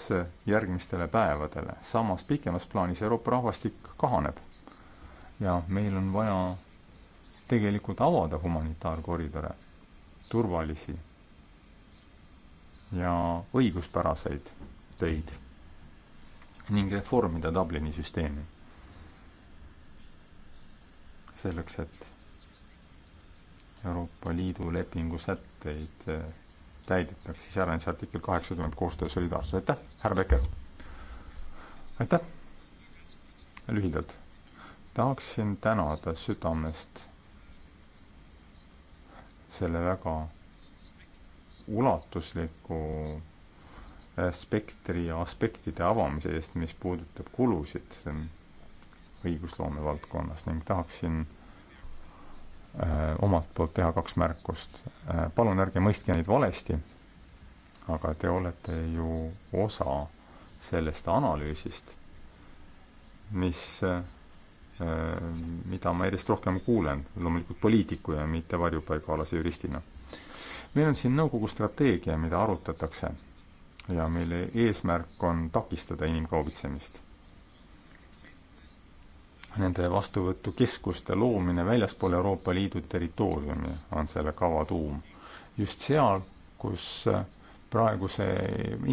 järgmistele päevadele, samas pikemas plaanis Euroopa rahvastik kahaneb. ja meil on vaja tegelikult avada humanitaarkoridore turvalisi ja õiguspäraseid töid ning reformida Dublini süsteemi. selleks, et Euroopa Liidu lepingu sätteid eh, täidetaks siis ära, see artikkel kaheksakümmend koostöö solidaarsus, aitäh, härra Becker. aitäh, lühidalt tahaksin tänada südamest selle väga ulatusliku äh, spektri ja aspektide avamise eest, mis puudutab kulusid õigusloome valdkonnas ning tahaksin äh, omalt poolt teha kaks märkust äh,. palun ärge mõistke neid valesti, aga te olete ju osa sellest analüüsist, mis äh, Äh, mida ma järjest rohkem kuulen, loomulikult poliitiku ja mitte varjupaigaalase juristina. meil on siin nõukogu strateegia, mida arutatakse ja mille eesmärk on takistada inimkaubitsemist. Nende vastuvõtukeskuste loomine väljaspool Euroopa Liidu territooriumi on selle kava tuum. just seal, kus praeguse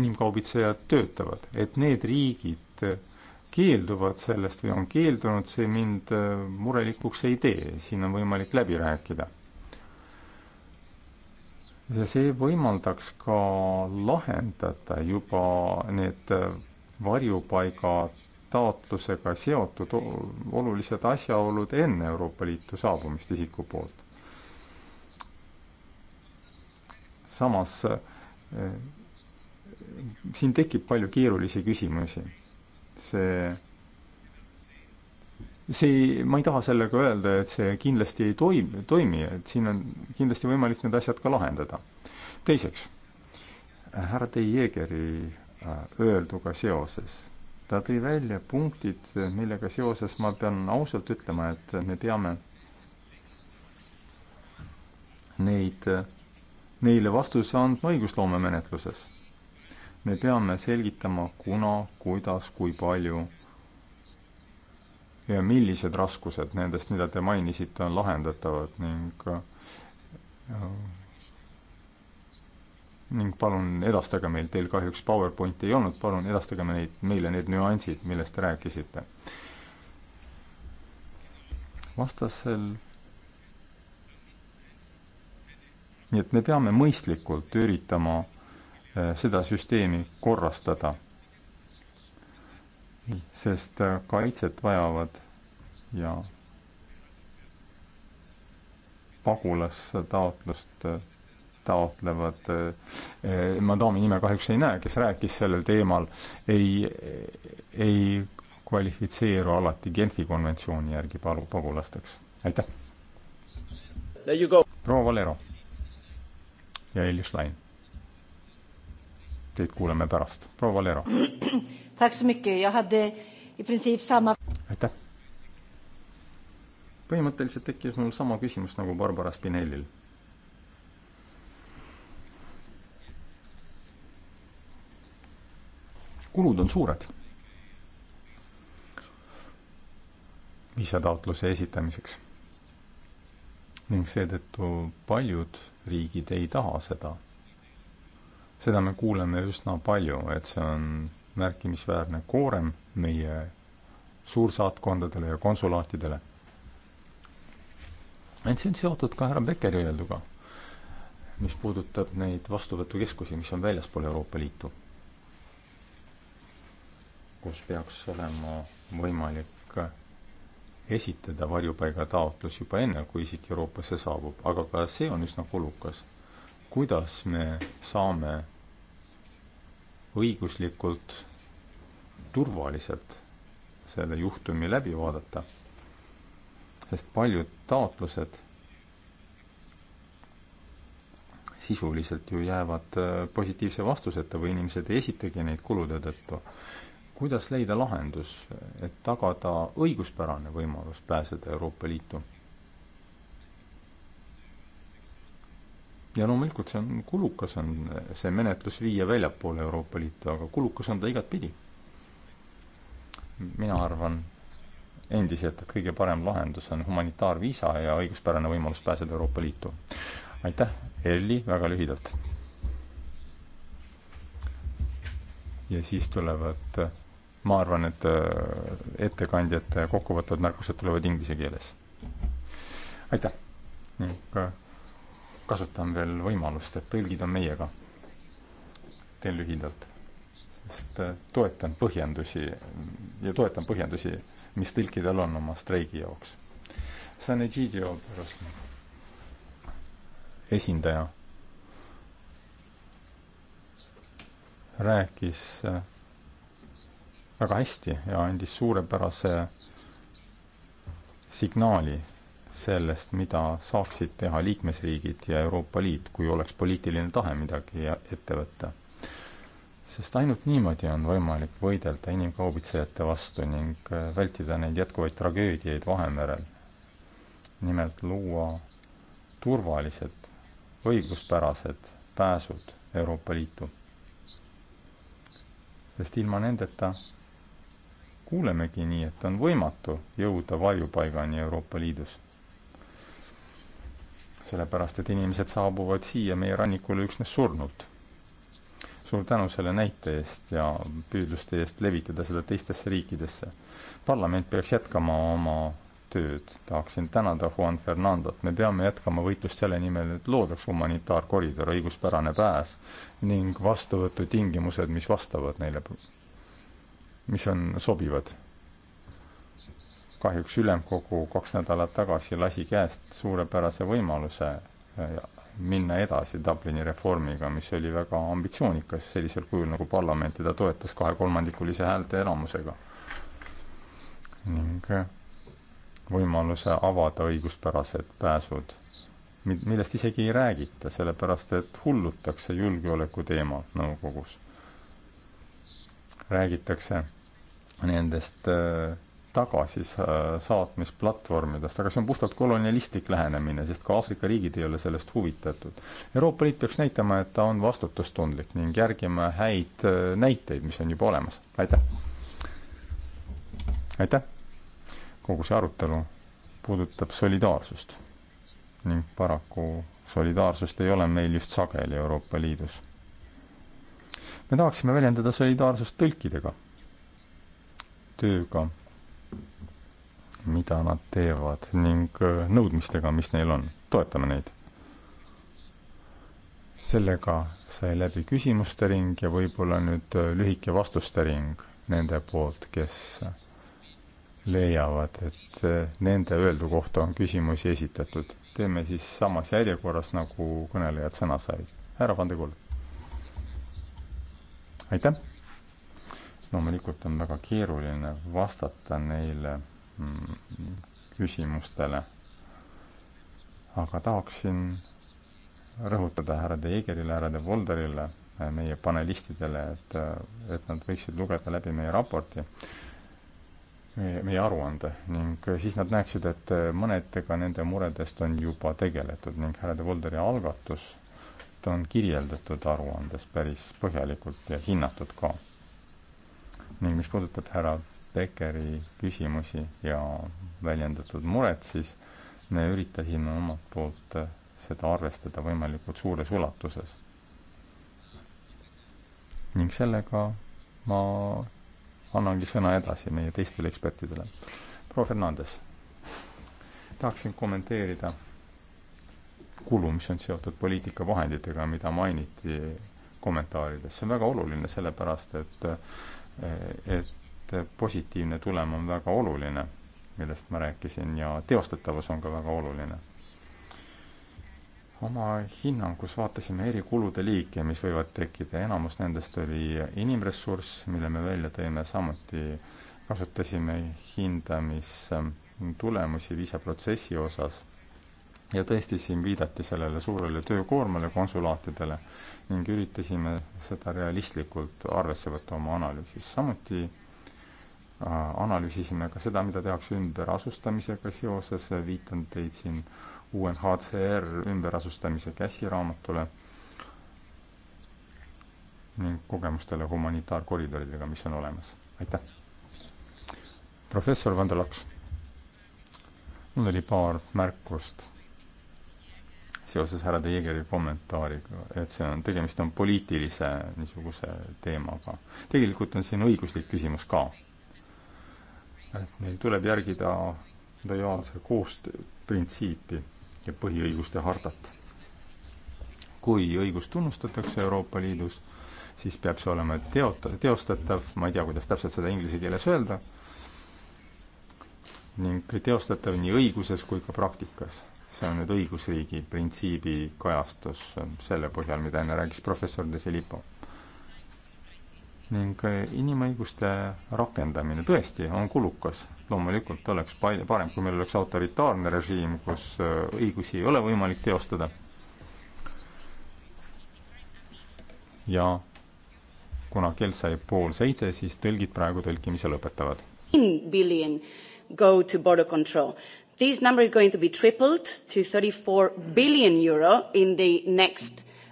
inimkaubitsejad töötavad, et need riigid keelduvad sellest või on keeldunud, see mind äh, murelikuks ei tee, siin on võimalik läbi rääkida. ja see võimaldaks ka lahendada juba need äh, varjupaiga taotlusega seotud olulised asjaolud enne Euroopa Liitu saabumist isiku poolt. samas äh, siin tekib palju keerulisi küsimusi see see, ma ei taha sellega öelda, et see kindlasti ei toimi, toimi, et siin on kindlasti võimalik need asjad ka lahendada. teiseks, härra Teijegeri äh, öelduga seoses, ta tõi välja punktid, millega seoses ma pean ausalt ütlema, et me peame neid, äh, neile vastuse andma õigusloomemenetluses me peame selgitama, kuna, kuidas, kui palju ja millised raskused nendest, mida te mainisite, on lahendatavad ning äh, ning palun edastage meil, teil kahjuks PowerPointi ei olnud, palun edastage neid, meile need nüansid, millest te rääkisite. vastasel nii et me peame mõistlikult üritama äh, Äh, seda süsteemi korrastada. sest äh, kaitset vajavad ja pagulastaotlust äh, taotlevad, ma daami nime kahjuks ei näe, kes rääkis sellel teemal, ei, ei kvalifitseeru alati Genfi konventsiooni järgi palu-, pagulasteks. aitäh! proua Valero ja Elis Lain. Teid kuuleme pärast. proua Valero. aitäh. põhimõtteliselt tekkis mul sama küsimus nagu Barbara Spinellil. kulud on suured. viisataotluse esitamiseks ning seetõttu paljud riigid ei taha seda seda me kuuleme üsna palju, et see on märkimisväärne koorem meie suursaatkondadele ja konsulaatidele. ent see on seotud ka härra Beckeri öelduga, mis puudutab neid vastuvõtukeskusi, mis on väljaspool Euroopa Liitu, kus peaks olema võimalik esitada varjupaigataotlus juba enne, kui isik Euroopasse saabub, aga ka see on üsna kulukas kuidas me saame õiguslikult turvaliselt selle juhtumi läbi vaadata, sest paljud taotlused sisuliselt ju jäävad äh, positiivse vastuseta või inimesed ei esitagi neid kulude tõttu. kuidas leida lahendus, et tagada õiguspärane võimalus pääseda Euroopa Liitu? ja loomulikult see on, kulukas on see menetlus viia väljapoole Euroopa Liitu, aga kulukas on ta igatpidi. mina arvan endiselt, et kõige parem lahendus on humanitaarviisa ja õiguspärane võimalus pääseda Euroopa Liitu. aitäh, Elli, väga lühidalt. ja siis tulevad, ma arvan, et äh, ettekandjate kokkuvõtvad märkused tulevad inglise keeles. aitäh ning äh, kasutan veel võimalust, et tõlgid on meiega. teen lühidalt, sest äh, toetan põhjendusi ja toetan põhjendusi, mis tõlkidel on oma streigi jaoks. San Egidio pärast esindaja rääkis äh, väga hästi ja andis suurepärase signaali sellest, mida saaksid teha liikmesriigid ja Euroopa Liit, kui oleks poliitiline tahe midagi ette võtta. sest ainult niimoodi on võimalik võidelda inimkaubitsejate vastu ning äh, vältida neid jätkuvaid tragöödiaid Vahemerel. nimelt luua turvalised, õiguspärased pääsud Euroopa Liitu. sest ilma nendeta kuulemegi nii, et on võimatu jõuda varjupaigani Euroopa Liidus sellepärast et inimesed saabuvad siia meie rannikule üksnes surnult. suur tänu selle näite eest ja püüdluste eest levitada seda teistesse riikidesse. parlament peaks jätkama oma tööd, tahaksin tänada Juan Fernandot, me peame jätkama võitlust selle nimel, et loodaks humanitaarkoridor, õiguspärane pääs ning vastuvõtutingimused, mis vastavad neile, mis on sobivad kahjuks ülemkogu kaks nädalat tagasi lasi käest suurepärase võimaluse äh, minna edasi Dublini reformiga, mis oli väga ambitsioonikas sellisel kujul, nagu parlament teda toetas kahekolmandikulise häälteenamusega. ning äh, võimaluse avada õiguspärased pääsud, millest isegi ei räägita, sellepärast et hullutakse julgeoleku teemal nõukogus. räägitakse nendest äh, tagasisaatmisplatvormidest, aga see on puhtalt kolonialistlik lähenemine, sest ka Aafrika riigid ei ole sellest huvitatud. Euroopa Liit peaks näitama, et ta on vastutustundlik ning järgima häid äh, näiteid, mis on juba olemas. aitäh! aitäh! kogu see arutelu puudutab solidaarsust ning paraku solidaarsust ei ole meil just sageli Euroopa Liidus. me tahaksime väljendada solidaarsust tõlkidega, tööga mida nad teevad ning äh, nõudmistega, mis neil on. toetame neid. sellega sai läbi küsimuste ring ja võib-olla nüüd äh, lühike vastuste ring nende poolt, kes leiavad, et äh, nende öeldu kohta on küsimusi esitatud. teeme siis samas järjekorras, nagu kõnelejad sõna said. härra Vandekul. aitäh loomulikult on väga keeruline vastata neile küsimustele. aga tahaksin rõhutada härra De Jegerile, härra De Volderile, äh, meie panelistidele, et, äh, et nad võiksid lugeda läbi meie raporti, meie, meie aruande ning äh, siis nad näeksid, et mõnedega nende muredest on juba tegeletud ning härra De Volderi algatus on kirjeldatud aruandes päris põhjalikult ja hinnatud ka. ning mis puudutab härra Pekeri küsimusi ja väljendatud muret, siis me üritasime omalt poolt seda arvestada võimalikult suures ulatuses. ning sellega ma annangi sõna edasi meie teistele ekspertidele. proua Fernandes, tahaksin kommenteerida kulu, mis on seotud poliitikavahenditega, mida mainiti kommentaarides. see on väga oluline, sellepärast et et et positiivne tulem on väga oluline, millest ma rääkisin, ja teostatavus on ka väga oluline. oma hinnangus vaatasime eri kulude liike, mis võivad tekkida, enamus nendest oli inimressurss, mille me välja tõime, samuti kasutasime hindamistulemusi viisaprotsessi osas ja tõesti, siin viidati sellele suurele töökoormale konsulaatidele ning üritasime seda realistlikult arvesse võtta oma analüüsis. samuti Äh, analüüsisime ka seda, mida tehakse ümberasustamisega seoses, viitan teid siin UNHCR ümberasustamise käsiraamatule ning kogemustele humanitaarkoridoridega, mis on olemas. aitäh! professor Vandelaps, mul oli paar märkust seoses härra De Jegeri kommentaariga, et see on, tegemist on poliitilise niisuguse teemaga. tegelikult on siin õiguslik küsimus ka et meil tuleb järgida lojaalse koostöö printsiipi ja põhiõiguste hartat. kui õigust tunnustatakse Euroopa Liidus, siis peab see olema teot-, teostatav, ma ei tea, kuidas täpselt seda inglise keeles öelda, ning teostatav nii õiguses kui ka praktikas. see on nüüd õigusriigi printsiibi kajastus selle põhjal, mida enne rääkis professor De Filippo ning äh, inimõiguste rakendamine tõesti on kulukas. loomulikult oleks palju parem, kui meil oleks autoritaarne režiim, kus äh, õigusi ei ole võimalik teostada. ja kuna kell sai pool seitse, siis tõlgid praegu tõlkimise lõpetavad. Billion go to border control. This number is going to be tripled to 34 billion euro in the next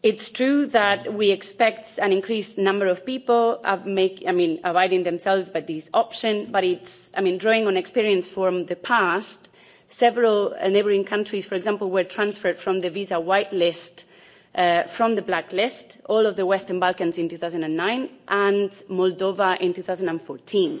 It's true that we expect an increased number of people uh, make, I mean, abiding themselves by this option, but it's, I mean, drawing on experience from the past, several neighboring countries, for example, were transferred from the visa whitelist uh, from the blacklist, all of the Western Balkans in 2009 and Moldova in 2014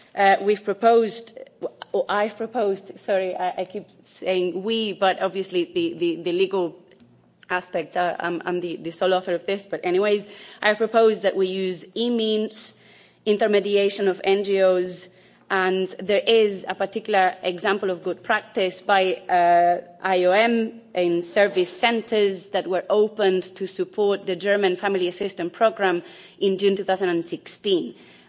Uh, we've proposed oh, I've proposed, sorry, I, I keep saying we, but obviously the, the, the legal aspects are, I'm, um, I'm the, the sole author of this, but anyways, I propose that we use e-means, intermediation of NGOs, and there is a particular example of good practice by uh, IOM in service centers that were opened to support the German family assistance program in June 2016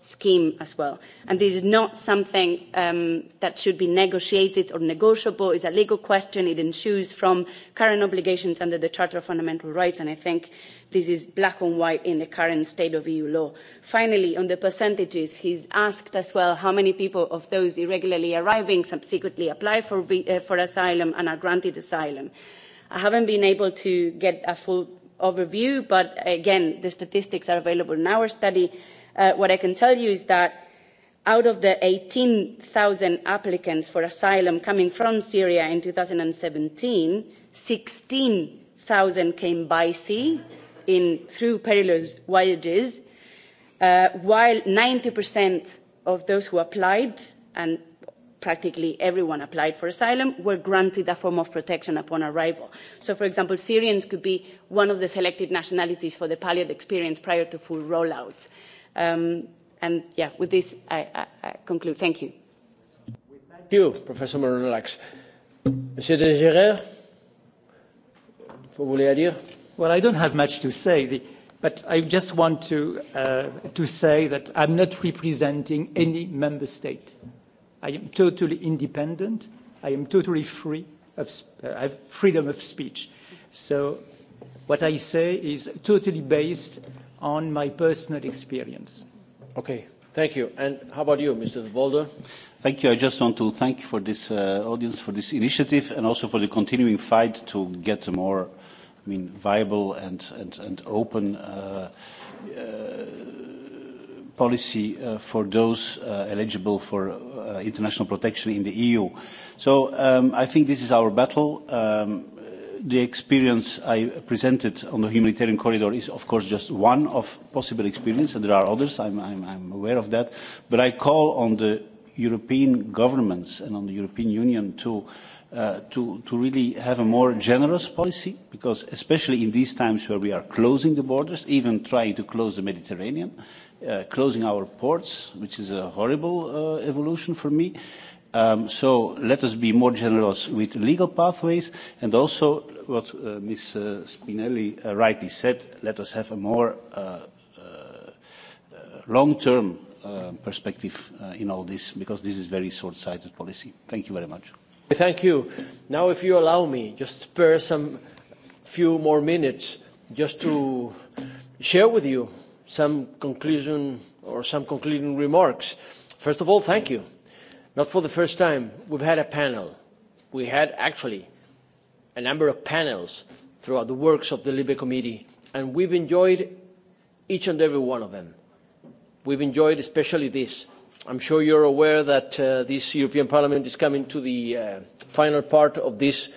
scheme as well. And this is not something um, that should be negotiated or negotiable. It's a legal question. It ensues from current obligations under the Charter of Fundamental Rights, and I think this is black and white in the current state of EU law. Finally, on the percentages, he's asked as well how many people of those irregularly arriving subsequently apply for, uh, for asylum and are granted asylum. I haven't been able to get a full overview, but again, the statistics are available in our study Uh, what I can tell you is that out of the 18,000 applicants for asylum coming from Syria in 2017, 16,000 came by sea in, through perilous voyages, uh, while 90% of those who applied, and practically everyone applied for asylum, were granted a form of protection upon arrival. So, for example, Syrians could be one of the selected nationalities for the palliative experience prior to full rollouts. Uh, Um, and yeah, with this, I, I, I conclude. Thank you. Thank you, Professor Moronelax. Monsieur de Gérard, vous voulez dire? Well, I don't have much to say, the, but I just want to, uh, to say that I'm not representing any member state. I am totally independent. I am totally free of uh, I have freedom of speech. So what I say is totally based on my personal experience. Okay, thank you. And how about you, Mr. Bolder? Thank you. I just want to thank for this uh, audience for this initiative and also for the continuing fight to get a more, I mean, viable and and and open. Uh, uh, policy uh, for those uh, eligible for uh, international protection in the EU. So um, I think this is our battle. Um, the experience I presented on the humanitarian corridor is, of course, just one of possible experience, and there are others. I'm, I'm, I'm aware of that. But I call on the European governments and on the European Union to uh, to, to really have a more generous policy, because especially in these times where we are closing the borders, even trying to close the Mediterranean, uh, closing our ports, which is a horrible uh, evolution for me, uh, Um, so let us be more generous with legal pathways and also what uh, Ms. Uh, Spinelli uh, rightly said, let us have a more uh, uh, long-term uh, perspective uh, in all this because this is very short-sighted policy. Thank you very much. Thank you. Now if you allow me, just spare some few more minutes just to share with you some conclusion or some concluding remarks. First of all, thank you Not for the first time, we've had a panel. We had actually a number of panels throughout the works of the Libre Committee, and we've enjoyed each and every one of them. We've enjoyed especially this. I'm sure you're aware that uh, this European Parliament is coming to the uh, final part of this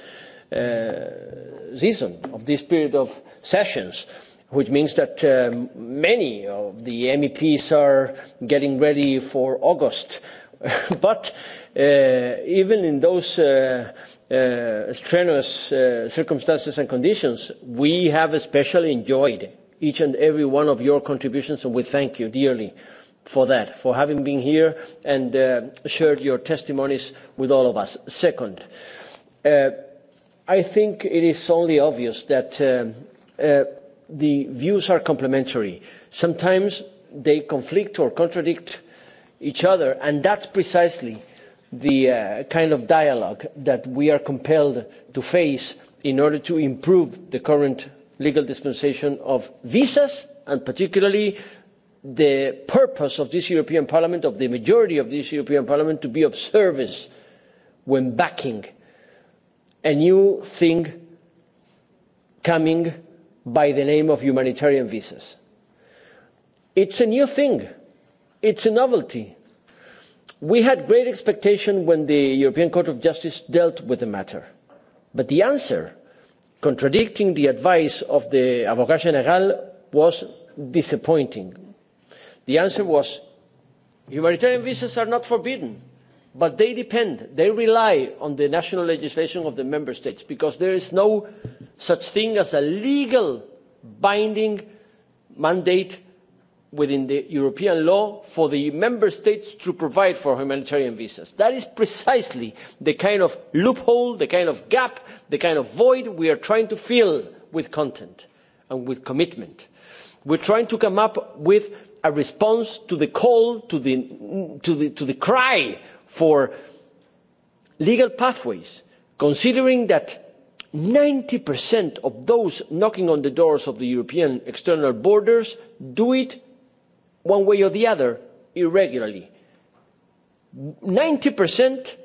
uh, season, of this period of sessions, which means that um, many of the MEPs are getting ready for August. Uh, but eh, even in those eh, eh, strenuous circumstances and conditions, we have especially enjoyed each and every one of your contributions, and we thank you dearly for that, for having been here and uh, shared your testimonies with all of us. Second, uh, I think it is only obvious that uh, uh, the views are complementary. Sometimes they conflict or contradict each other. And that's precisely the uh, kind of dialogue that we are compelled to face in order to improve the current legal dispensation of visas and particularly the purpose of this European Parliament, of the majority of this European Parliament, to be of service when backing a new thing coming by the name of humanitarian visas. It's a new thing it's a novelty. We had great expectation when the European Court of Justice dealt with the matter. But the answer, contradicting the advice of the Avocat General, was disappointing. The answer was humanitarian visas are not forbidden, but they depend, they rely on the national legislation of the member states because there is no such thing as a legal binding mandate within the European law for the member states to provide for humanitarian visas. That is precisely the kind of loophole, the kind of gap, the kind of void we are trying to fill with content and with commitment. We're trying to come up with a response to the call, to the, to the, to the cry for legal pathways, considering that 90% of those knocking on the doors of the European external borders do it one way or the other, irregularly. 90%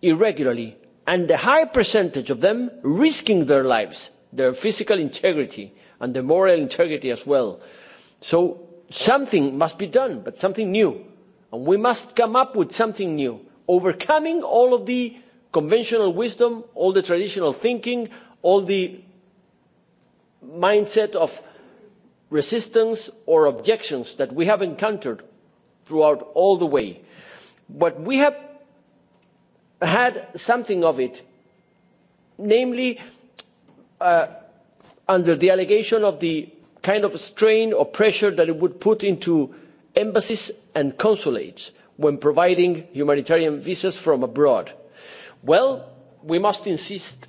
irregularly, and a high percentage of them risking their lives, their physical integrity, and their moral integrity as well. So something must be done, but something new. And we must come up with something new, overcoming all of the conventional wisdom, all the traditional thinking, all the mindset of resistance or objections that we have encountered throughout all the way. But we have had something of it, namely uh, under the allegation of the kind of strain or pressure that it would put into embassies and consulates when providing humanitarian visas from abroad. Well, we must insist